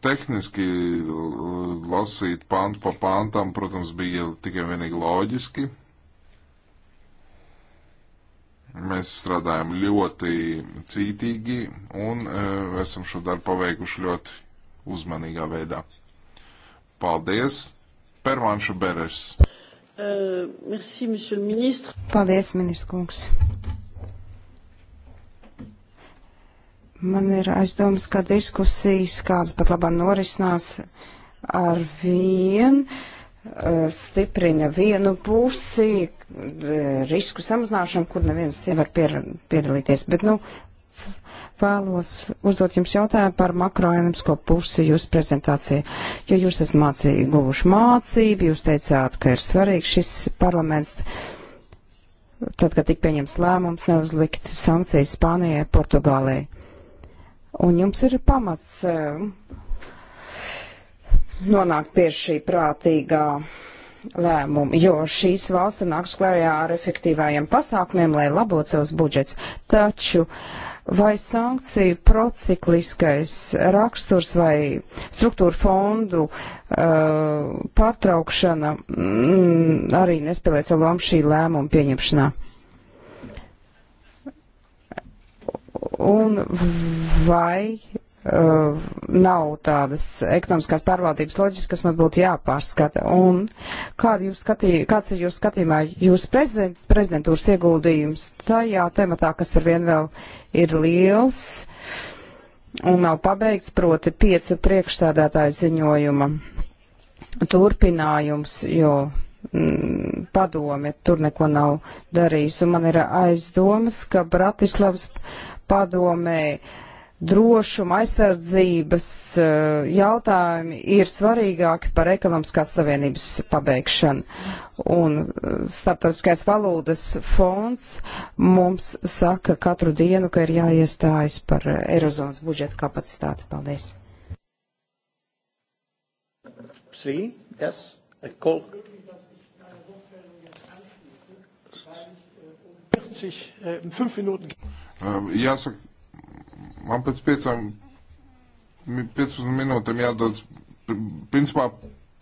tehniski lasīt pantu pa pantam, protams, bija tikai vienīgi loģiski. Mēs strādājam ļoti cītīgi un uh, esam šo darbu paveikuši ļoti uzmanīgā veidā. Paldies! Pervanšu Beres! Uh, merci, Paldies, ministrs kungs! Man ir aizdomas, ka diskusijas, kādas pat labā norisinās, ar vien eh, stiprina vienu pusi, eh, risku samazināšanu, kur neviens nevar piedalīties. Bet, nu, vēlos uzdot jums jautājumu par makroekonomisko pusi jūsu prezentācijā, jo jūs esat mācīju, guvuši mācību, jūs teicāt, ka ir svarīgs šis parlaments, tad, kad tik pieņems lēmums, neuzlikt sankcijas Spānijai, Portugālei. Un jums ir pamats eh, nonākt pie šī prātīgā lēmumu, jo šīs valsts nāks klājā ar efektīvājiem pasākumiem, lai labot savus budžets. Taču vai sankciju procikliskais raksturs vai struktūra fondu uh, pārtraukšana mm, arī nespēlē savu lomu šī lēmuma pieņemšanā? Un vai uh, nav tādas ekonomiskās pārvaldības loģiskas, kas man būtu jāpārskata? Un jūs skatī, kāds ir jūsu skatījumā jūsu prezident, prezidentūras ieguldījums tajā tematā, kas ar vien vēl ir liels un nav pabeigts, proti piecu priekšstādātāju ziņojuma turpinājums, jo mm, padome tur neko nav darījis. Un man ir aizdomas, ka Bratislavas padomē drošuma aizsardzības eh, jautājumi ir svarīgāki par ekonomiskās savienības pabeigšanu. Un eh, starptautiskais valūtas fonds mums saka katru dienu, ka ir jāiestājas par eh, Eirozonas budžeta kapacitāti. Paldies. Three, yes, I call. 40, äh, fünf Minuten. Jāsaka, man pēc piecām, 15 minūtēm jādodas, principā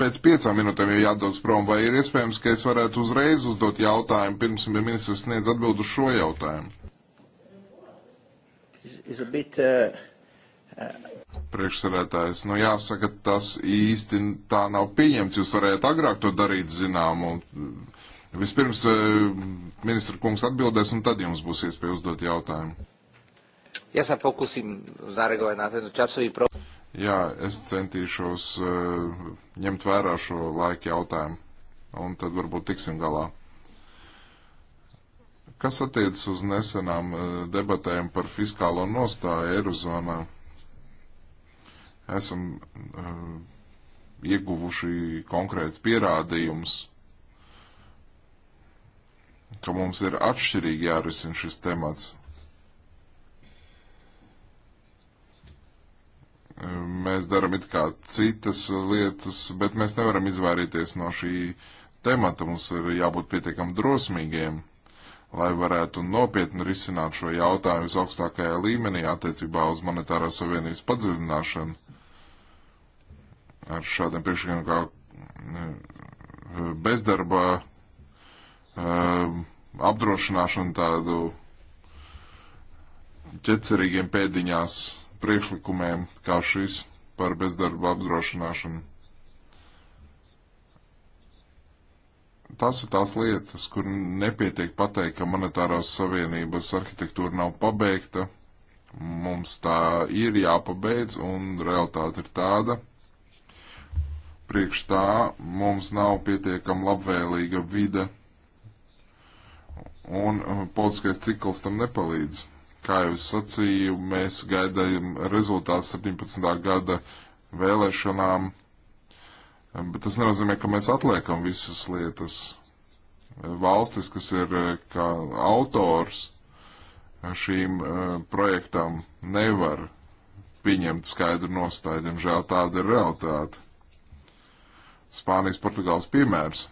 pēc piecām minūtēm jau jādodas prom, vai ir iespējams, ka es varētu uzreiz uzdot jautājumu, pirms ministrs sniedz atbildu šo jautājumu? Is, is bit, uh, uh... Priekšsarētājs, nu jāsaka, tas īsti tā nav pieņemts. Jūs varētu agrāk to darīt, zinām, un Vispirms eh, ministra kungs atbildēs, un tad jums būs iespēja uzdot jautājumu. Ja sa pokúsim zareagovať na tento časový problém. Jā, es centīšos uh, ņemt vērā šo laika jautājumu, un tad varbūt tiksim galā. Kas attiecas uz nesenām uh, debatēm par fiskālo nostāju Eirozonā? Esam uh, ieguvuši konkrēts pierādījums ka mums ir atšķirīgi jārisina šis temats. Mēs darām it kā citas lietas, bet mēs nevaram izvairīties no šī temata. Mums ir jābūt pietiekam drosmīgiem, lai varētu nopietni risināt šo jautājumu visaugstākajā līmenī attiecībā uz monetārās savienības padziļināšanu. Ar šādiem priekšlikumiem kā eh, bezdarba apdrošināšanu tādu ķecerīgiem pēdiņās priekšlikumiem, kā šis par bezdarba apdrošināšanu. Tās ir tās lietas, kur nepietiek pateikt, ka monetārās savienības arhitektūra nav pabeigta. Mums tā ir jāpabeidz, un realitāte ir tāda. Priekš tā mums nav pietiekam labvēlīga vide un uh, politiskais cikls tam nepalīdz. Kā jau es sacīju, mēs gaidām rezultātu 17. gada vēlēšanām, um, bet tas nenozīmē, ka mēs atliekam visas lietas. Valstis, kas ir uh, kā autors šīm uh, projektām, nevar pieņemt skaidru nostāju. Diemžēl tāda ir realitāte. Spānijas, Portugāles piemērs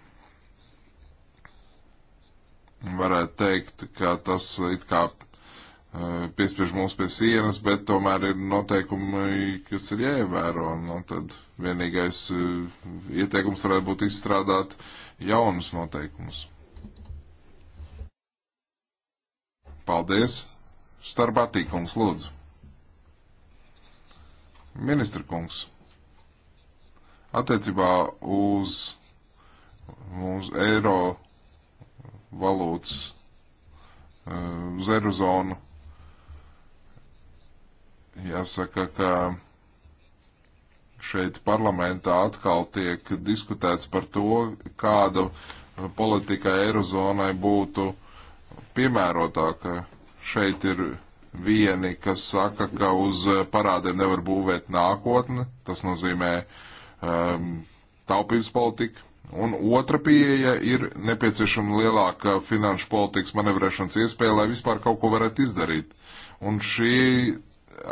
varētu teikt, ka tas it kā e, piespiež mūs pie sienas, bet tomēr ir noteikumi, kas ir jāievēro. Nu, tad vienīgais e, ieteikums varētu būt izstrādāt jaunus noteikumus. Paldies! Starbatī kungs, lūdzu! Ministra kungs, attiecībā uz, uz Eiro valūtas eh, uz Eirozonu. Jāsaka, ka šeit parlamentā atkal tiek diskutēts par to, kāda politika Eirozonai būtu piemērotāka. Šeit ir vieni, kas saka, ka uz parādiem nevar būvēt nākotni, tas nozīmē um, taupības politika. Un otra pieeja ir nepieciešama lielāka finanšu politikas manevrēšanas iespēja, lai vispār kaut ko varētu izdarīt. Un šie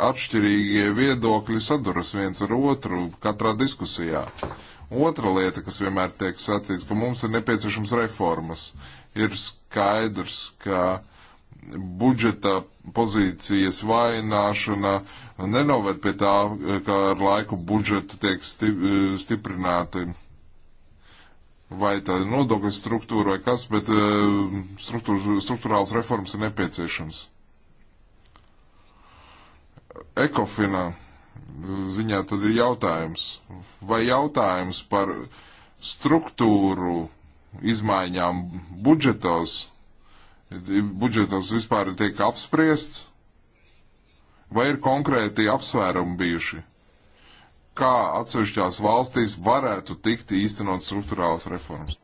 atšķirīgie viedokļi saduras viens ar otru katrā diskusijā. Otra lieta, kas vienmēr tiek sacīts, ka mums ir nepieciešams reformas. Ir skaidrs, ka budžeta pozīcijas vaināšana nenoved pie tā, ka ar laiku budžeta tiek stiprināti vai tā ir nodokļu struktūra vai kas, bet eh, struktūr, struktūrāls reformas ir nepieciešams. Ekofina ziņā tad ir jautājums, vai jautājums par struktūru izmaiņām budžetos, budžetos vispār tiek apspriests, vai ir konkrēti apsvērumi bijuši? kā atsevišķās valstīs varētu tikt īstenot struktūrālas reformas.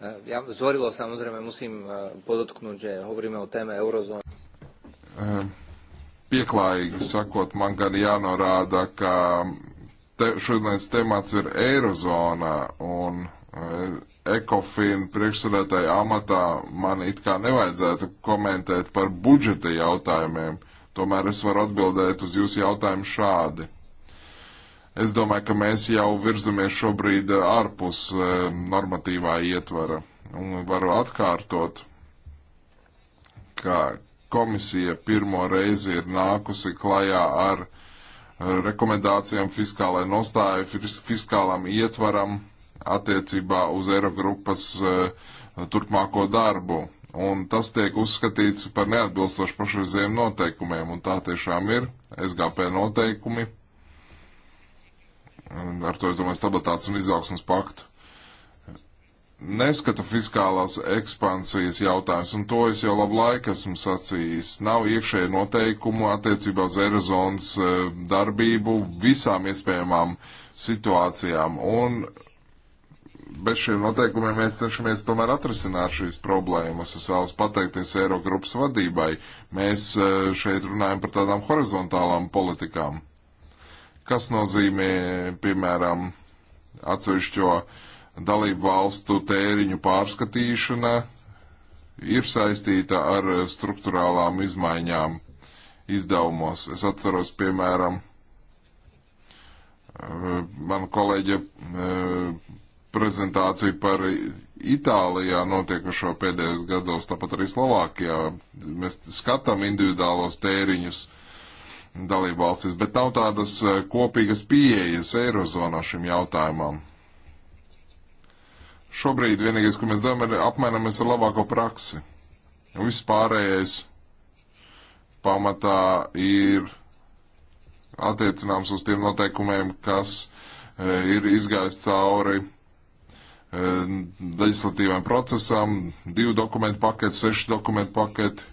Eh, ja zvorilo samozrejme musím eh, podotknúť, že hovoríme o téme eurozóny. Eh, pieklājīgi sakot, man gan jānorāda, ka te, šodienas temats ir eirozona un ekofīna priekšsēdētāja amatā man it kā nevajadzētu komentēt par budžeta jautājumiem, tomēr es varu atbildēt uz jūsu jautājumu šādi. Es domāju, ka mēs jau virzamies šobrīd ārpus eh, normatīvā ietvara. Un varu atkārtot, ka komisija pirmo reizi ir nākusi klajā ar eh, rekomendācijām fiskālai nostāju, fiskālam ietvaram attiecībā uz Eirogrupas eh, turpmāko darbu. Un tas tiek uzskatīts par neatbilstošu pašreizējiem noteikumiem, un tā tiešām ir SGP noteikumi. Ar to es domāju stabilitātes un izaugsmas paktu neskata fiskālās ekspansijas jautājums, un to es jau labu laiku esmu sacījis. Nav iekšēja noteikumu attiecībā uz Eirozonas eh, darbību visām iespējamām situācijām, un bez šiem noteikumiem mēs cenšamies tomēr atrisināt šīs problēmas. Es vēlos pateikties Eirogrupas vadībai. Mēs e, šeit runājam par tādām horizontālām politikām. Kas nozīmē, piemēram, atsevišķo dalību valstu tēriņu pārskatīšana ir saistīta ar struktūrālām izmaiņām izdevumos. Es atceros, piemēram, e, man kolēģe e, prezentāciju par Itālijā notiekušo pēdējos gados, tāpat arī Slovākijā. Mēs skatām individuālos tēriņus dalību valstis, bet nav tādas eh, kopīgas pieejas Eirozonā šim jautājumam. Šobrīd vienīgais, ko mēs darām, ir apmainamies ar labāko praksi. Viss pārējais pamatā ir attiecināms uz tiem noteikumiem, kas eh, ir izgājis cauri E, leģislatīvajam procesam, divu dokumentu paketi, sešu dokumentu paketi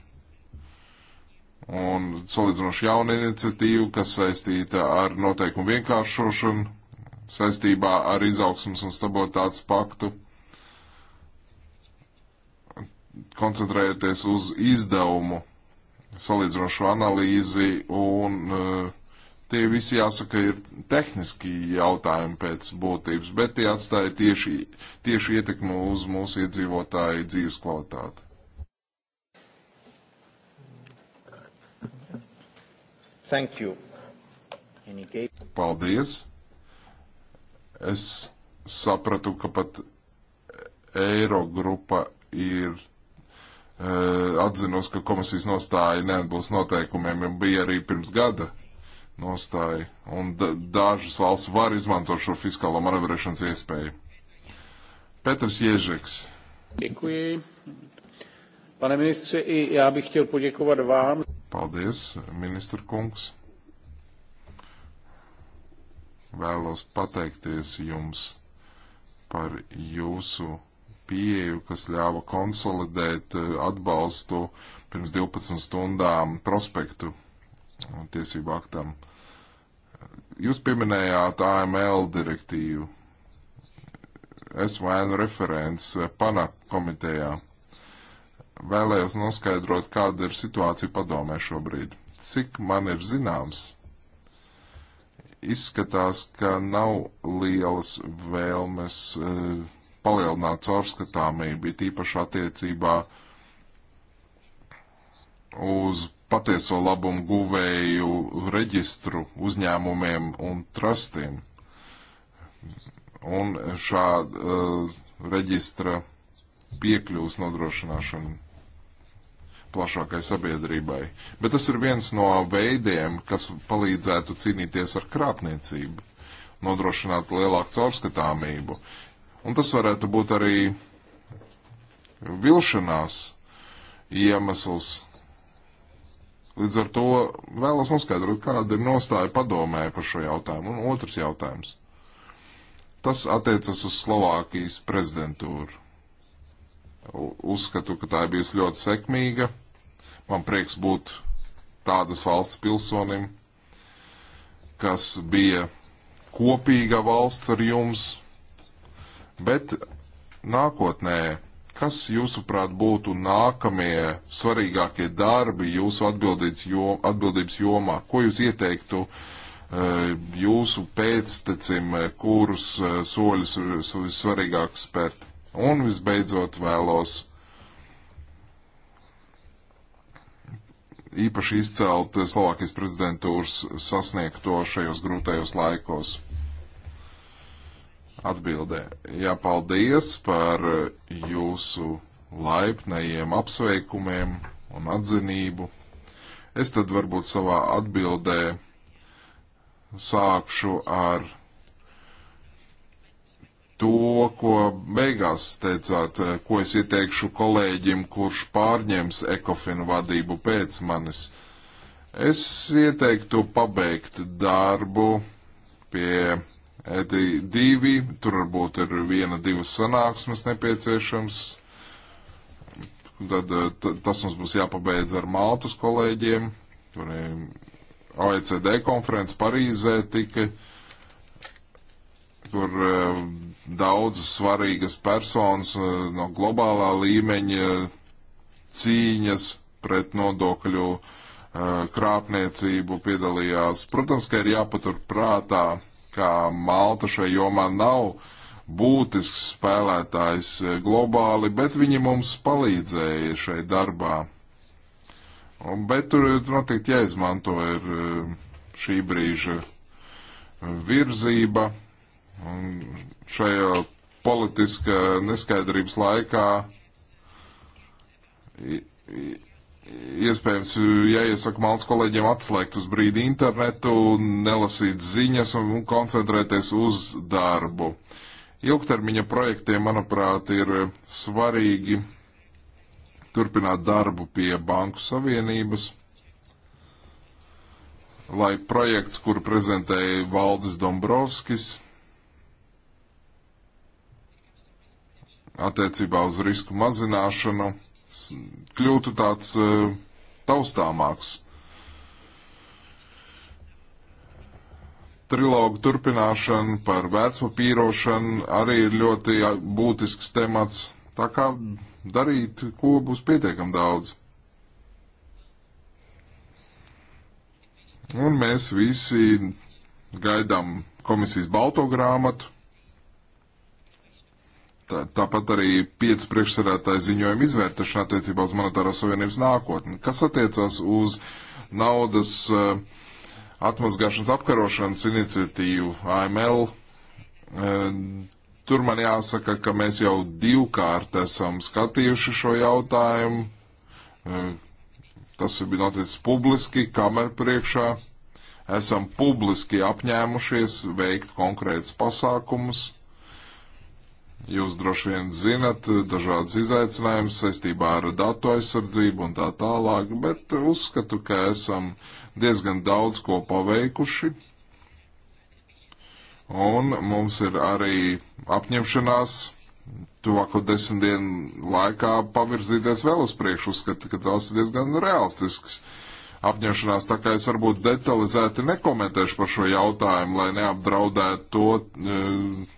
un salīdzinoši jauna iniciatīva, kas saistīta ar noteikumu vienkāršošanu, saistībā ar izaugsmas un stabilitātes paktu, koncentrējoties uz izdevumu, salīdzinošu analīzi un uh, Tie visi jāsaka ir tehniski jautājumi pēc būtības, bet tie atstāja tieši, tieši ietekmi uz mūsu iedzīvotāju dzīves kvalitāti. Thank you. Paldies. Es sapratu, ka pat Eirogrupa ir uh, atzinusi, ka komisijas nostāja neatbilst noteikumiem, jau bija arī pirms gada nostāju, un dažas valsts var izmantot šo fiskālo manevrēšanas iespēju. Petrs Ježeks. Děkuji. Pane ministře, i já bych chtěl poděkovat vám. Paldies, ministr kungs. Vēlos pateikties jums par jūsu pieeju, kas ļāva konsolidēt eh, atbalstu pirms 12 stundām prospektu tiesību aktam. Jūs pieminējāt AML direktīvu. Esmu ēnu referents PANA komitejā. Vēlējos noskaidrot, kāda ir situācija padomē šobrīd. Cik man ir zināms, izskatās, ka nav lielas vēlmes e, palielināt caurskatāmību, it īpaši attiecībā uz patieso labumu guvēju reģistru uzņēmumiem un trustiem. Un šā uh, reģistra piekļuvas nodrošināšana plašākai sabiedrībai. Bet tas ir viens no veidiem, kas palīdzētu cīnīties ar krāpniecību, nodrošināt lielāku caurskatāmību. Un tas varētu būt arī vilšanās iemesls, Līdz ar to vēlos noskaidrot, kāda ir nostāja padomē par šo jautājumu. Un otrs jautājums. Tas attiecas uz Slovākijas prezidentūru. Uzskatu, ka tā ir bijusi ļoti sekmīga. Man prieks būt tādas valsts pilsonim, kas bija kopīga valsts ar jums, bet nākotnē Kas, jūsuprāt, būtu nākamie svarīgākie darbi jūsu atbildības, jom, atbildības jomā? Ko jūs ieteiktu e, jūsu pēctecim, e, kurus e, soļus vissvarīgāk spērt? Un visbeidzot vēlos īpaši izcelt Slovākijas prezidentūras sasniegto šajos grūtajos laikos. Atbildē. Jā, paldies par jūsu laipnajiem apsveikumiem un atzinību. Es tad varbūt savā atbildē sākšu ar to, ko beigās teicāt, ko es ieteikšu kolēģim, kurš pārņems ekofinu vadību pēc manis. Es ieteiktu pabeigt darbu pie Edi divi, tur varbūt ir viena, divas sanāksmes nepieciešams. Tad eh, tas mums būs jāpabeidz ar Maltas kolēģiem, kuriem OECD konferences Parīzē tika, kur eh, daudzas svarīgas personas eh, no globālā līmeņa cīņas pret nodokļu krāpniecību piedalījās. Protams, ka ir jāpatur prātā ka Malta šai jomā nav būtisks spēlētājs globāli, bet viņi mums palīdzēja šai darbā. Un, bet tur noteikti jāizmanto ir eh, šī brīža virzība. Un šajā politiska neskaidrības laikā iespējams jāiesaka malts kolēģiem atslēgt uz brīdi internetu, nelasīt ziņas un koncentrēties uz darbu. Ilgtermiņa projektiem, manuprāt, ir svarīgi turpināt darbu pie Banku Savienības, lai projekts, kuru prezentēja Valdis Dombrovskis, attiecībā uz risku mazināšanu, kļūtu tāds eh, taustāmāks. Trilogu turpināšana par vērtspapīrošanu arī ir ļoti būtisks temats. Tā kā darīt, ko būs pietiekami daudz. Un mēs visi gaidām komisijas balto grāmatu, Tā, tāpat arī pieci priekšsarētāji ziņojumi izvērtašana attiecībā uz monetārās savienības nākotni, kas attiecās uz naudas eh, atmazgāšanas apkarošanas iniciatīvu AML. Eh, tur man jāsaka, ka mēs jau divkārt esam skatījuši šo jautājumu. Eh, tas bija noticis publiski, kameru priekšā. Esam publiski apņēmušies veikt konkrētus pasākumus Jūs droši vien zinat eh, dažādas izaicinājumus saistībā ar datu aizsardzību un tā tālāk, bet uzskatu, ka esam diezgan daudz ko paveikuši. Un mums ir arī apņemšanās tuvāko desmit dienu laikā pavirzīties vēl uz priekšu. Uzskatu, ka tās ir diezgan realistisks apņemšanās, tā kā es varbūt detalizēti nekomentēšu par šo jautājumu, lai neapdraudētu to. Uh,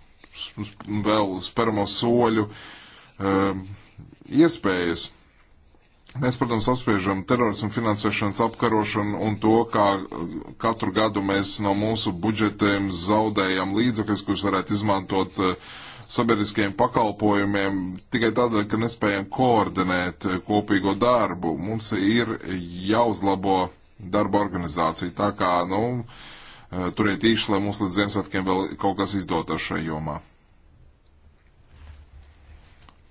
vēl speramo soļu um, iespējas. Mēs, protams, apspriežam terorismu finansēšanas apkarošanu un to, kā katru gadu mēs no mūsu budžetiem zaudējam līdzekļus, kurus varētu izmantot uh, sabiedriskiem pakalpojumiem, tikai tādēļ, ka nespējam koordinēt uh, kopīgo darbu. Mums ir jāuzlabo darba organizācija. Tā kā, nu, uh, Э, turiet īši, lai mums līdz Ziemassvētkiem vēl kaut kas izdotas šajā jomā.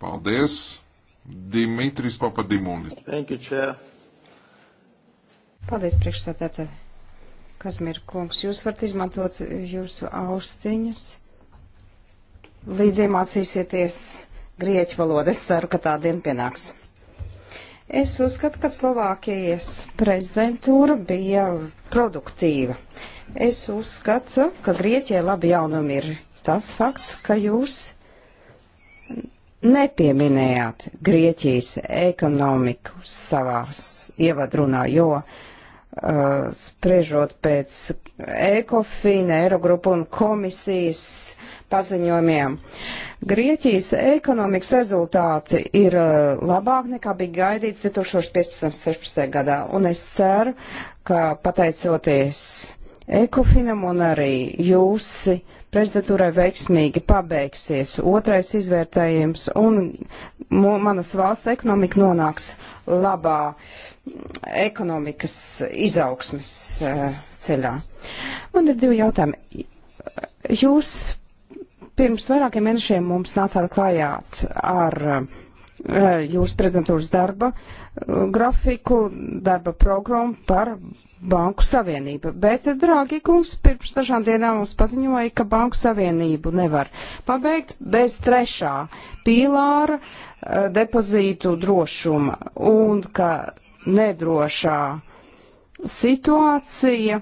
Paldies! Dimitris Papadimunis. Thank you, Chair. Paldies, priekšsēdētāji. Kazmir kungs, jūs varat izmantot jūsu austiņas. Līdz iemācīsieties grieķu valodu. Es ceru, ka tā diena pienāks. Es uzskatu, ka Slovākijas prezidentūra bija produktīva. Uh, Es uzskatu, ka Grieķijai labi jaunumi ir tas fakts, ka jūs nepieminējāt Grieķijas ekonomiku savās ievadrunā, jo uh, spriežot pēc Ekofina, Eirogrupu un komisijas paziņojumiem, Grieķijas ekonomikas rezultāti ir uh, labāk nekā bija gaidīts 2015. un 2016. gadā, un es ceru, ka pateicoties Ekofinam un arī jūsi prezidentūrai veiksmīgi pabeigsies otrais izvērtējums un manas valsts ekonomika nonāks labā ekonomikas izaugsmes e, ceļā. Man ir divi jautājumi. Jūs pirms vairākiem mēnešiem mums nācāt klājāt ar uh, Eh, jūsu prezidentūras darba eh, grafiku, darba programmu par Banku Savienību. Bet, draugi kungs, pirms dažām dienām mums paziņoja, ka Banku Savienību nevar pabeigt bez trešā pīlāra eh, depozītu drošuma un ka nedrošā situācija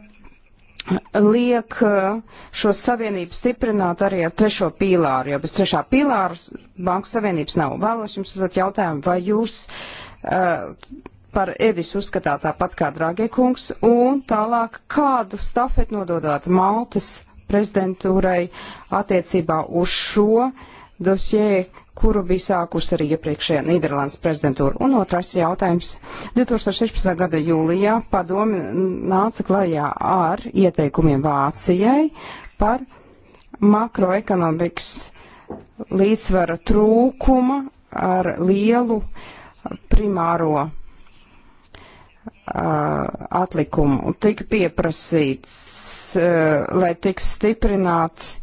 liek eh, šo savienību stiprināt arī ar trešo pīlāru, jo bez trešā pīlāra banku savienības nav. Vēlos jums uzdot jautājumu, vai jūs uh, par Edis uzskatāt tāpat kā Dragie kungs, un tālāk kādu stafetu nododāt Maltas prezidentūrai attiecībā uz šo dosieru kuru bija sākusi arī iepriekšējā Nīderlandes prezidentūra. Un otrais jautājums. 2016. gada jūlijā padomi nāca klajā ar ieteikumiem Vācijai par makroekonomikas līdzsvara trūkuma ar lielu primāro atlikumu. Tika pieprasīts, lai tiks stiprināti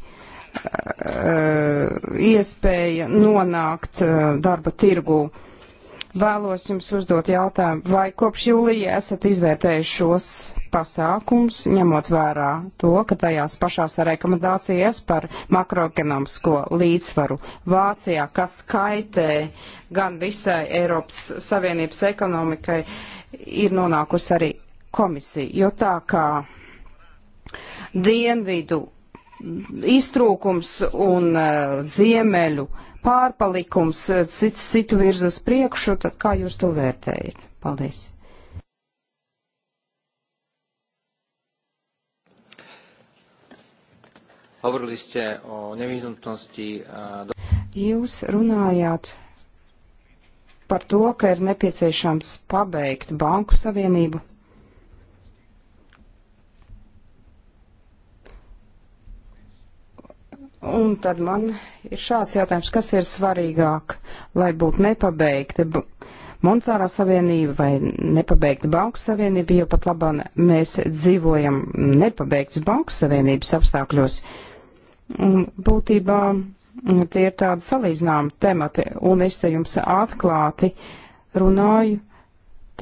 Eh, iespēja nonākt eh, darba tirgū. Vēlos jums uzdot jautājumu, vai kopš jūlija esat izvērtējuši šos pasākums, ņemot vērā to, ka tajās pašās rekomendācijas par makroekonomisko līdzsvaru Vācijā, kas kaitē gan visai Eiropas Savienības ekonomikai, ir nonākusi arī komisija, jo tā kā dienvidu iztrūkums un uh, ziemeļu pārpalikums e, cits citu virz uz priekšu, tad kā jūs to vērtējat? Paldies! Hovorili ste o nevyhnutnosti. E, jūs runājāt par to, ka ir nepieciešams pabeigt banku savienību. Un tad man ir šāds jautājums, kas ir svarīgāk, lai būtu nepabeigta monetārā savienība vai nepabeigta banka savienība, jo pat labāk mēs dzīvojam nepabeigtas banka savienības apstākļos. Un būtībā mm, tie ir tādi salīdzināmi temati, un es te jums atklāti runāju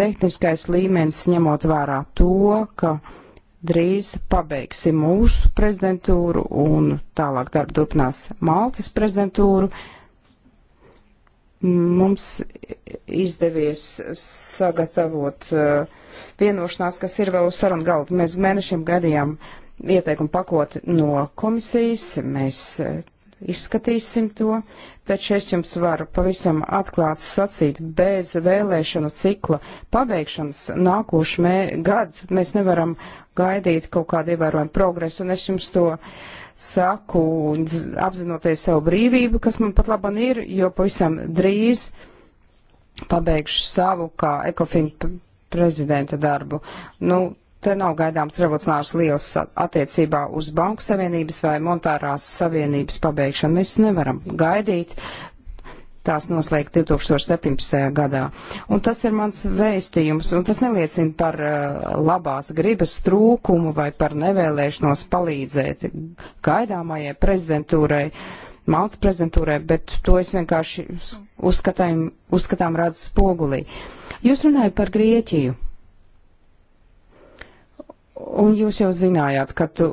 tehniskais līmenis ņemot vērā to, ka drīz pabeigsim mūsu prezidentūru un tālāk darbu turpinās Maltas prezidentūru. Mums izdevies sagatavot uh, vienošanās, kas ir vēl uz sarunu galdu. Mēs mēnešiem gadījām ieteikumu pakoti no komisijas. Mēs uh, izskatīsim to, taču es jums varu pavisam atklāti sacīt, bez vēlēšanu cikla pabeigšanas nākošu mē, gadu mēs nevaram gaidīt kaut kādu ievērojumu progresu, un es jums to saku, apzinoties savu brīvību, kas man pat laban ir, jo pavisam drīz pabeigšu savu kā ekofinu prezidenta darbu. Nu, Te nav gaidāms revolucionārs liels attiecībā uz Banku Savienības vai Monetārās Savienības pabeigšanu. Mēs nevaram gaidīt. Tās noslēgt 2017. gadā. Un tas ir mans vēstījums, un tas neliecina par uh, labās gribas trūkumu vai par nevēlēšanos palīdzēt gaidāmajai prezidentūrai, Maltas prezidentūrai, bet to es vienkārši uzskatām, uzskatām redzu spogulī. Jūs runājat par Grieķiju Un jūs jau zinājāt, ka tu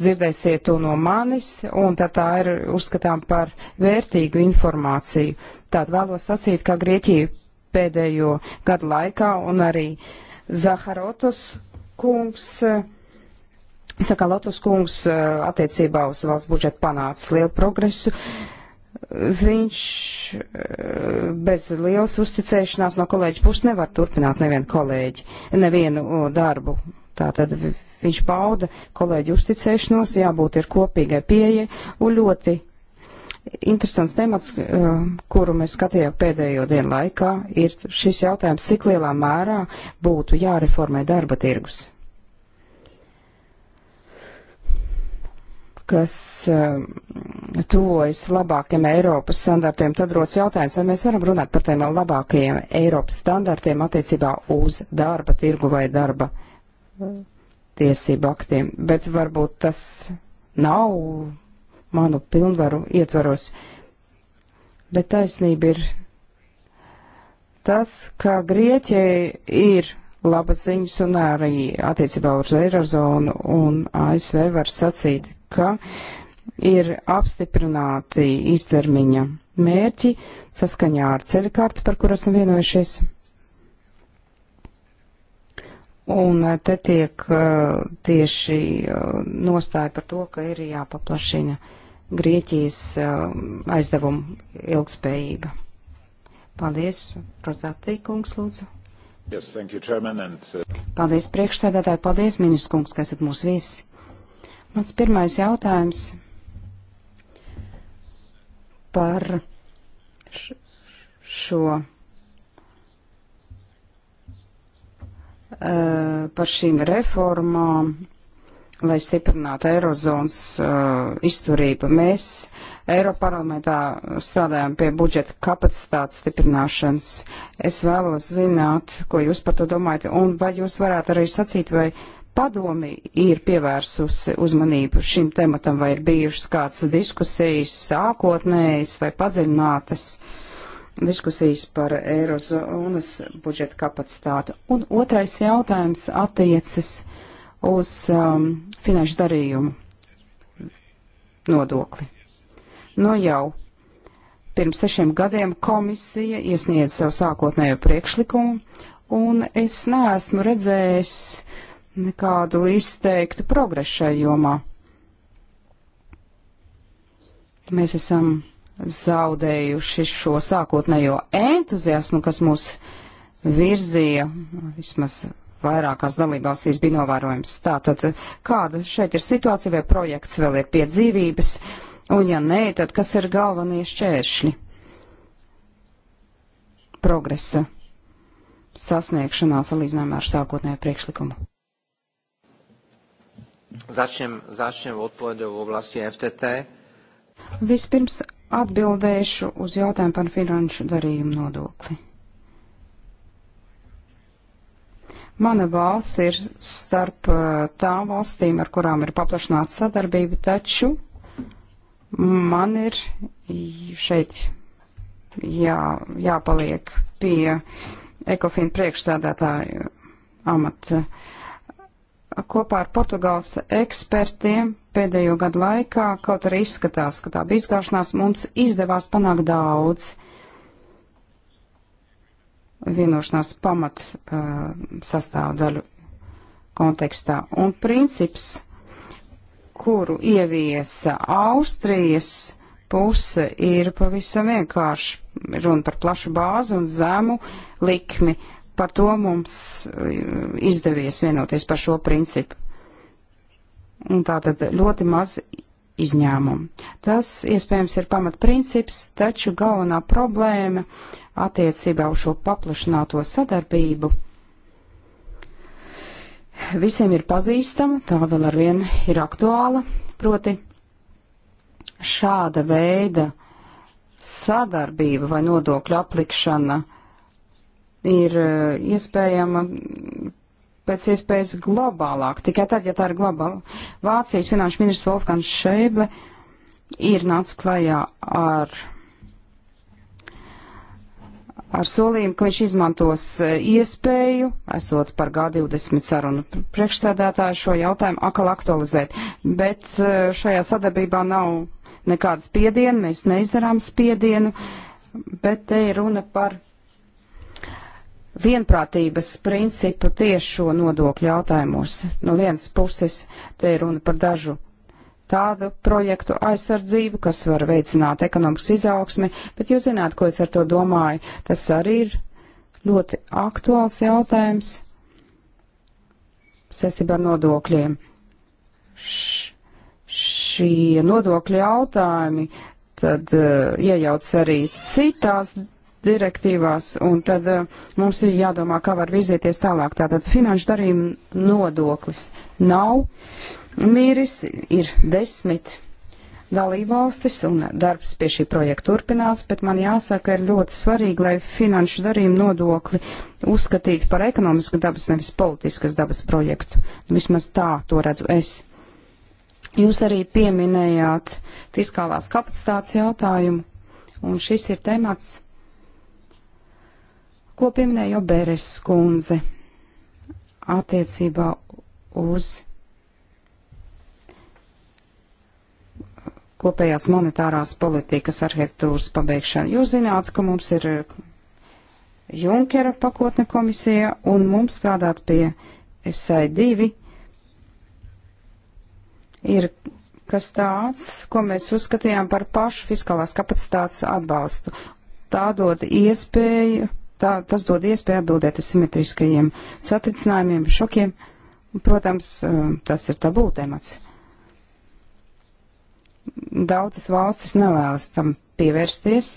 dzirdēsiet to no manis, un tad tā ir uzskatām par vērtīgu informāciju. Tātad vēlos sacīt, ka Grieķija pēdējo gadu laikā un arī Zaharotos kungs, Sakalotos kungs eh, attiecībā uz valsts budžetu panācis lielu progresu. Viņš eh, bez lielas uzticēšanās no kolēģa puses nevar turpināt nevienu kolēģi, nevienu darbu Tātad viņš pauda kolēģi uzticēšanos, jābūt ir kopīgai pieeja un ļoti interesants temats, eh, kuru mēs skatījām pēdējo dienu laikā, ir šis jautājums, cik lielā mērā būtu jāreformē darba tirgus. kas eh, tuvojas labākiem Eiropas standartiem, tad rodas jautājums, vai mēs varam runāt par tiem labākajiem Eiropas standartiem attiecībā uz darba tirgu vai darba uh, tiesību aktiem, bet varbūt tas nav manu pilnvaru ietvaros. Bet taisnība ir tas, ka Grieķijai ir labas ziņas un arī attiecībā uz Eirozonu un ASV var sacīt, ka ir apstiprināti īstermiņa mērķi saskaņā ar ceļu karti, par kur esam vienojušies. Un eh, te tiek eh, tieši eh, nostāja par to, ka ir jāpaplašina Grieķijas aizdevumu ilgspējība. Paldies, Rozatī kungs, lūdzu. Yes, thank you, Chairman, and, uh... Paldies, priekšsēdētāji, paldies, ministrs kungs, ka esat mūsu viesi. Mans pirmais jautājums par šo Eh, par šīm reformām, lai stiprinātu Eirozonas uh, izturību. Mēs Eiroparlamentā strādājam pie budžeta kapacitātes stiprināšanas. Es vēlos zināt, ko jūs par to domājat, un vai jūs varētu arī sacīt, vai padomi ir pievērsusi uzmanību šim tematam, vai ir bijušas kādas diskusijas sākotnējas vai padziļinātas. Uh, diskusijas par Eirozonas budžeta kapacitāti. Un otrais jautājums attiecas uz um, finanšu darījumu nodokli. No nu jau pirms sešiem gadiem komisija iesniedz savu sākotnējo priekšlikumu, un es neesmu redzējis nekādu izteiktu progresu šajā jomā. Mēs esam zaudējuši šo sākotnējo entuziasmu, kas mūs virzīja, vismaz vairākās dalībvalstīs bija novērojams. Tātad, kāda šeit ir situācija vai projekts vēl ir pie dzīvības, un ja nē, tad kas ir galvenie šķēršļi progresa sasniegšanā salīdzinājumā ar sākotnējo priekšlikumu? Začnem, začnem odpovede v oblasti FTT. Vispirms atbildēšu uz jautājumu par finanšu darījumu nodokli. Mana valsts ir starp uh, tām valstīm, ar kurām ir paplašināta sadarbība, taču man ir šeit jā, jāpaliek pie ekofina priekšsādātāju amata. Kopā ar Portugāles ekspertiem pēdējo gadu laikā, kaut arī izskatās, ka tā bija izgāšanās, mums izdevās panākt daudz vienošanās pamat uh, sastāvdaļu kontekstā. Un princips, kuru ieviesa Austrijas puse, ir pavisam vienkārši runa par plašu bāzi un zemu likmi. Par to mums uh, izdevies vienoties par šo principu. Un tātad ļoti maz izņēmumu. Tas, iespējams, ir pamatprincips, taču galvenā problēma attiecībā uz šo paplašināto sadarbību visiem ir pazīstama, tā vēl ar vienu ir aktuāla, proti šāda veida sadarbība vai nodokļu aplikšana ir eh, iespējama pēc iespējas globālāk, tikai tad, ja tā ir globāla. Vācijas finanšu ministrs Wolfgangs Šeible ir nācis klajā ar, ar solījumu, ka viņš izmantos eh, iespēju, esot par G20 sarunu priekšsēdētāju, šo jautājumu akal aktualizēt. Bet eh, šajā sadarbībā nav nekāda spiediena, mēs neizdarām spiedienu, bet te ir runa par vienprātības principu tieši šo nodokļu jautājumos. No vienas puses te ir runa par dažu tādu projektu aizsardzību, kas var veicināt ekonomikas izaugsmi, bet jūs zināt, ko es ar to domāju. Tas arī ir ļoti aktuāls jautājums saistībā ar nodokļiem. Š šie nodokļu jautājumi tad uh, iejauc arī citās direktīvās, un tad eh, mums ir jādomā, kā var vizieties tālāk. Tātad finanšu darījuma nodoklis nav mīris, ir desmit dalībvalstis, un darbs pie šī projekta turpinās, bet man jāsaka, ir ļoti svarīgi, lai finanšu darījumu nodokli uzskatītu par ekonomisku dabas, nevis politiskas dabas projektu. Vismaz tā to redzu es. Jūs arī pieminējāt fiskālās kapacitātes jautājumu, un šis ir temats, ko pieminēja Beres kundze attiecībā uz kopējās monetārās politikas arhitektūras pabeigšanu. Jūs zināt, ka mums ir Junkera pakotne komisija un mums strādāt pie FSI2 ir kas tāds, ko mēs uzskatījām par pašu fiskālās kapacitātes atbalstu. Tā dod iespēju tā, tas dod iespēju atbildēt uz simetriskajiem satricinājumiem, šokiem. Protams, eh, tas ir tabū temats. Daudzas valstis nevēlas tam pievērsties.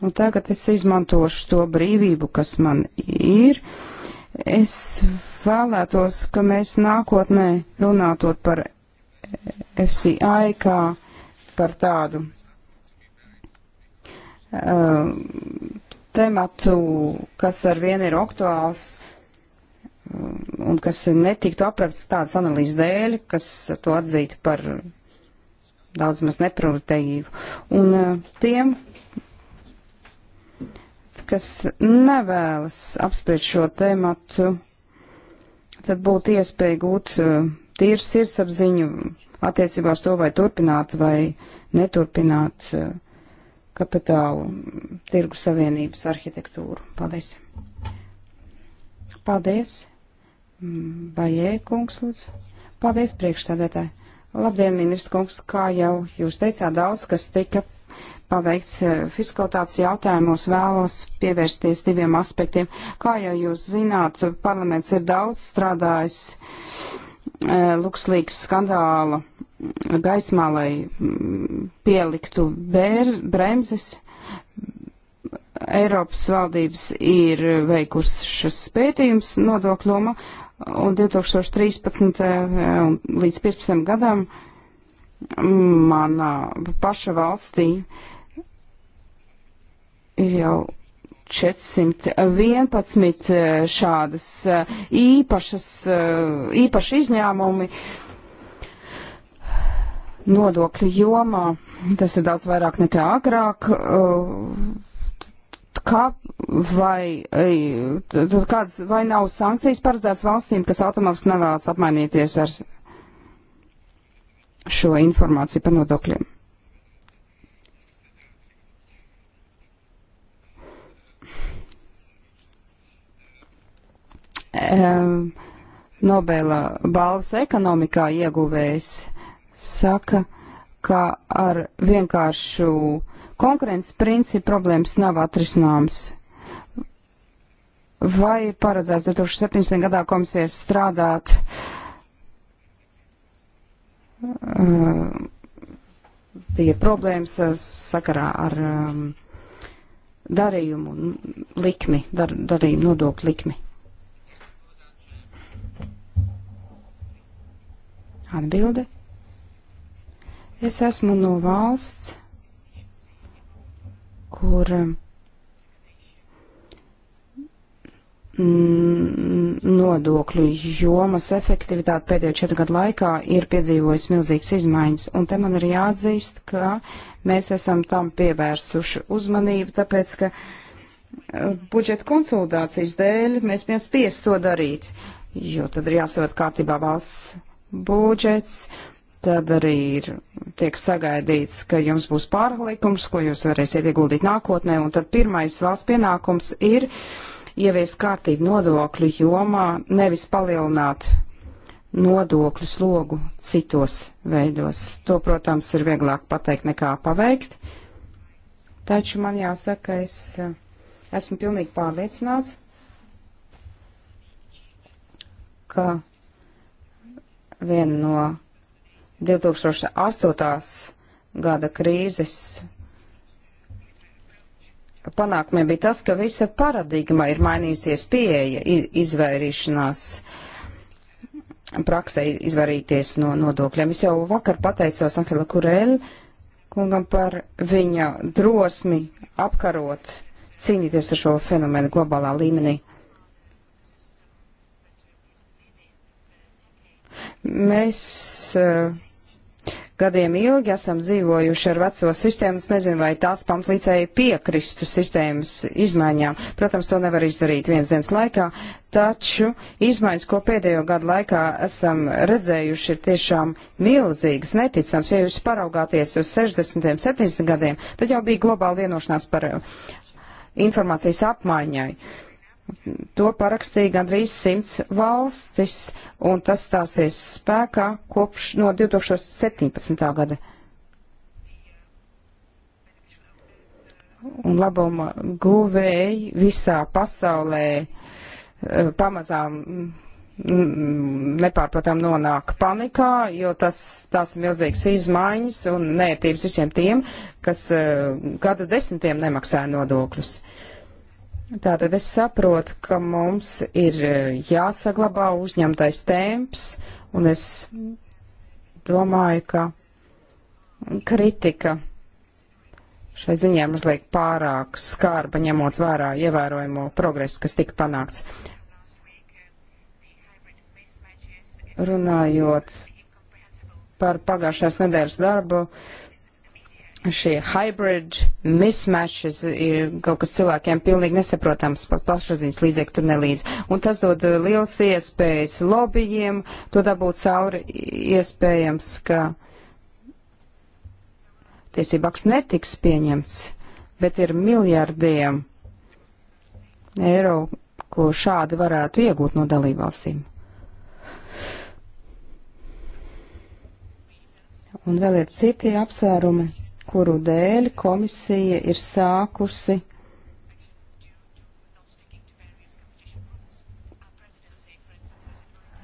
Un tagad es izmantošu to brīvību, kas man ir. Es vēlētos, ka mēs nākotnē runātot par FCI kā par tādu uh, tematu, kas ar vienu ir aktuāls um, un kas netiktu aprauts tādas analīzes dēļ, kas to atzītu par daudz maz neprioritīvu. Un uh, tiem, kas nevēlas apspriest šo tematu, tad būtu iespēja gūt uh, tīru sirdsapziņu attiecībā uz to, vai turpināt vai neturpināt uh, kapitālu tirgu savienības arhitektūru. Paldies! Paldies! Bajē, kungs, lūdzu! Paldies, priekšsādētāji! Labdien, ministrs kungs, kā jau jūs teicāt, daudz, kas tika paveikts eh, fiskalitātes jautājumos, vēlos pievērsties diviem aspektiem. Kā jau jūs zināt, parlaments ir daudz strādājis eh, Lukslīgas skandāla gaismā, lai mm, pieliktu bēr, bremzes. Eiropas valdības ir veikušas pētījums nodokloma, un 2013. Eh, līdz 15. gadam manā paša valstī ir jau 411 eh, šādas eh, īpašas, īpaši izņēmumi. Uh, nodokļu jomā. Tas ir daudz vairāk nekā agrāk. Uh, kā vai, kāds, vai nav sankcijas paredzētas valstīm, kas automātiski nevēlas apmainīties ar šo informāciju par nodokļiem? Um, Nobela balvas ekonomikā ieguvējs uh, saka, ka ar vienkāršu konkurences principu problēmas nav atrisināmas. Vai ir paredzēts 2017. gadā komisija strādāt uh, pie problēmas uh, sakarā ar um, darījumu likmi, dar, darījumu nodokļu likmi? Atbilde. Es esmu no valsts, kur mm, nodokļu jomas efektivitāte pēdējo četru gadu laikā ir piedzīvojis milzīgas izmaiņas, un te man ir jāatzīst, ka mēs esam tam pievērsuši uzmanību, tāpēc, ka e, budžeta konsolidācijas dēļ mēs viens spies to darīt, jo tad ir jāsavat kārtībā valsts budžets, tad arī ir, tiek sagaidīts, ka jums būs pārlikums, ko jūs varēsiet ieguldīt nākotnē, un tad pirmais valsts pienākums ir ieviest kārtību nodokļu jomā, nevis palielināt nodokļu slogu citos veidos. To, protams, ir vieglāk pateikt nekā paveikt, taču man jāsaka, ka es eh, esmu pilnīgi pārliecināts, ka viena no 2008. gada krīzes panākumiem bija tas, ka visa paradigma ir mainījusies pieeja izvairīšanās praksē izvairīties no nodokļiem. Es jau vakar pateicos Angela Kurēļ kungam par viņa drosmi apkarot, cīnīties ar šo fenomenu globālā līmenī. Mēs uh, gadiem ilgi esam dzīvojuši ar veco sistēmu. Es nezinu, vai tās pamatlīdzēji piekristu sistēmas izmaiņām. Protams, to nevar izdarīt viens dienas laikā, taču izmaiņas, ko pēdējo gadu laikā esam redzējuši, ir tiešām milzīgas, neticams. Ja jūs paraugāties uz 60. un 70. gadiem, tad jau bija globāla vienošanās par uh, informācijas apmaiņai. Uh, To parakstīja gandrīz simts valstis, un tas stāsies spēkā kopš no 2017. gada. Un labuma guvēji visā pasaulē eh, pamazām mm, mm, nepārprotam nonāk panikā, jo tas tās milzīgas izmaiņas un nērtības visiem tiem, kas eh, gadu desmitiem nemaksāja nodokļus. Tātad es saprotu, ka mums ir e, jāsaglabā uzņemtais temps, un es domāju, ka kritika šai ziņā mazliet pārāk skarba, ņemot vērā ievērojamo progresu, kas tika panākts. Runājot par pagājušās nedēļas darbu, šie hybrid mismatches ir kaut kas cilvēkiem pilnīgi nesaprotams, pat plašsaziņas līdzekļi tur nelīdz. Un tas dod uh, liels iespējas lobbyiem, to dabūt cauri iespējams, ka tiesībāks netiks pieņemts, bet ir miljardiem eiro, ko šādi varētu iegūt no dalībvalstīm. Un vēl ir citi apsvērumi kuru dēļ komisija ir sākusi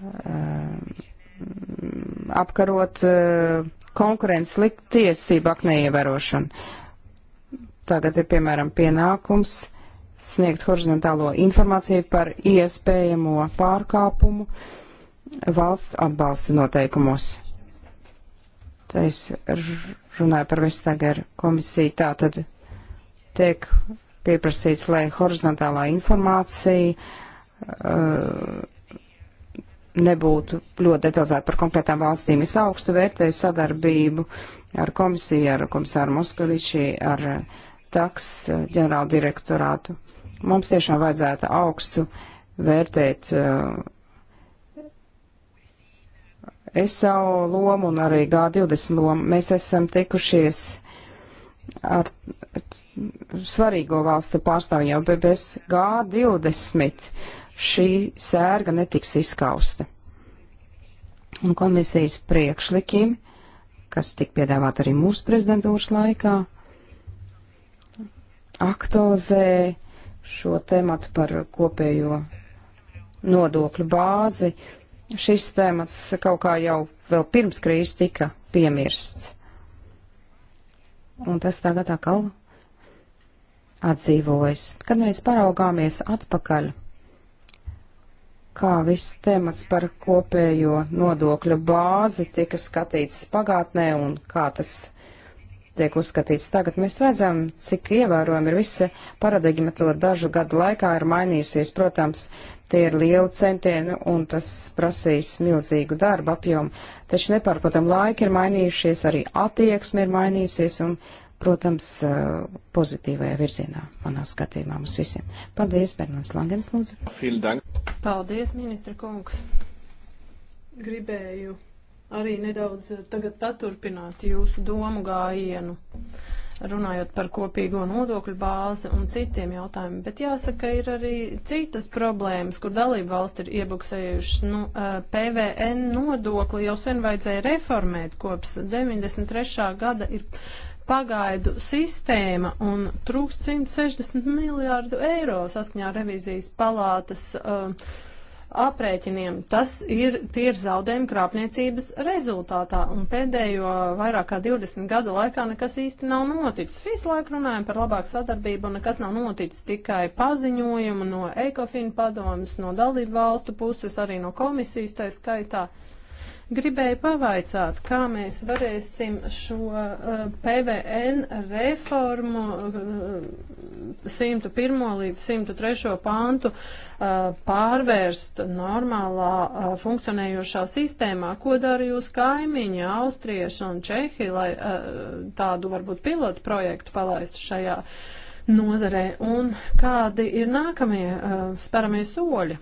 um, apkarot uh, konkurences liktiesību aknē ievērošanu. Tagad ir, piemēram, pienākums sniegt horizontālo informāciju par iespējamo pārkāpumu valsts atbalsta noteikumos. Te es runāju par Vestager komisiju. Tā tad tiek pieprasīts, lai horizontālā informācija uh, nebūtu ļoti detalizēta par konkrētām valstīm. Es augstu vērtēju sadarbību ar komisiju, ar komisāru Moskoviči, ar taks uh, ģenerālu direktorātu. Mums tiešām vajadzētu augstu vērtēt uh, SAO lomu un arī G20 lomu. Mēs esam tikušies ar svarīgo valstu pārstāvjiem, bet bez G20 šī sērga netiks izskausta. Un komisijas priekšlikumi, kas tika piedāvāti arī mūsu prezidentūras laikā, aktualizē šo tematu par kopējo nodokļu bāzi šis tēmats kaut kā jau vēl pirms krīzes tika piemirsts. Un tas tagad atkal atdzīvojas. Kad mēs paraugāmies atpakaļ, kā viss temats par kopējo nodokļu bāzi tika skatīts pagātnē un kā tas tiek uzskatīts tagad, mēs redzam, cik ievērojami ir visa paradigma to dažu gadu laikā ir mainījusies. Protams, uh, Tie ir lieli centieni un tas prasīs milzīgu darbu apjomu. Taču nepārprotam laiki ir mainījušies, arī attieksme ir mainījusies un, protams, eh, pozitīvajā virzienā manā skatījumā mums visiem. Paldies, Bernards Langens, lūdzu. Paldies, ministra kungs. Gribēju arī nedaudz tagad paturpināt jūsu domu gājienu. Uh, runājot par kopīgo nodokļu bāzi un citiem jautājumiem. Bet jāsaka, ir arī citas problēmas, kur dalību valsts ir iebuksējušas. Nu, eh, PVN nodokli jau sen vajadzēja reformēt, kops 93. gada ir pagaidu sistēma un trūkst 160 miljārdu eiro saskaņā revizijas palātas. Uh, aprēķiniem. Tas ir, tie ir zaudējumi krāpniecības rezultātā, un pēdējo vairāk kā 20 gadu laikā nekas īsti nav noticis. Visu laiku runājam par labāku sadarbību, un nekas nav noticis tikai paziņojumu no ECOFIN padomus, no dalību valstu puses, arī no komisijas tā skaitā. Uh, Gribēju pavaicāt, kā mēs varēsim šo uh, eh, PVN reformu uh, eh, 101. līdz 103. pāntu uh, pārvērst normālā uh, funkcionējošā sistēmā. Ko dara jūs kaimiņi, austrieši un čehi, lai uh, tādu varbūt pilotu projektu palaistu šajā nozarē? Un kādi ir nākamie uh, sparamie soļi?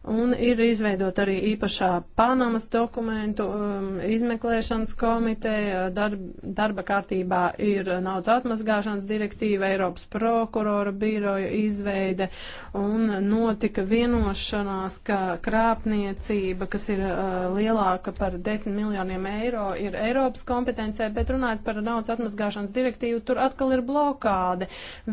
Un ir izveidot arī īpašā Panamas dokumentu um, izmeklēšanas komiteja, darb, darba kārtībā ir naudas atmazgāšanas direktīva, Eiropas prokurora biroja izveide, un notika vienošanās, ka krāpniecība, kas ir uh, lielāka par 10 miljoniem eiro, ir Eiropas kompetencē, bet runājot par naudas atmazgāšanas direktīvu, tur atkal ir blokāde.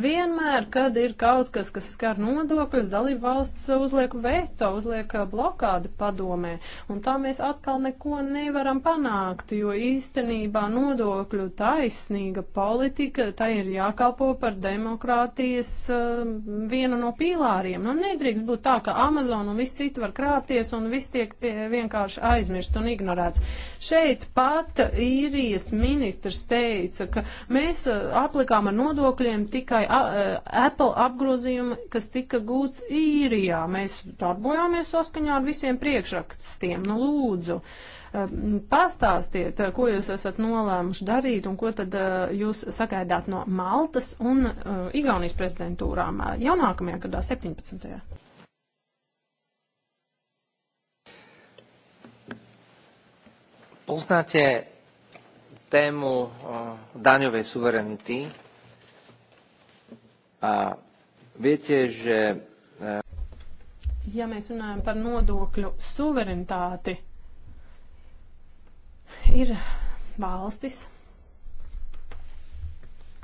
Vienmēr, kad ir kaut kas, kas skar nodokļus, dalību valsts uzliek veto uzliek uh, blokādi padomē. Un tā mēs atkal neko nevaram panākt, jo īstenībā nodokļu taisnīga politika, tai ir jākalpo par demokrātijas uh, vienu no pīlāriem. Nu, nedrīkst būt tā, ka Amazon un viss citi var krāpties un viss tiek tie vienkārši aizmirsts un ignorēts. Šeit pat īrijas ministrs teica, ka mēs uh, aplikām ar nodokļiem tikai uh, Apple apgrozījumu, kas tika gūts īrijā. Mēs darbojām rīkojamies saskaņā ar visiem priekšrakstiem. Nu, lūdzu, eh, pastāstiet, eh, ko jūs esat nolēmuši darīt un ko tad eh, jūs sagaidāt no Maltas un Igaunijas prezidentūrām jau nākamajā gadā, 17. Poznáte tému daňovej suverenity a viete, že ja mēs runājam par nodokļu suverenitāti, ir valstis,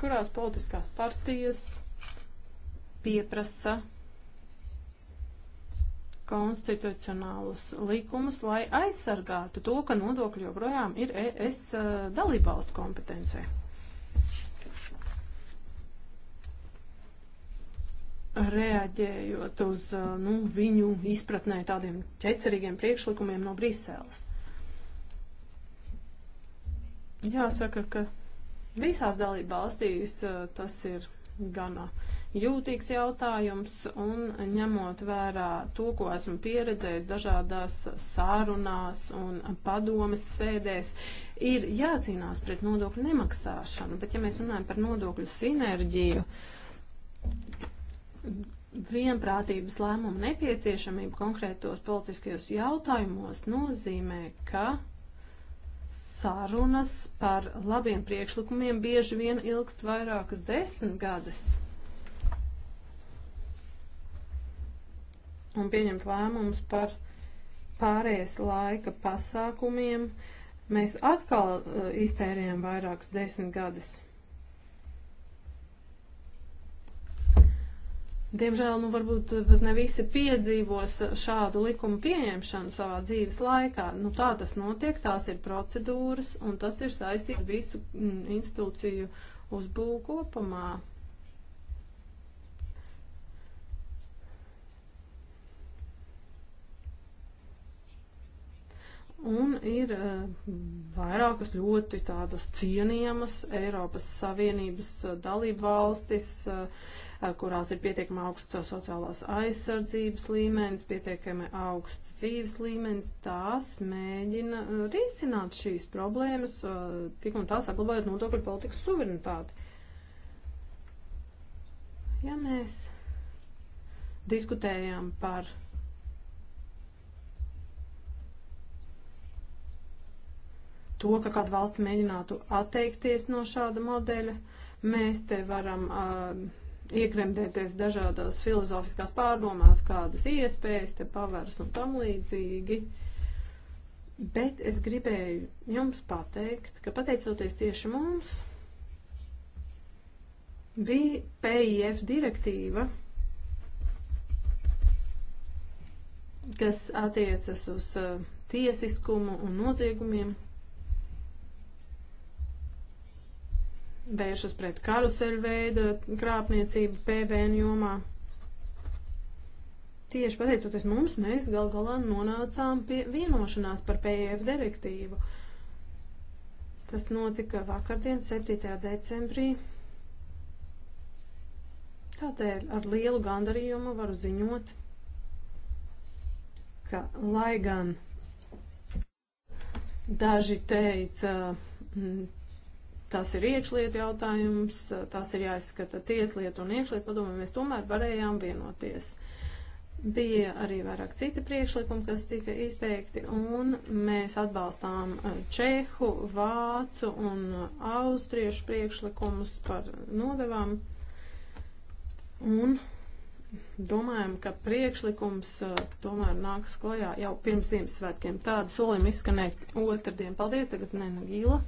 kurās politiskās partijas pieprasa konstitucionālus likumus, lai aizsargātu to, ka nodokļi joprojām ir ES eh, dalībvalstu kompetencija. reaģējot uz nu, viņu izpratnē tādiem ķecerīgiem priekšlikumiem no Briseles. Jāsaka, ka visās dalība valstīs tas ir gana jūtīgs jautājums, un ņemot vērā to, ko esmu pieredzējis dažādās sārunās un padomas sēdēs, ir jācīnās pret nodokļu nemaksāšanu, bet ja mēs runājam par nodokļu sinerģiju, vienprātības lēmuma nepieciešamība konkrētos politiskajos jautājumos nozīmē, ka sarunas par labiem priekšlikumiem bieži vien ilgst vairākas desmitgades. Un pieņemt lēmumus par pārējais laika pasākumiem mēs atkal uh, iztērējam vairākas desmitgades. Diemžēl, nu, varbūt eh, pat ne visi piedzīvos eh, šādu likumu pieņemšanu savā dzīves laikā. Nu, tā tas notiek, tās ir procedūras, un tas ir saistīts ar visu mm, institūciju uzbūvu kopumā. Un ir eh, vairākas ļoti tādas cienījamas Eiropas Savienības eh, dalību valstis, eh, kurās ir pietiekami augsts sociālās aizsardzības līmenis, pietiekami augsts dzīves līmenis, tās mēģina risināt šīs problēmas, tik un tā saglabājot nodokļu politikas suverenitāti. Ja mēs diskutējām par to, ka kāda valsts mēģinātu atteikties no šāda modeļa. Mēs te varam uh, iekremdēties dažādās filozofiskās pārdomās, kādas iespējas te pavērs un tam līdzīgi. Bet es gribēju jums pateikt, ka pateicoties tieši mums, bija PIF direktīva, kas attiecas uz uh, tiesiskumu un noziegumiem. vēršas pret karuseļu veida krāpniecību PVN jomā. Tieši pateicoties mums, mēs gal galā nonācām pie vienošanās par PF direktīvu. Tas notika vakardien, 7. decembrī. Tādēļ ar lielu gandarījumu varu ziņot, ka lai gan daži teica, mm, Tas ir iekšlietu jautājums, tas ir jāizskata tieslietu un iekšlietu padomu. Mēs tomēr varējām vienoties. Bija arī vairāk citi priekšlikumi, kas tika izteikti, un mēs atbalstām eh, čehu, vācu un austriešu priekšlikumus par nodevām. Un domājam, ka priekšlikums eh, tomēr nāks klajā jau pirms Ziemassvētkiem. Tāda solim izskanēja otrdien. Paldies, tagad Nena Gīla.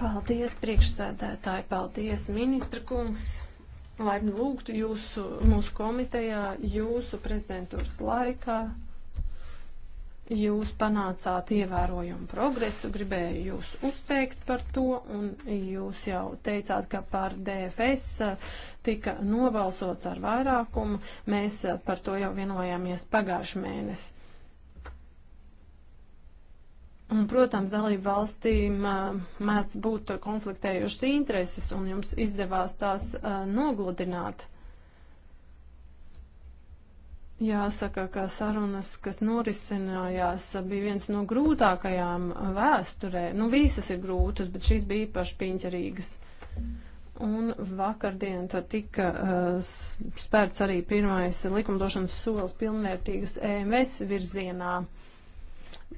Paldies, priekšsēdētāji, paldies, ministra kungs. Laipni lūgtu jūsu, mūsu komitejā, jūsu prezidentūras laikā. Jūs panācāt ievērojumu progresu, gribēju jūs uzteikt par to, un jūs jau teicāt, ka par DFS tika nobalsots ar vairākumu. Mēs par to jau vienojāmies pagājuši mēnesi. Un, protams, dalību valstīm mēdz būt konfliktējušas intereses, un jums izdevās tās nogludināt. Jāsaka, ka sarunas, kas norisinājās, bija viens no grūtākajām vēsturē. Nu, visas ir grūtas, bet šīs bija īpaši piņķerīgas. Un vakardien tad tika uh, spērts arī pirmais likumdošanas solis pilnvērtīgas EMS virzienā. Uh,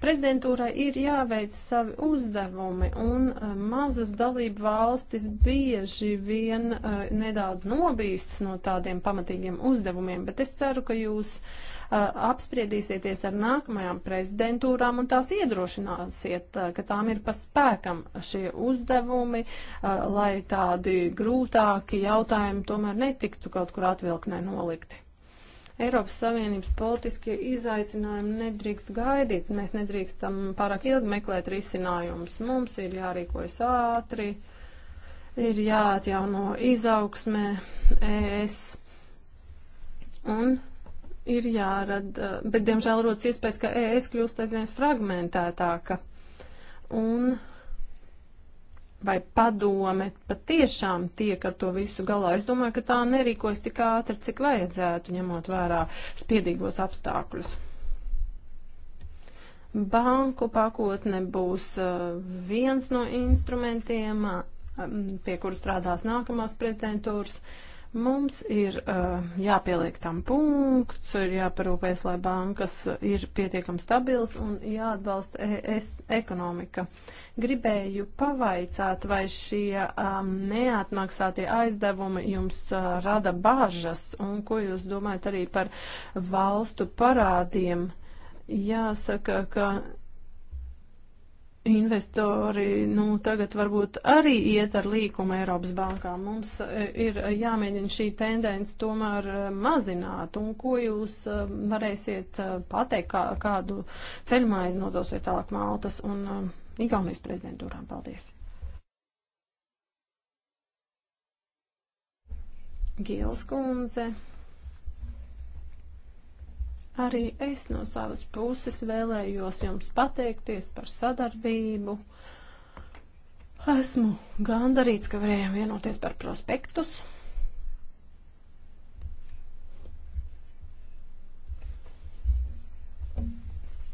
Prezidentūrai ir jāveic savi uzdevumi, un eh, mazas dalību valstis bieži vien uh, nedaudz nobīstas no tādiem pamatīgiem uzdevumiem, bet es ceru, ka jūs uh, apspriedīsieties ar nākamajām prezidentūrām un tās iedrošināsiet, uh, ka tām ir paspēkam šie uzdevumi, lai tādi grūtāki jautājumi tomēr netiktu kaut kur atvilknē nolikti. Eiropas Savienības politiskie izaicinājumi nedrīkst gaidīt. Mēs nedrīkstam pārāk ilgi meklēt risinājumus. Mums ir jārīkojas ātri, ir jāatjauno izaugsmē, ES. Un ir jārada, bet diemžēl rodas iespējas, ka ES kļūst aizvien fragmentētāka. Un vai padome patiešām tiek ar to visu galā. Es domāju, ka tā nerīkojas tik ātri, cik vajadzētu, ņemot vērā spiedīgos apstākļus. Banku pakotne būs uh, viens no instrumentiem, uh, pie kura strādās nākamās prezidentūras. Uh, Mums ir uh, jāpieliek tam punkts, ir jāparūpēs, lai bankas ir pietiekami stabils un jāatbalsta ES ekonomika. Gribēju pavaicāt, vai šie um, neatmaksātie aizdevumi jums uh, rada bāžas un ko jūs domājat arī par valstu parādiem. Jāsaka, ka investori nu, tagad varbūt arī iet ar līkumu Eiropas bankām. Mums e, ir jāmēģina šī tendence tomēr e, mazināt. Un ko jūs e, varēsiet pateikt, kā, kādu ceļu maizi nodosiet tālāk Maltas un Igaunijas prezidentūrām? Paldies! Gīles kundze. Arī es no savas puses vēlējos jums pateikties par sadarbību. Esmu gandarīts, ka varējām vienoties par prospektus.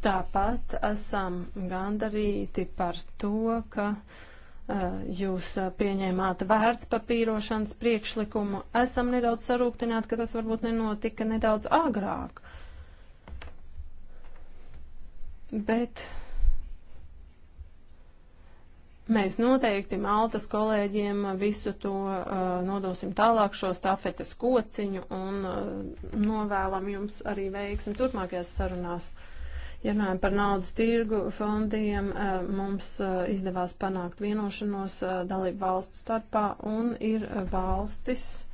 Tāpat esam gandarīti par to, ka eh, jūs eh, pieņēmāt vērts papīrošanas priekšlikumu. Esam nedaudz sarūktināti, ka tas varbūt nenotika nedaudz agrāk. Uh, bet Mēs noteikti Maltas kolēģiem visu to uh, nodosim tālāk šo stafetes kociņu un uh, novēlam jums arī veiksmi turpmākajās sarunās. Ja runājam par naudas tirgu fondiem, uh, mums uh, izdevās panākt vienošanos uh, dalību valstu starpā un ir uh, valstis. Uh,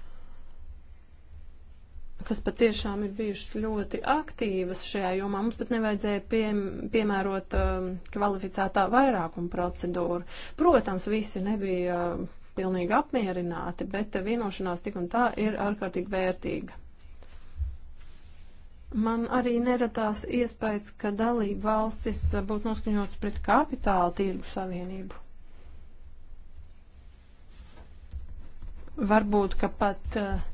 kas patiešām ir bijušas ļoti aktīvas šajā jomā. Mums pat nevajadzēja pie, piemērot um, kvalificētā vairākuma procedūru. Protams, visi nebija uh, pilnīgi apmierināti, bet vienošanās tik un tā ir ārkārtīgi vērtīga. Man arī neradās iespējas, ka dalība valstis būtu noskaņots pret kapitāla tirgu savienību. Varbūt, ka pat uh,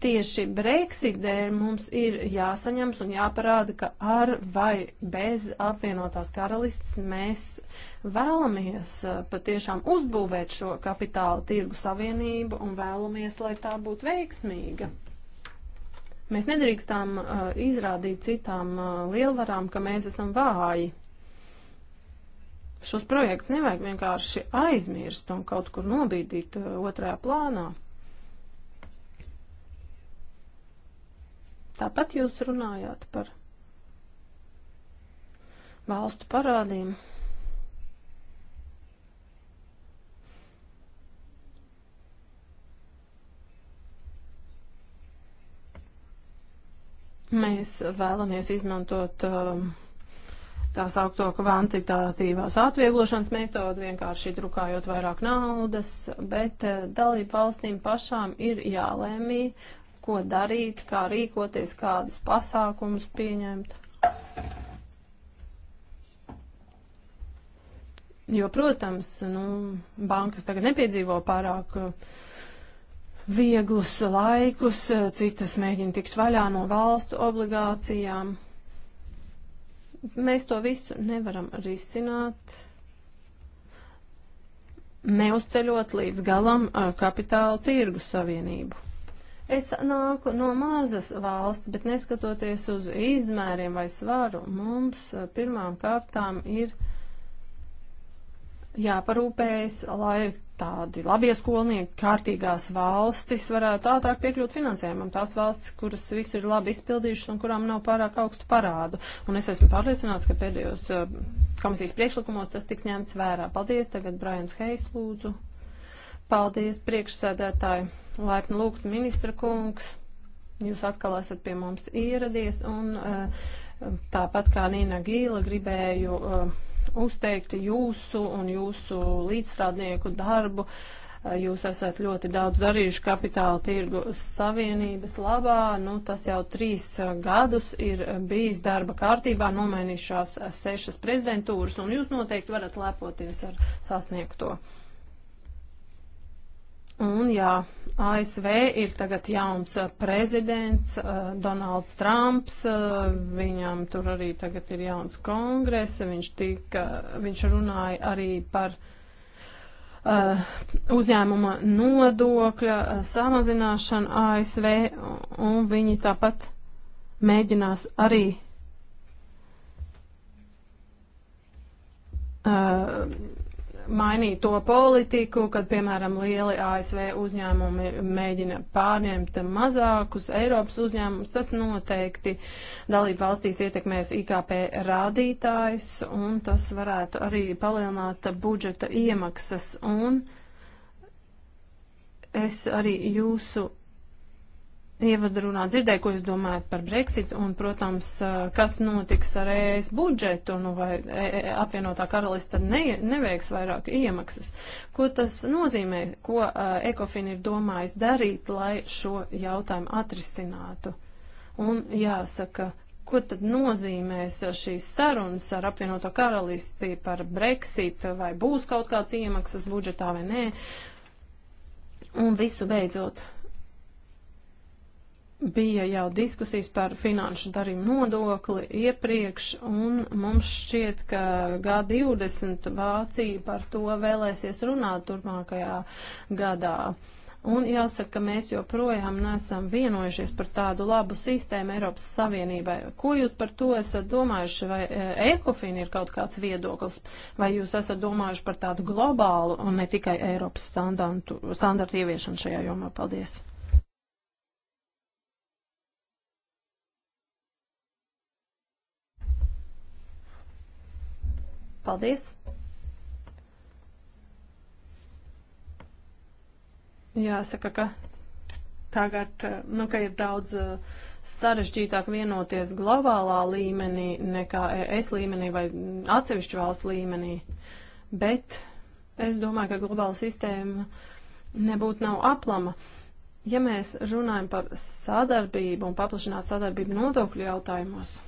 tieši Brexit dēļ mums ir jāsaņems un jāparāda, ka ar vai bez apvienotās karalists mēs vēlamies eh, patiešām uzbūvēt šo kapitāla tirgu savienību un vēlamies, lai tā būtu veiksmīga. Mēs nedrīkstām uh, eh, izrādīt citām uh, lielvarām, ka mēs esam vāji. Šos projekts nevajag vienkārši aizmirst un kaut kur nobīdīt uh, otrajā plānā. Tāpat jūs runājāt par valstu parādiem. Mēs vēlamies izmantot um, tās augto kvantitātīvās atvieglošanas metodu, vienkārši drukājot vairāk naudas, bet uh, dalību valstīm pašām ir jālēmī, ko darīt, kā rīkoties, kādas pasākumus pieņemt. Jo, protams, nu, bankas tagad nepiedzīvo pārāk uh, vieglus laikus, uh, citas mēģina tikt vaļā no valstu obligācijām. Mēs to visu nevaram risināt, neuzceļot līdz galam uh, kapitāla tirgu savienību. Es nāku no mazas valsts, bet neskatoties uz izmēriem vai svaru, mums eh, pirmām kārtām ir jāparūpējas, lai tādi labie skolnieki kārtīgās valstis varētu ātrāk piekļūt finansējumam. Tās valstis, kuras visu ir labi izpildījušas un kurām nav pārāk augstu parādu. Un es esmu pārliecināts, ka pēdējos eh, komisijas priekšlikumos tas tiks ņemts vērā. Paldies, tagad Brians Heis lūdzu. Paldies, priekšsēdētāji. Laipni lūgt, ministra kungs. Jūs atkal esat pie mums ieradies un eh, tāpat kā Nīna Gīla gribēju eh, uzteikt jūsu un jūsu līdzstrādnieku darbu. Eh, jūs esat ļoti daudz darījuši kapitāla tirgu savienības labā. Nu, tas jau trīs gadus ir bijis darba kārtībā, nomainījušās sešas prezidentūras, un jūs noteikti varat lepoties ar sasniegto. Un jā, ASV ir tagad jauns uh, prezidents uh, Donalds Trumps, uh, viņam tur arī tagad ir jauns kongress, viņš, tika, viņš runāja arī par uh, uzņēmuma nodokļa samazināšanu ASV, un viņi tāpat mēģinās arī uh, mainīt to politiku, kad, piemēram, lieli ASV uzņēmumi mēģina pārņemt mazākus Eiropas uzņēmumus. Tas noteikti dalību valstīs ietekmēs IKP rādītājs, un tas varētu arī palielināt budžeta iemaksas. Un es arī jūsu ievadrunā dzirdēju, ko jūs domājat par Brexit un, protams, kas notiks ar ES budžetu, nu vai e, e, apvienotā karalista ne, neveiks vairāk iemaksas. Ko tas nozīmē, ko Ekofin ir domājis darīt, lai šo jautājumu atrisinātu? Un jāsaka, ko tad nozīmēs šīs sarunas ar apvienoto karalisti par Brexit, vai būs kaut kāds iemaksas budžetā vai nē. Un visu beidzot, bija jau diskusijas par finanšu darījumu nodokli iepriekš, un mums šķiet, ka G20 Vācija par to vēlēsies runāt turpmākajā gadā. Un jāsaka, ka mēs joprojām nesam vienojušies par tādu labu sistēmu Eiropas Savienībai. Ko jūs par to esat domājuši? Vai ECOFIN ir kaut kāds viedoklis? Vai jūs esat domājuši par tādu globālu un ne tikai Eiropas standartu, standartu ieviešanu šajā jomā? Paldies! Paldies! Jāsaka, ka tagad, eh, nu, ka ir daudz eh, sarežģītāk vienoties globālā līmenī nekā es līmenī vai atsevišķu valstu līmenī, bet es domāju, ka globāla sistēma nebūtu nav aplama. Ja mēs runājam par sadarbību un paplašināt sadarbību nodokļu jautājumos,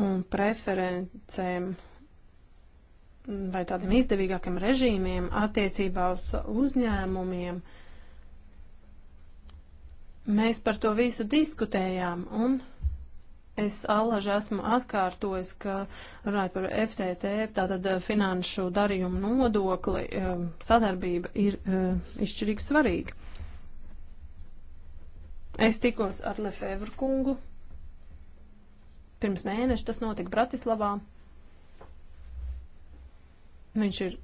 un preferencēm vai tādiem izdevīgākiem režīmiem attiecībā uz uzņēmumiem. Mēs par to visu diskutējām, un es allaž esmu atkārtojis, ka runājot par FTT, tātad eh, finanšu darījumu nodokli, eh, sadarbība ir eh, izšķirīgi svarīga. Es tikos ar Lefevru kungu Pirms mēneša tas notika Bratislavā. Viņš ir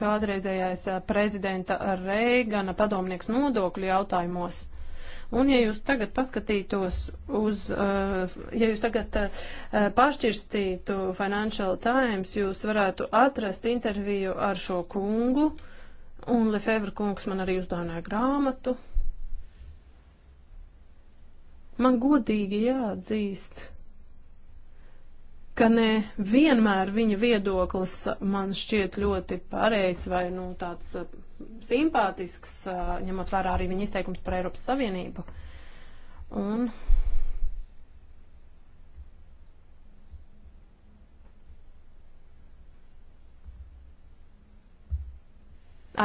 kādreizējais prezidenta Reigana padomnieks nodokļu jautājumos. Un ja jūs tagad paskatītos uz, ja jūs tagad pašķirstītu Financial Times, jūs varētu atrast interviju ar šo kungu, un Lefevre kungs man arī uzdāvināja grāmatu. Man godīgi jāatzīst, ka ne vienmēr viņa viedoklis man šķiet ļoti pareizs vai nu, tāds uh, simpātisks, uh, ņemot vērā arī viņa izteikums par Eiropas Savienību. Un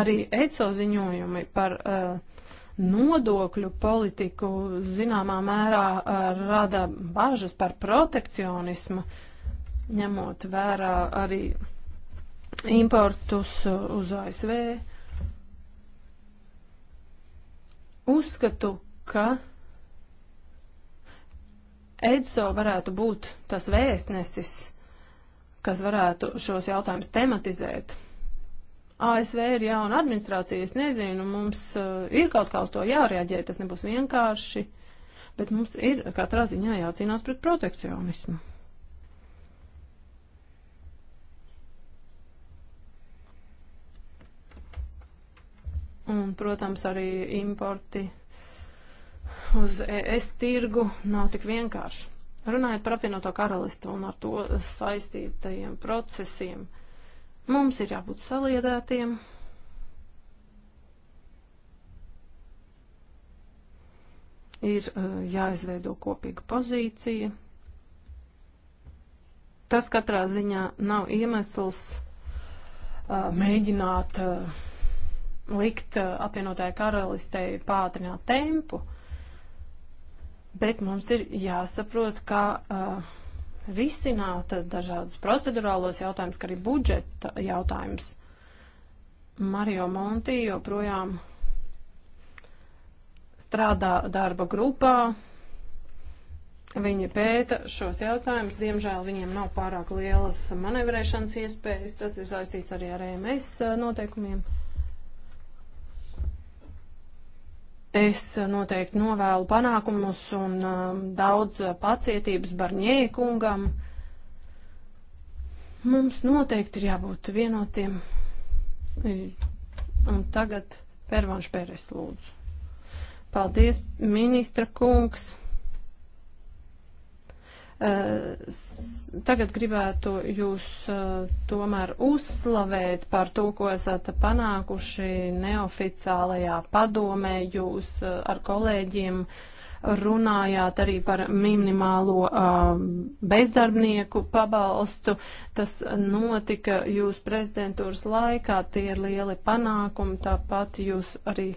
arī ECO ziņojumi par uh, nodokļu politiku zināmā mērā uh, rada bažas par protekcionismu. Uh, ņemot vērā arī importus uh, uz ASV. Uzskatu, ka EDSO varētu būt tas vēstnesis, kas varētu šos jautājumus tematizēt. ASV ir jauna administrācija, es nezinu, mums uh, ir kaut kā uz to jārēģē, tas nebūs vienkārši, bet mums ir katrā ziņā jācīnās pret protekcionismu. Un, protams, arī importi uz ES tirgu nav tik vienkārši. Runājot par apvienoto karalistu un ar to saistītajiem procesiem, mums ir jābūt saliedētiem. Ir uh, jāizveido kopīga pozīcija. Tas katrā ziņā nav iemesls uh, mēģināt uh, likt eh, apvienotāju karalistei pātrināt tempu, bet mums ir jāsaprot, kā uh, risināt dažādus procedurālos jautājumus, kā arī budžeta jautājumus. Mario Monti joprojām strādā darba grupā, Viņi pēta šos jautājumus. Diemžēl viņiem nav pārāk lielas manevrēšanas iespējas. Tas ir saistīts arī ar EMS eh, noteikumiem. Es noteikti novēlu panākumus un um, daudz pacietības Barņēja kungam. Mums noteikti ir jābūt vienotiem. Un tagad Pērvanš Pēres lūdzu. Paldies, ministra kungs! Eh, tagad gribētu jūs eh, tomēr uzslavēt par to, ko esat panākuši neoficiālajā padomē. Jūs eh, ar kolēģiem runājāt arī par minimālo bezdarbnieku pabalstu. Tas notika jūsu prezidentūras laikā, tie ir lieli panākumi, tāpat jūs arī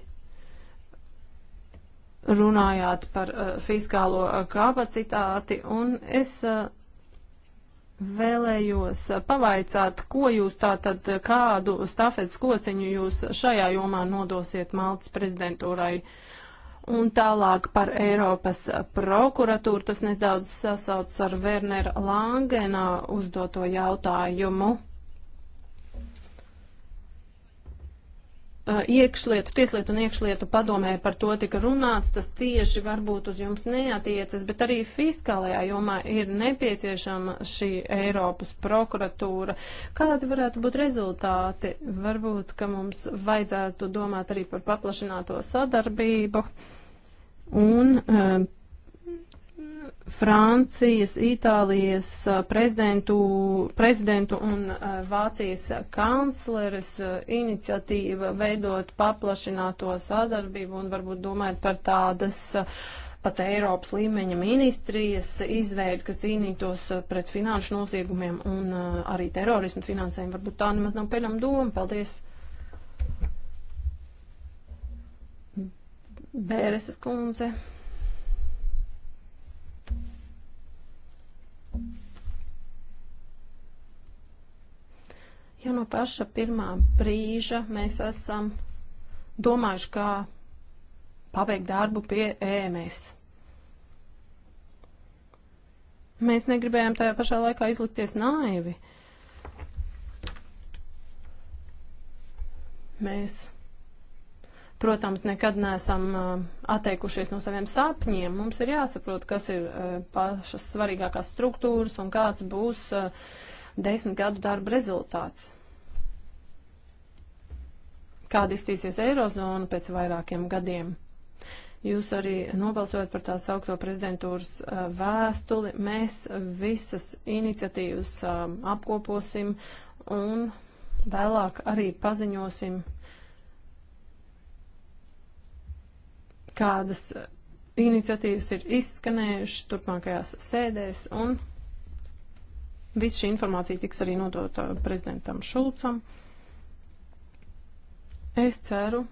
runājāt par uh, fiskālo uh, kapacitāti, un es uh, vēlējos uh, pavaicāt, ko jūs tātad, uh, kādu stafets kociņu jūs šajā jomā nodosiet Maltas prezidentūrai. Un tālāk par Eiropas prokuratūru, tas nedaudz sasauc ar Wernera Langena uzdoto jautājumu. Uh, iekšlietu, tieslietu un iekšlietu padomē par to tika runāts, tas tieši varbūt uz jums neatiecas, bet arī fiskālajā jomā ir nepieciešama šī Eiropas prokuratūra. Kādi varētu būt rezultāti? Varbūt, ka mums vajadzētu domāt arī par paplašināto sadarbību un uh, Francijas, Itālijas prezidentu, prezidentu un Vācijas kancleres iniciatīva veidot paplašināto sadarbību un varbūt domājot par tādas pat Eiropas līmeņa ministrijas izveidu, kas cīnītos pret finanšu noziegumiem un arī terorismu finansējumu. Varbūt tā nemaz nav pēdām doma. Paldies! Bēreses kundze. Jau no paša pirmā brīža mēs esam domājuši, kā pabeigt darbu pie ēmēs. E mēs negribējām tajā pašā laikā izlikties naivi. Mēs Protams, nekad neesam atteikušies no saviem sapņiem. Mums ir jāsaprot, kas ir pašas svarīgākās struktūras un kāds būs desmit gadu darba rezultāts. Kāda izstīsies Eirozona pēc vairākiem gadiem? jūs arī nobalsojat par tā saukto prezidentūras vēstuli. Mēs visas iniciatīvas apkoposim un vēlāk arī paziņosim kādas uh, iniciatīvas ir izskanējušas turpmākajās sēdēs, un viss šī informācija tiks arī nodota prezidentam Šulcam. Es ceru,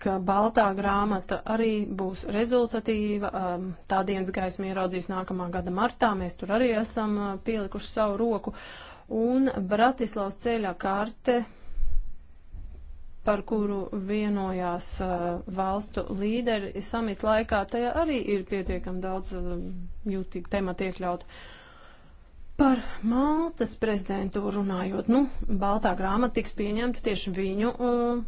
ka baltā grāmata arī būs rezultatīva. Um, tā dienas gaismu ieraudzīs nākamā gada martā. Mēs tur arī esam uh, pielikuši savu roku. Un Bratislavas ceļa karte par kuru vienojās eh, valstu līderi samit laikā, tajā arī ir pietiekami daudz eh, jūtīgi temati iekļaut. Par Maltas prezidentūru runājot, nu, Baltā grāmata tiks pieņemta tieši viņu uh,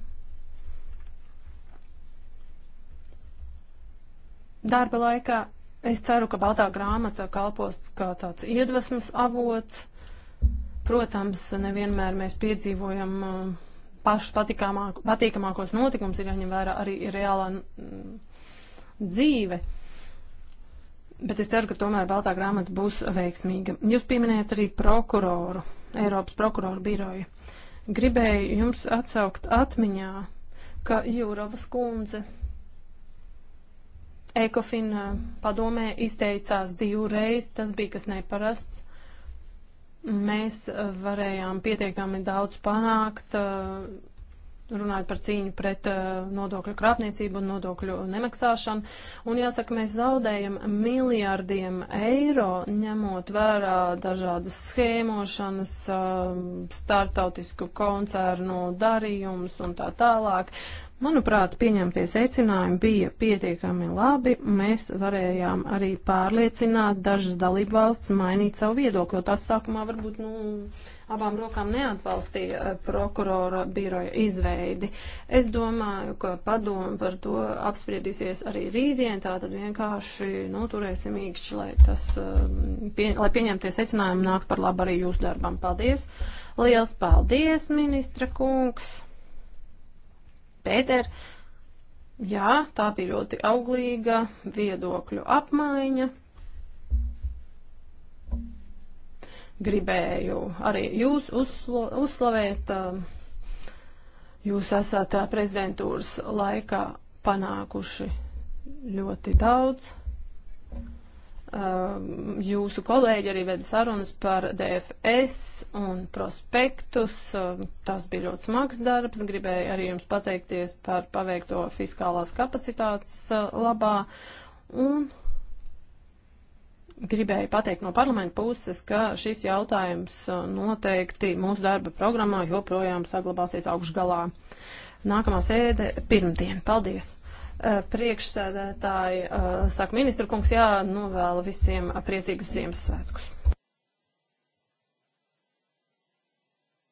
darba laikā. Es ceru, ka Baltā grāmata kalpos kā tāds iedvesmas avots. Protams, nevienmēr mēs piedzīvojam uh, pašus patīkamākos notikumus, ir jāņem vērā arī reālā mm, dzīve. Bet es ceru, ka tomēr Baltā grāmata būs veiksmīga. Jūs pieminējat arī prokuroru, Eiropas prokuroru biroju. Gribēju jums atsaukt atmiņā, ka Jūrovas kundze Ekofin eh, padomē izteicās divreiz, tas bija kas neparasts. Mēs eh, varējām pietiekami daudz panākt, eh, runājot par cīņu pret eh, nodokļu krāpniecību un nodokļu nemaksāšanu. Un jāsaka, mēs zaudējam miljārdiem eiro, ņemot vērā dažādas schēmošanas, startautisku koncernu darījumus un tā tālāk. Manuprāt, pieņemtie secinājumi bija pietiekami labi. Mēs varējām arī pārliecināt dažas dalību valsts mainīt savu viedokli, jo tās sākumā varbūt nu, abām rokām neatbalstīja eh, prokurora biroja izveidi. Es domāju, ka padomu par to apspriedīsies arī rītdien, tā tad vienkārši nu, turēsim īkšķi, lai, tas, eh, pie, lai pieņemtie secinājumi nāk par labu arī jūsu darbam. Paldies! Liels paldies, ministra kungs! Pēter. Jā, tā bija ļoti auglīga viedokļu apmaiņa. Gribēju arī jūs uzslo, uzslavēt. Um, jūs esat uh, prezidentūras laikā panākuši ļoti daudz. Um, jūsu kolēģi arī veda sarunas par DFS un prospektus. Um, tas bija ļoti smags darbs. Gribēju arī jums pateikties par paveikto fiskālās kapacitātes uh, labā. Un gribēju pateikt no parlamenta puses, ka šis jautājums uh, noteikti mūsu darba programmā joprojām saglabāsies augšgalā. Nākamā sēde pirmdien. Paldies! Eh, priekšsēdētāji eh, saka, ministra kungs, jā, novēlu visiem priecīgus Ziemassvētkus.